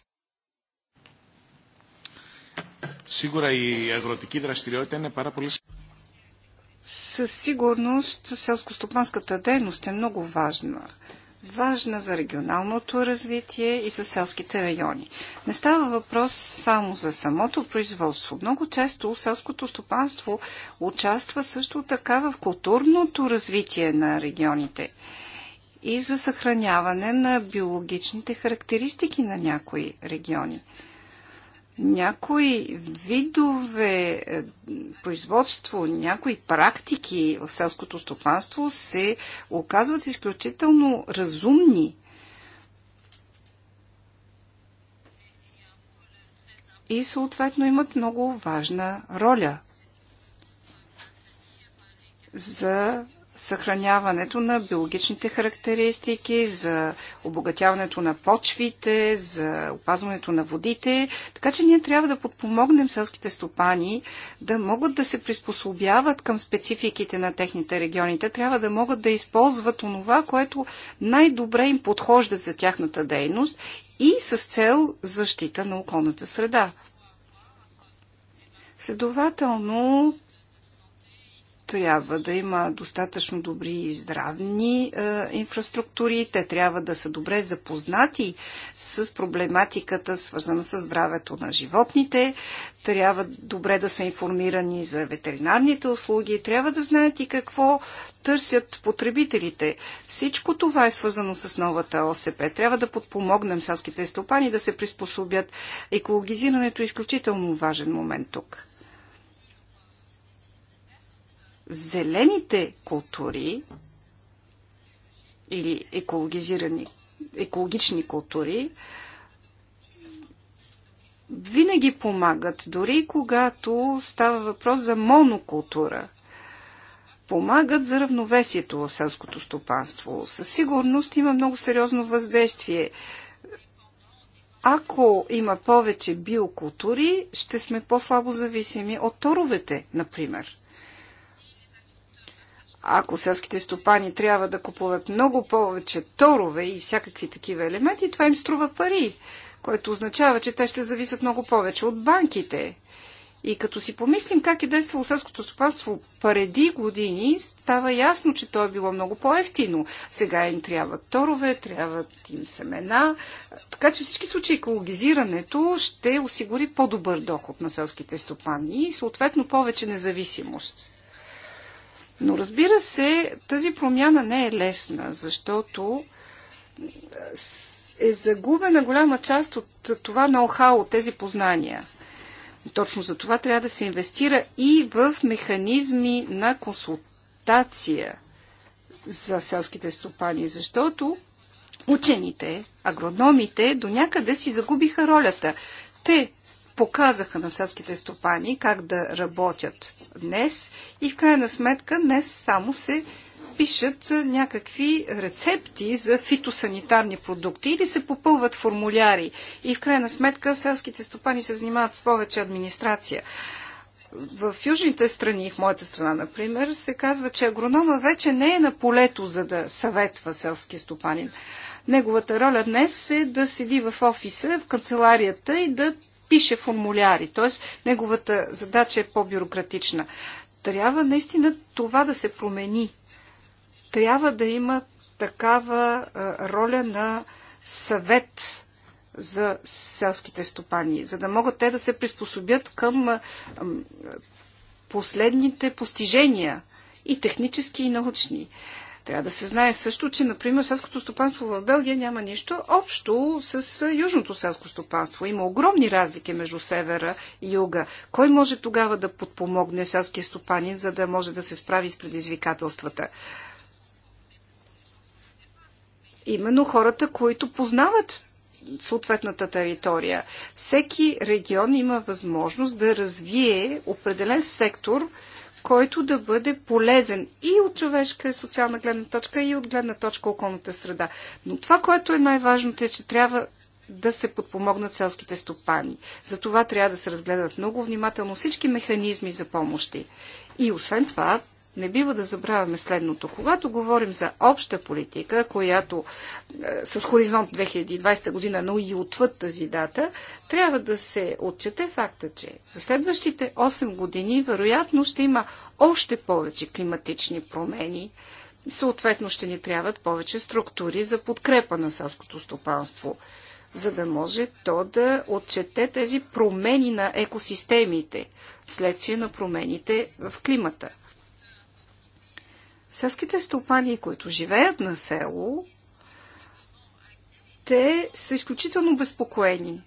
S3: Σίγουρα η αγροτική δραστηριότητα είναι πάρα πολύ
S2: Със сигурност селскостопанската дейност е много важна. Важна за регионалното развитие и за селските райони. Не става въпрос само за самото производство. Много често селското стопанство участва също така в културното развитие на регионите и за съхраняване на биологичните характеристики на някои региони някои видове е, производство, някои практики в селското стопанство се оказват изключително разумни. И съответно имат много важна роля за съхраняването на биологичните характеристики, за обогатяването на почвите, за опазването на водите. Така че ние трябва да подпомогнем селските стопани да могат да се приспособяват към спецификите на техните региони. Те трябва да могат да използват онова, което най-добре им подхожда за тяхната дейност и с цел защита на околната среда. Следователно, трябва да има достатъчно добри здравни е, инфраструктури, те трябва да са добре запознати с проблематиката, свързана с здравето на животните, трябва добре да са информирани за ветеринарните услуги, трябва да знаят и какво търсят потребителите. Всичко това е свързано с новата ОСП. Трябва да подпомогнем селските стопани да се приспособят. Екологизирането е изключително важен момент тук зелените култури или екологизирани, екологични култури винаги помагат, дори когато става въпрос за монокултура. Помагат за равновесието в селското стопанство. Със сигурност има много сериозно въздействие. Ако има повече биокултури, ще сме по-слабо зависими от торовете, например – ако селските стопани трябва да купуват много повече торове и всякакви такива елементи, това им струва пари, което означава, че те ще зависят много повече от банките. И като си помислим как е действало селското стопанство преди години, става ясно, че то е било много по-ефтино. Сега им трябват торове, трябват им семена. Така че всички случаи екологизирането ще осигури по-добър доход на селските стопани и съответно повече независимост. Но разбира се, тази промяна не е лесна, защото е загубена голяма част от това ноу-хау, от тези познания. Точно за това трябва да се инвестира и в механизми на консултация за селските стопани, защото учените, агрономите до някъде си загубиха ролята. Те показаха на селските стопани как да работят днес и в крайна сметка днес само се пишат някакви рецепти за фитосанитарни продукти или се попълват формуляри. И в крайна сметка селските стопани се занимават с повече администрация. В южните страни, в моята страна, например, се казва, че агронома вече не е на полето, за да съветва селски стопанин. Неговата роля днес е да седи в офиса, в канцеларията и да пише формуляри, т.е. неговата задача е по-бюрократична. Трябва наистина това да се промени. Трябва да има такава роля на съвет за селските стопани, за да могат те да се приспособят към последните постижения и технически, и научни. Трябва да се знае също, че, например, селското стопанство в Белгия няма нищо общо с южното селско стопанство. Има огромни разлики между севера и юга. Кой може тогава да подпомогне селския стопанин, за да може да се справи с предизвикателствата? Именно хората, които познават съответната територия. Всеки регион има възможност да развие определен сектор – който да бъде полезен и от човешка и социална гледна точка, и от гледна точка околната среда. Но това, което е най-важното е, че трябва да се подпомогнат селските стопани. За това трябва да се разгледат много внимателно всички механизми за помощи. И освен това, не бива да забравяме следното. Когато говорим за обща политика, която е, с хоризонт 2020 година, но и отвъд тази дата, трябва да се отчете факта, че за следващите 8 години вероятно ще има още повече климатични промени, съответно ще ни трябват повече структури за подкрепа на селското стопанство, за да може то да отчете тези промени на екосистемите, следствие на промените в климата. Селските стопани, които живеят на село, те са изключително безпокоени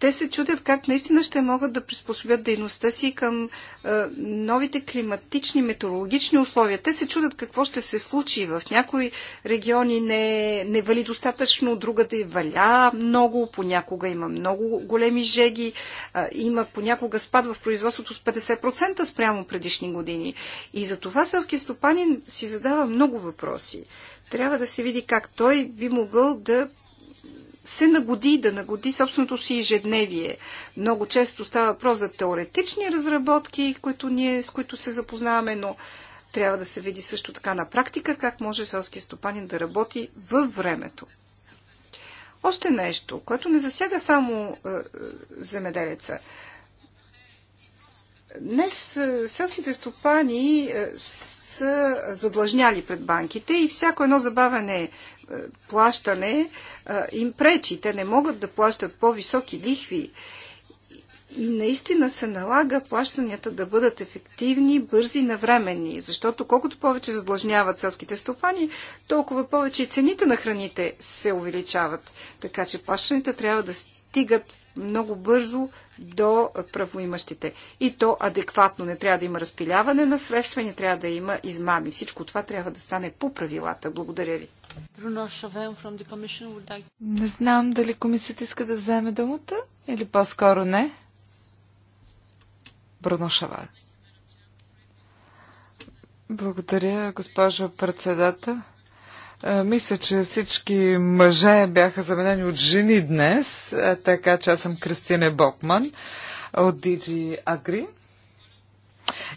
S2: те се чудят как наистина ще могат да приспособят дейността си към е, новите климатични, метеорологични условия. Те се чудят какво ще се случи. В някои региони не, не вали достатъчно, друга да валя много, понякога има много големи жеги, е, има понякога спад в производството с 50% спрямо предишни години. И за това селски стопанин си задава много въпроси. Трябва да се види как той би могъл да се нагоди, да нагоди собственото си ежедневие. Много често става въпрос за теоретични разработки, които ние, с които се запознаваме, но трябва да се види също така на практика как може селски стопанин да работи във времето. Още нещо, което не засяга само е, е земеделеца. Днес е, селските стопани е, са задлъжняли пред банките и всяко едно забавяне е, плащане е, им пречи. Те не могат да плащат по-високи лихви. И наистина се налага плащанията да бъдат ефективни, бързи навременни, защото колкото повече задлъжняват селските стопани, толкова повече и цените на храните се увеличават. Така че плащаните трябва да стигат много бързо до правоимащите. И то адекватно. Не трябва да има разпиляване на средства, не трябва да има измами. Всичко това трябва да стане по правилата. Благодаря ви. Не знам дали комисията иска да вземе думата или по-скоро не.
S3: Бруно Шавар. Благодаря, госпожо председател. Е, мисля, че всички мъже бяха заменени от жени днес, е, така че аз съм Кристина Бокман от DG Agri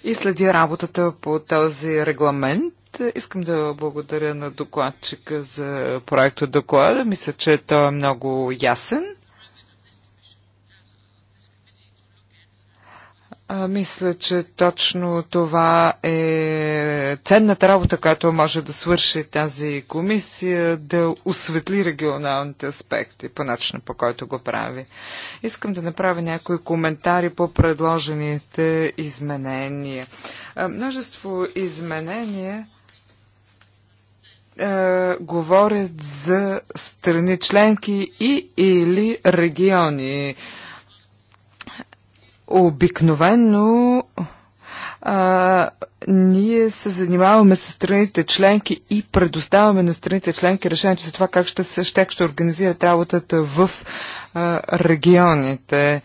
S3: и следи работата по този регламент. Искам да благодаря на докладчика за проекта доклада. Мисля, че той е много ясен. А, мисля, че точно това е ценната работа, която може да свърши тази комисия, да осветли регионалните аспекти по начина по който го прави. Искам да направя някои коментари по предложените изменения. А, множество изменения е, говорят за страни членки и или региони. Обикновено а, е, ние се занимаваме с страните членки и предоставяме на страните членки решението за това как ще, се, ще, ще организират работата в а, е, регионите. А,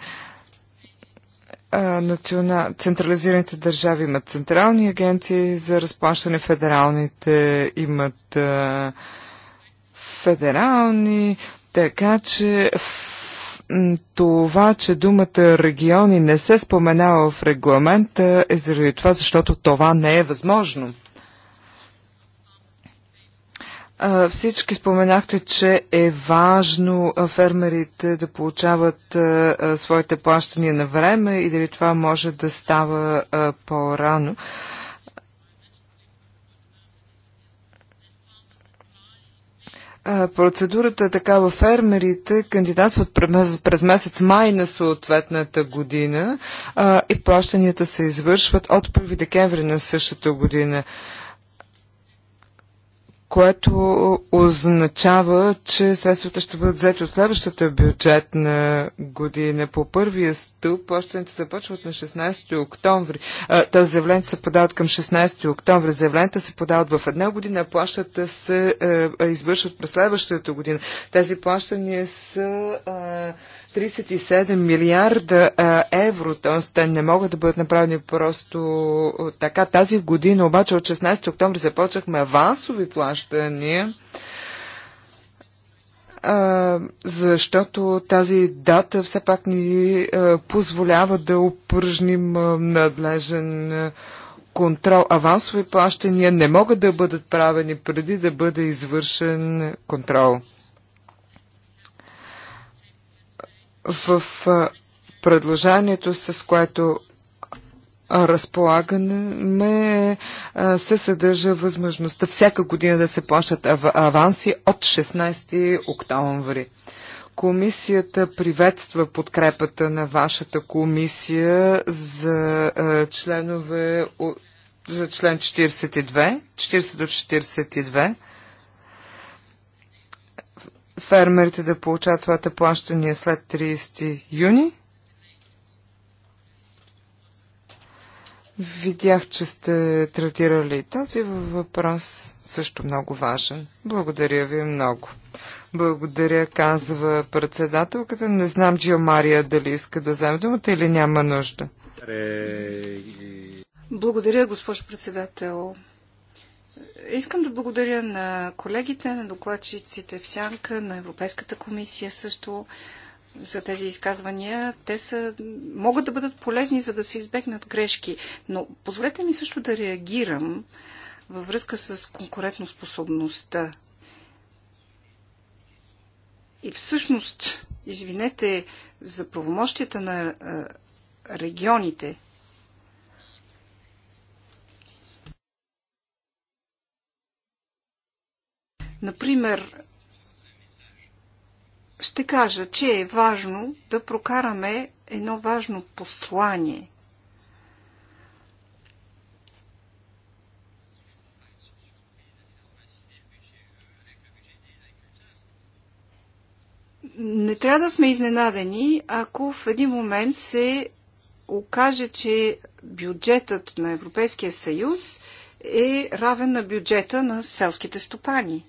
S3: централизираните държави имат централни агенции за разплащане, федералните имат а, федерални, така че това, че думата региони не се споменава в регламента е заради това, защото това не е възможно. Всички споменахте, че е важно фермерите да получават своите плащания на време и дали това може да става по-рано. Процедурата е такава. Фермерите кандидатстват през месец май на съответната година и плащанията се извършват от 1 декември на същата година което означава, че средствата ще бъдат взети от следващата бюджетна година. По първия стълб плащането започват на 16 октомври. Тоест заявленията се подават към 16 октомври. Заявленията се подават в една година, а плащата се а, извършват през следващата година. Тези плащания са а, 37 милиарда евро, т.е. те не могат да бъдат направени просто така. Тази година обаче от 16 октомври започнахме авансови плащания защото тази дата все пак ни позволява да упражним надлежен контрол. Авансови плащания не могат да бъдат правени преди да бъде извършен контрол. в предложението, с което разполагаме, се съдържа възможността всяка година да се плащат аванси от 16 октомври. Комисията приветства подкрепата на вашата комисия за членове за член 42, 40 до 42 фермерите да получат своите плащания след 30 юни. Видях, че сте третирали този въпрос, също много важен. Благодаря ви много. Благодаря, казва председателката. Не знам, Джио Мария, дали иска да вземе думата или няма нужда.
S2: Благодаря, госпожо председател. Искам да благодаря на колегите, на докладчиците в Сянка, на Европейската комисия също за тези изказвания. Те са, могат да бъдат полезни, за да се избегнат грешки. Но позволете ми също да реагирам във връзка с конкурентоспособността. И всъщност, извинете за правомощията на регионите Например, ще кажа, че е важно да прокараме едно важно послание. Не трябва да сме изненадени, ако в един момент се окаже, че бюджетът на Европейския съюз е равен на бюджета на селските стопани.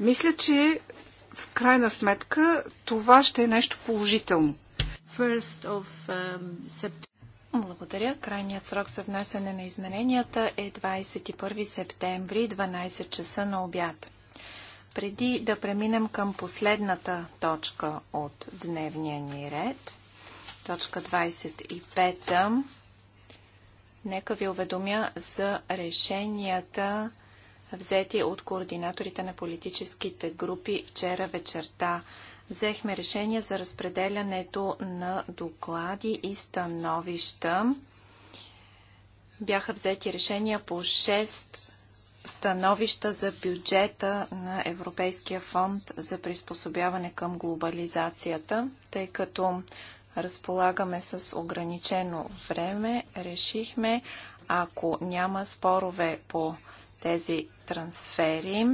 S2: Мисля, че в крайна сметка това ще е нещо положително.
S1: Um, Благодаря. Крайният срок за внасяне на измененията е 21 септември, 12 часа на обяд. Преди да преминем към последната точка от дневния ни ред, точка 25, нека ви уведомя за решенията взети от координаторите на политическите групи вчера вечерта. Взехме решение за разпределянето на доклади и становища. Бяха взети решения по 6 становища за бюджета на Европейския фонд за приспособяване към глобализацията, тъй като разполагаме с ограничено време, решихме, ако няма спорове по тези трансфери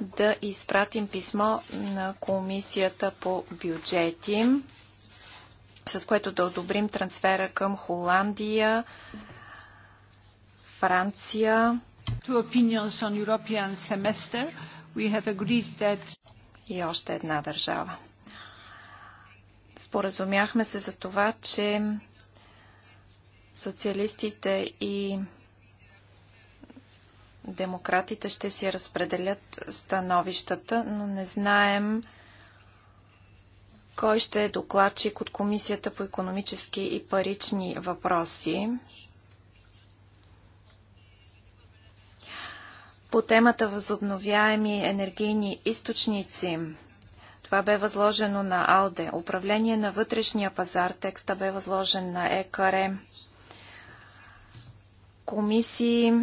S1: да изпратим писмо на комисията по бюджети, с което да одобрим трансфера към Холандия, Франция. That... И още една държава. Споразумяхме се за това, че социалистите и демократите ще си разпределят становищата, но не знаем кой ще е докладчик от Комисията по економически и парични въпроси. По темата възобновяеми енергийни източници това бе възложено на АЛДЕ. Управление на вътрешния пазар. Текста бе възложен на ЕКАРЕ. Комисии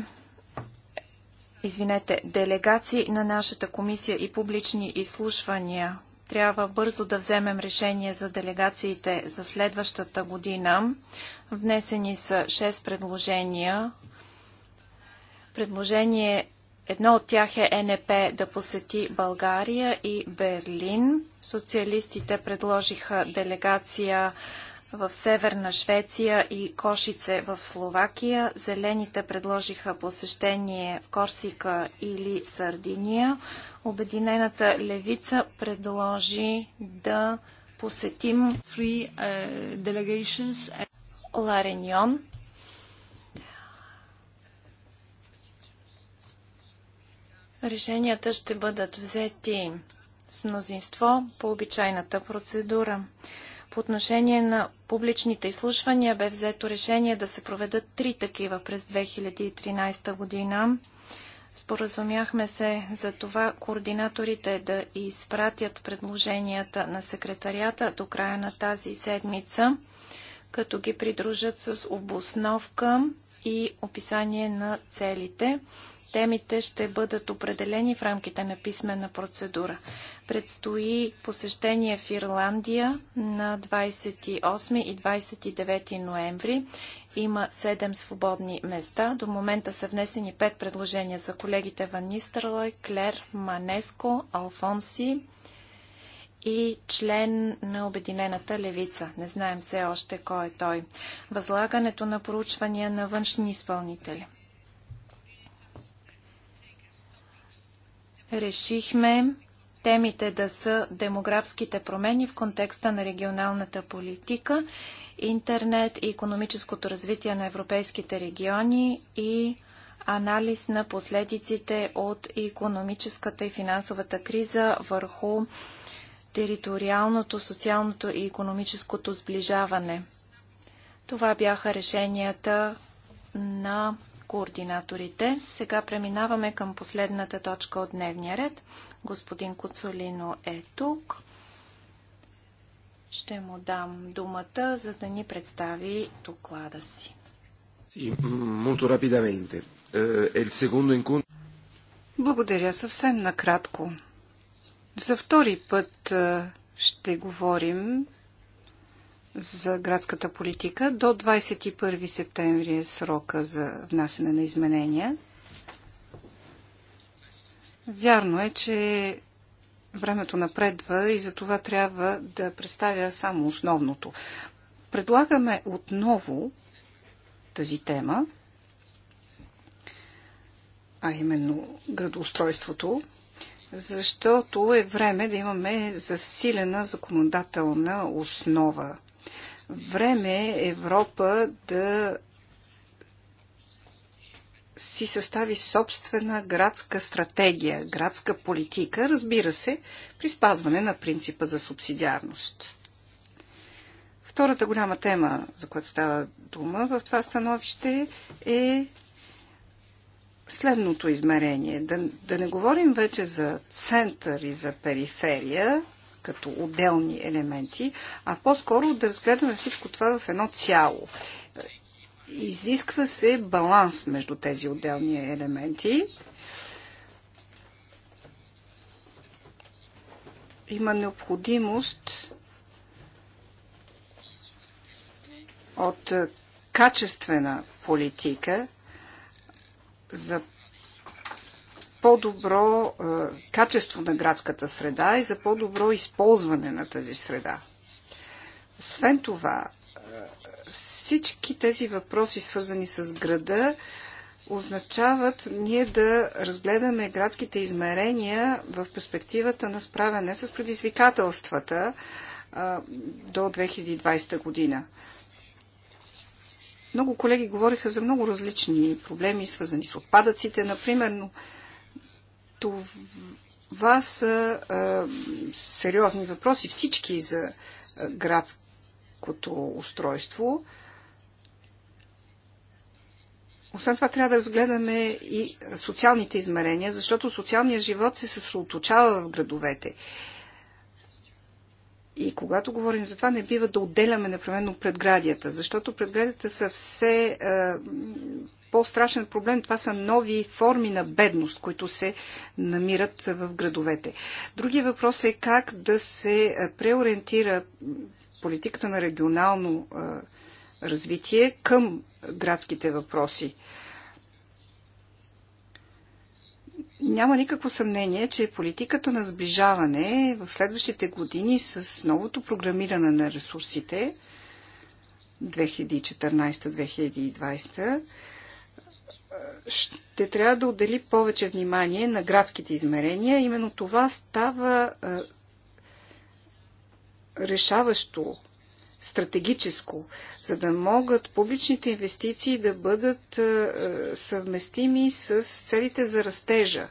S1: извинете, делегации на нашата комисия и публични изслушвания. Трябва бързо да вземем решение за делегациите за следващата година. Внесени са 6 предложения. Предложение Едно от тях е НП да посети България и Берлин. Социалистите предложиха делегация в Северна Швеция и Кошице в Словакия. Зелените предложиха посещение в Корсика или Сардиния. Обединената левица предложи да посетим uh, Лареньон. Решенията ще бъдат взети с мнозинство по обичайната процедура. По отношение на публичните изслушвания бе взето решение да се проведат три такива през 2013 година. Споразумяхме се за това координаторите да изпратят предложенията на секретарията до края на тази седмица, като ги придружат с обосновка и описание на целите. Темите ще бъдат определени в рамките на писмена процедура. Предстои посещение в Ирландия на 28 и 29 ноември. Има 7 свободни места. До момента са внесени 5 предложения за колегите Ван Нистерлой, Клер, Манеско, Алфонси и член на Обединената левица. Не знаем все още кой е той. Възлагането на проучвания на външни изпълнители – решихме темите да са демографските промени в контекста на регионалната политика, интернет и економическото развитие на европейските региони и анализ на последиците от економическата и финансовата криза върху териториалното, социалното и економическото сближаване. Това бяха решенията на координаторите. Сега преминаваме към последната точка от дневния ред. Господин Коцолино е тук. Ще му дам думата, за да ни представи доклада си. Е,
S3: е
S2: Благодаря съвсем накратко. За втори път е, ще говорим за градската политика. До 21 септември е срока за внасене на изменения. Вярно е, че времето напредва и за това трябва да представя само основното. Предлагаме отново тази тема, а именно градоустройството, защото е време да имаме засилена законодателна основа Време е Европа да си състави собствена градска стратегия, градска политика, разбира се, при спазване на принципа за субсидиарност. Втората голяма тема, за която става дума в това становище е следното измерение. Да, да не говорим вече за център и за периферия, като отделни елементи, а по-скоро да разгледаме всичко това в едно цяло. Изисква се баланс между тези отделни елементи. Има необходимост от качествена политика за по-добро качество на градската среда и за по-добро използване на тази среда. Освен това, всички тези въпроси, свързани с града, означават ние да разгледаме градските измерения в перспективата на справяне с предизвикателствата до 2020 година. Много колеги говориха за много различни проблеми, свързани с отпадъците, например, но това са а, сериозни въпроси всички за а, градското устройство. Освен това трябва да разгледаме и социалните измерения, защото социалният живот се съсредоточава в градовете. И когато говорим за това, не бива да отделяме непременно предградията, защото предградията са все по-страшен проблем. Това са нови форми на бедност, които се намират в градовете. Другия въпрос е как да се преориентира политиката на регионално развитие към градските въпроси. Няма никакво съмнение, че политиката на сближаване в следващите години с новото програмиране на ресурсите 2014-2020 ще трябва да отдели повече внимание на градските измерения. Именно това става решаващо, стратегическо, за да могат публичните инвестиции да бъдат съвместими с целите за растежа.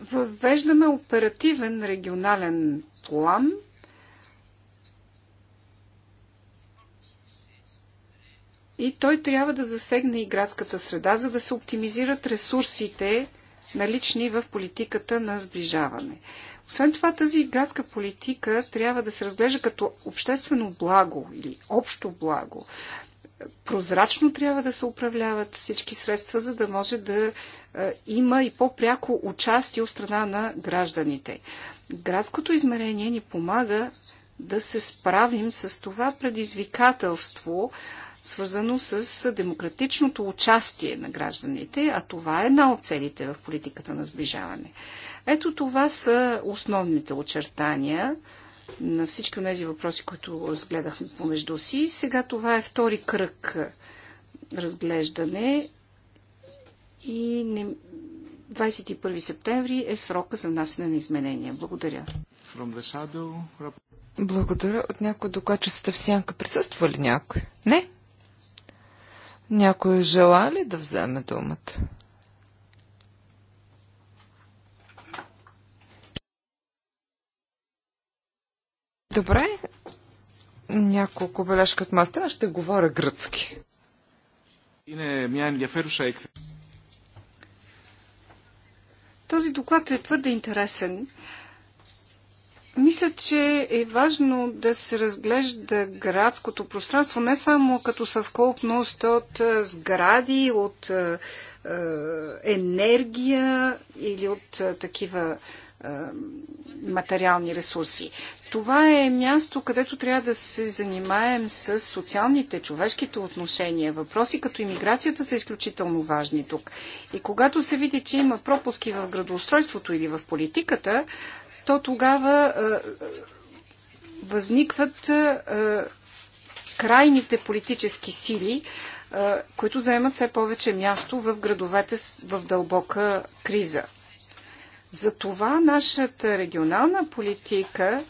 S2: Въвеждаме оперативен регионален план – И той трябва да засегне и градската среда, за да се оптимизират ресурсите налични в политиката на сближаване. Освен това, тази градска политика трябва да се разглежда като обществено благо или общо благо. Прозрачно трябва да се управляват всички средства, за да може да е, има и по-пряко участие от страна на гражданите. Градското измерение ни помага да се справим с това предизвикателство, свързано с демократичното участие на гражданите, а това е една от целите в политиката на сближаване. Ето това са основните очертания на всички тези въпроси, които разгледахме помежду си. Сега това е втори кръг разглеждане и 21 септември е срока за внасяне на изменения. Благодаря.
S3: Благодаря. От някой докладчицата в сянка присъства ли някой? Не? Някой желая ли да вземе думата? Добре. Няколко бележка от мастера ще говоря гръцки. Е
S2: Този доклад е твърде интересен мисля, че е важно да се разглежда градското пространство не само като съвкупност от е, сгради, от е, е, енергия или от е, такива е, материални ресурси. Това е място, където трябва да се занимаем с социалните, човешките отношения. Въпроси като иммиграцията са изключително важни тук. И когато се види, че има пропуски в градоустройството или в политиката, то тогава е, възникват е, крайните политически сили, е, които заемат все повече място в градовете в дълбока криза. Затова нашата регионална политика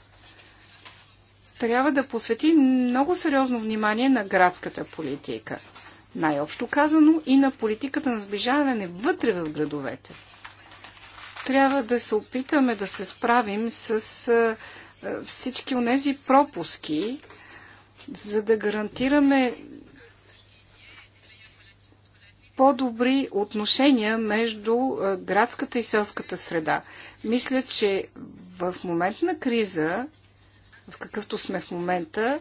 S2: трябва да посвети много сериозно внимание на градската политика. Най-общо казано и на политиката на сближаване вътре в градовете трябва да се опитаме да се справим с всички онези пропуски, за да гарантираме по-добри отношения между градската и селската среда. Мисля, че в момент на криза, в какъвто сме в момента,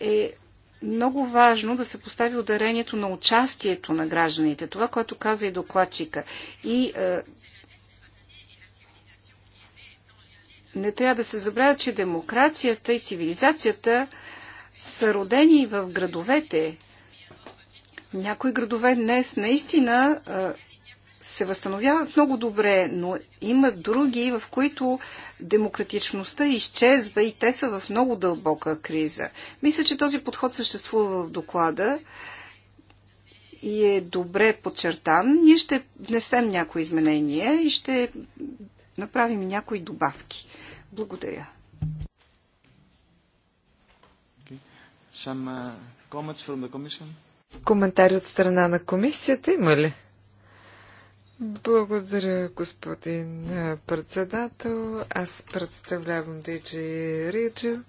S2: е много важно да се постави ударението на участието на гражданите. Това, което каза и докладчика. И е, не трябва да се забравя, че демокрацията и цивилизацията са родени в градовете. Някои градове днес наистина се възстановяват много добре, но има други, в които демократичността изчезва и те са в много дълбока криза. Мисля, че този подход съществува в доклада и е добре подчертан. Ние ще внесем някои изменения и ще направим и някои добавки. Благодаря. Uh,
S3: Коментари от страна на комисията има ли? Благодаря, господин е, председател. Аз представлявам DJ Риджа.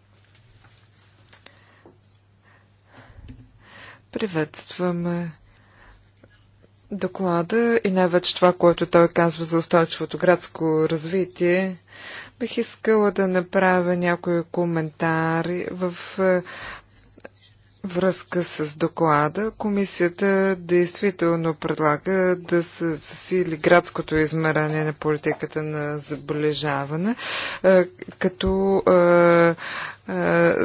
S3: Приветстваме доклада и най-вече това, което той казва за устойчивото градско развитие, бих искала да направя някои коментари в е, връзка с доклада, комисията действително предлага да се засили градското измерение на политиката на заболежаване, е, като е, е,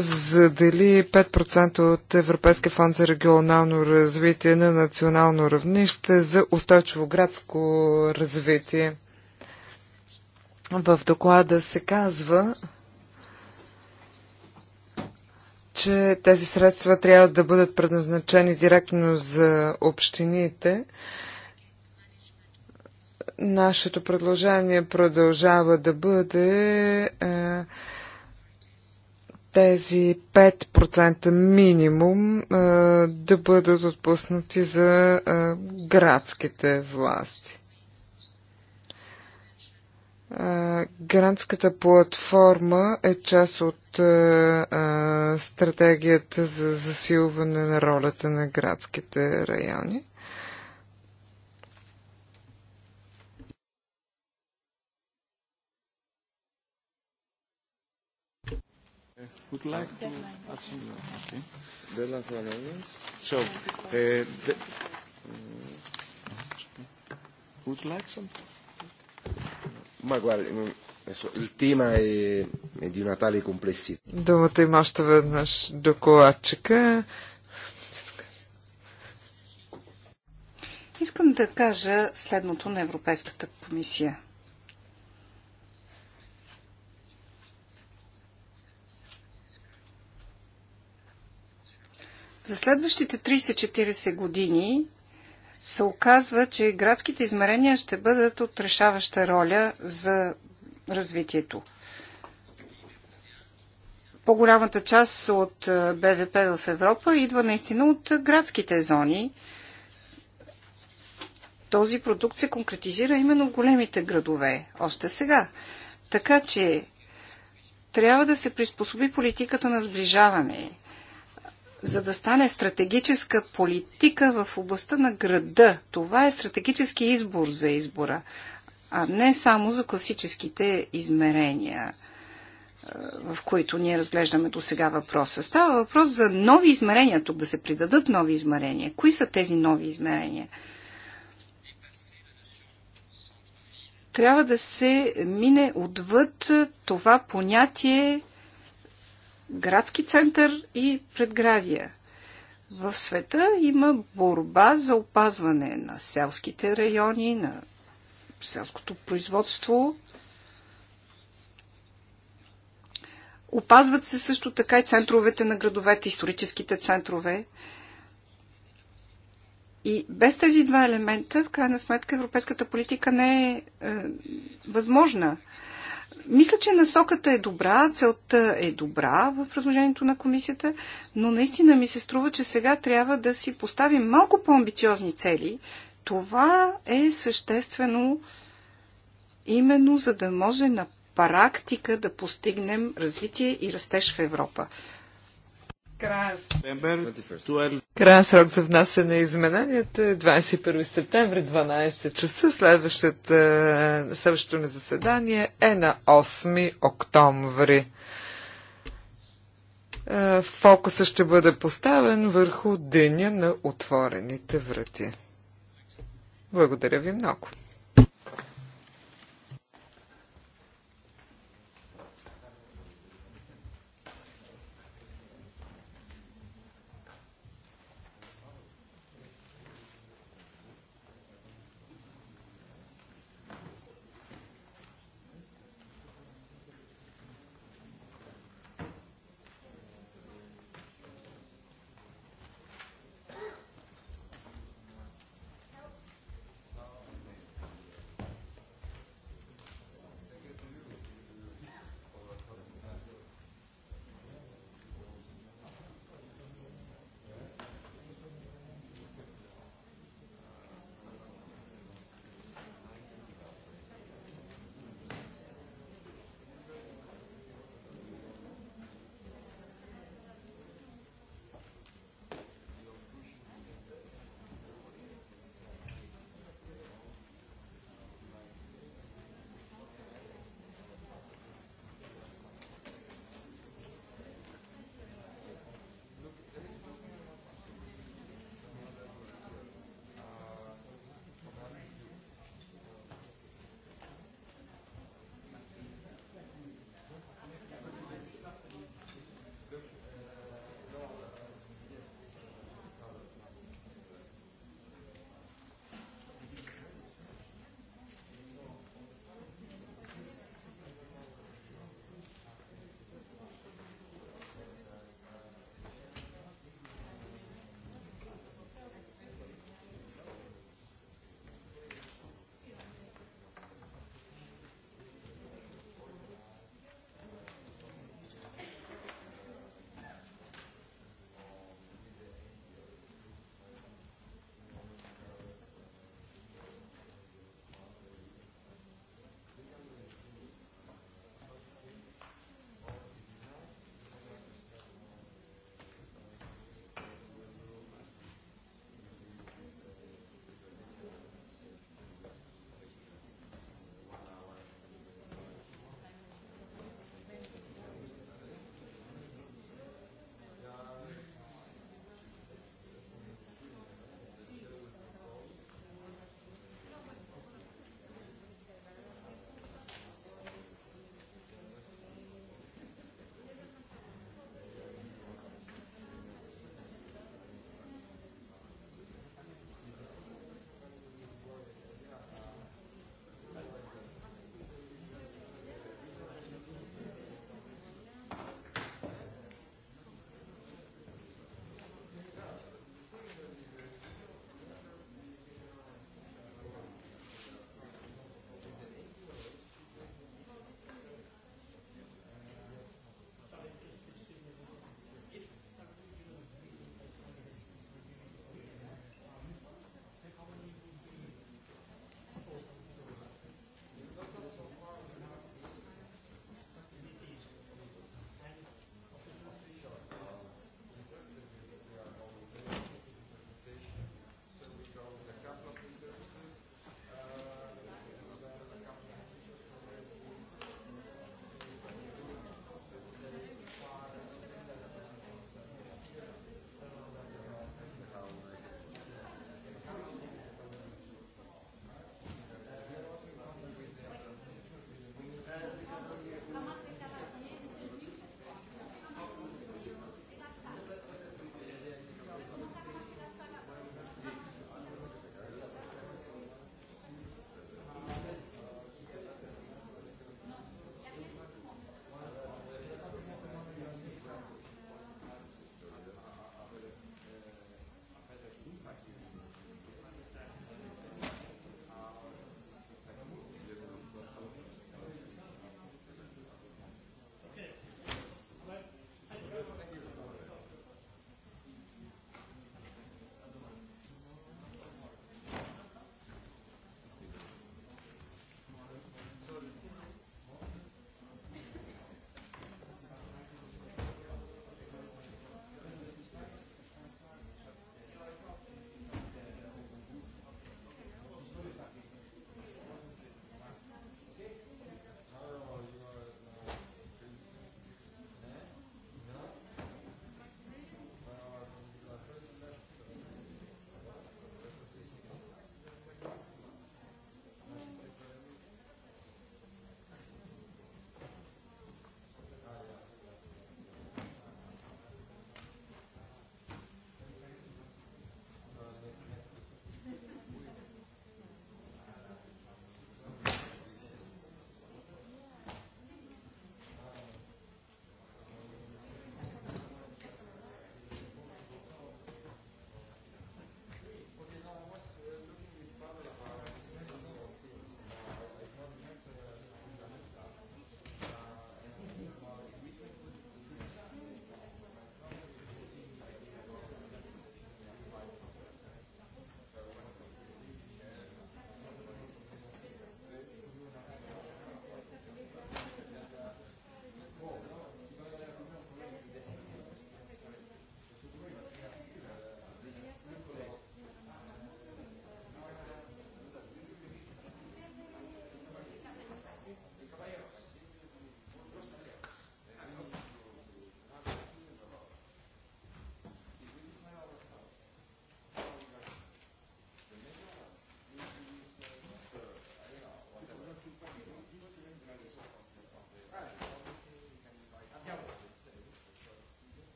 S3: задели 5% от Европейския фонд за регионално развитие на национално равнище за устойчиво градско развитие. В доклада се казва, че тези средства трябва да бъдат предназначени директно за общините. Нашето предложение продължава да бъде е, тези 5% минимум е, да бъдат отпуснати за е, градските власти. Грантската платформа е част от а, стратегията за засилване на ролята на градските райони. Would like to okay. Ма, guarda, il tema è, è di una tale complessità. Думата има още веднъж докладчика.
S2: Искам да кажа следното на Европейската комисия. За следващите 30-40 години се оказва, че градските измерения ще бъдат от решаваща роля за развитието. По-голямата част от БВП в Европа идва наистина от градските зони. Този продукт се конкретизира именно в големите градове, още сега. Така че трябва да се приспособи политиката на сближаване за да стане стратегическа политика в областта на града. Това е стратегически избор за избора, а не само за класическите измерения, в които ние разглеждаме до сега въпроса. Става въпрос за нови измерения, тук да се придадат нови измерения. Кои са тези нови измерения? Трябва да се мине отвъд това понятие градски център и предградия. В света има борба за опазване на селските райони, на селското производство. Опазват се също така и центровете на градовете, историческите центрове. И без тези два елемента, в крайна сметка, европейската политика не е, е възможна. Мисля, че насоката е добра, целта е добра в предложението на комисията, но наистина ми се струва, че сега трябва да си поставим малко по-амбициозни цели. Това е съществено именно за да може на практика да постигнем развитие и растеж в Европа. Крас срок
S3: за внасяне на измененията е 21 септември 12 часа. Следващото ни заседание е на 8 октомври. Е, фокуса ще бъде поставен върху деня на отворените врати. Благодаря ви много.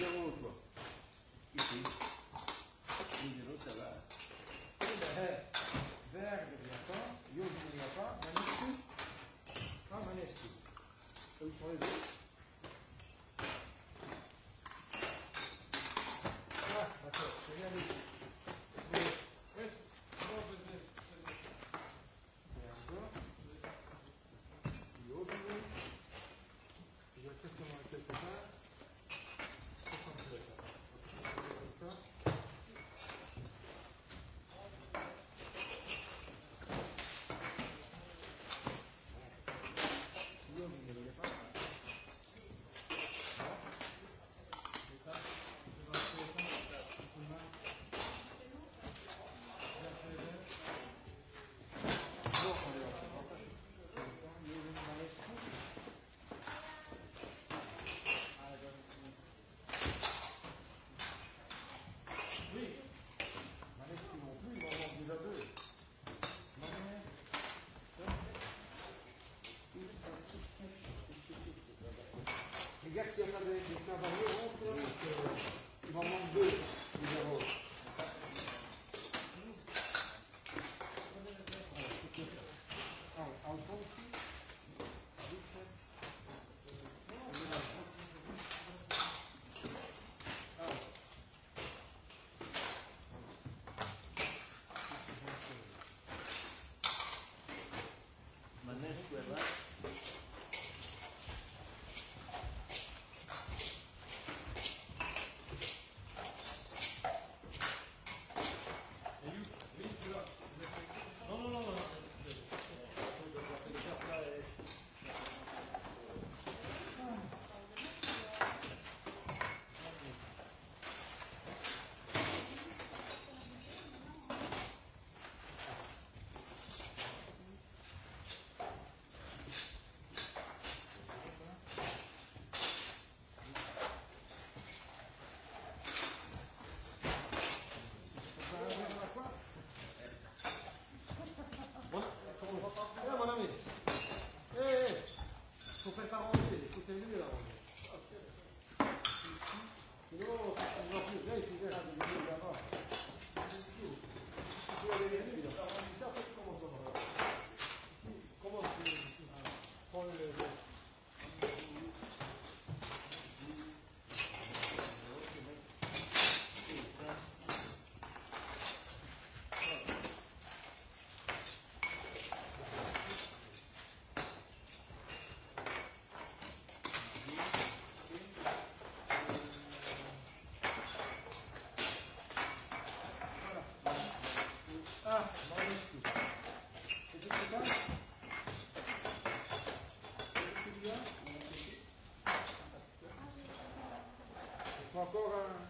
S1: diamant, quoi. Ici. Nous ça va.
S3: Verde Viapa, Yogini Viapa, Manestu. Pas Manestu. Où sont les autres Christian avait, Christian Vanier, entre Maman 2, nous avons хора,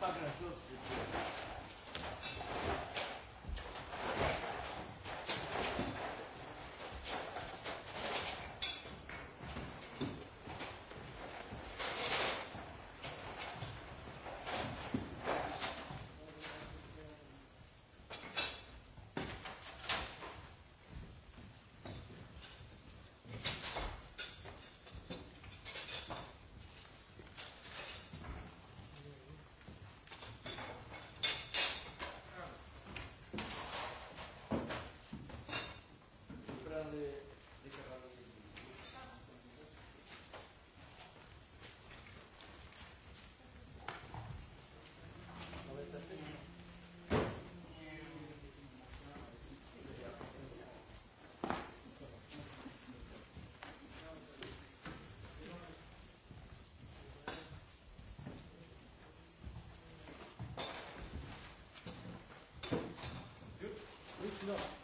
S3: 大概是。
S2: 知道吧？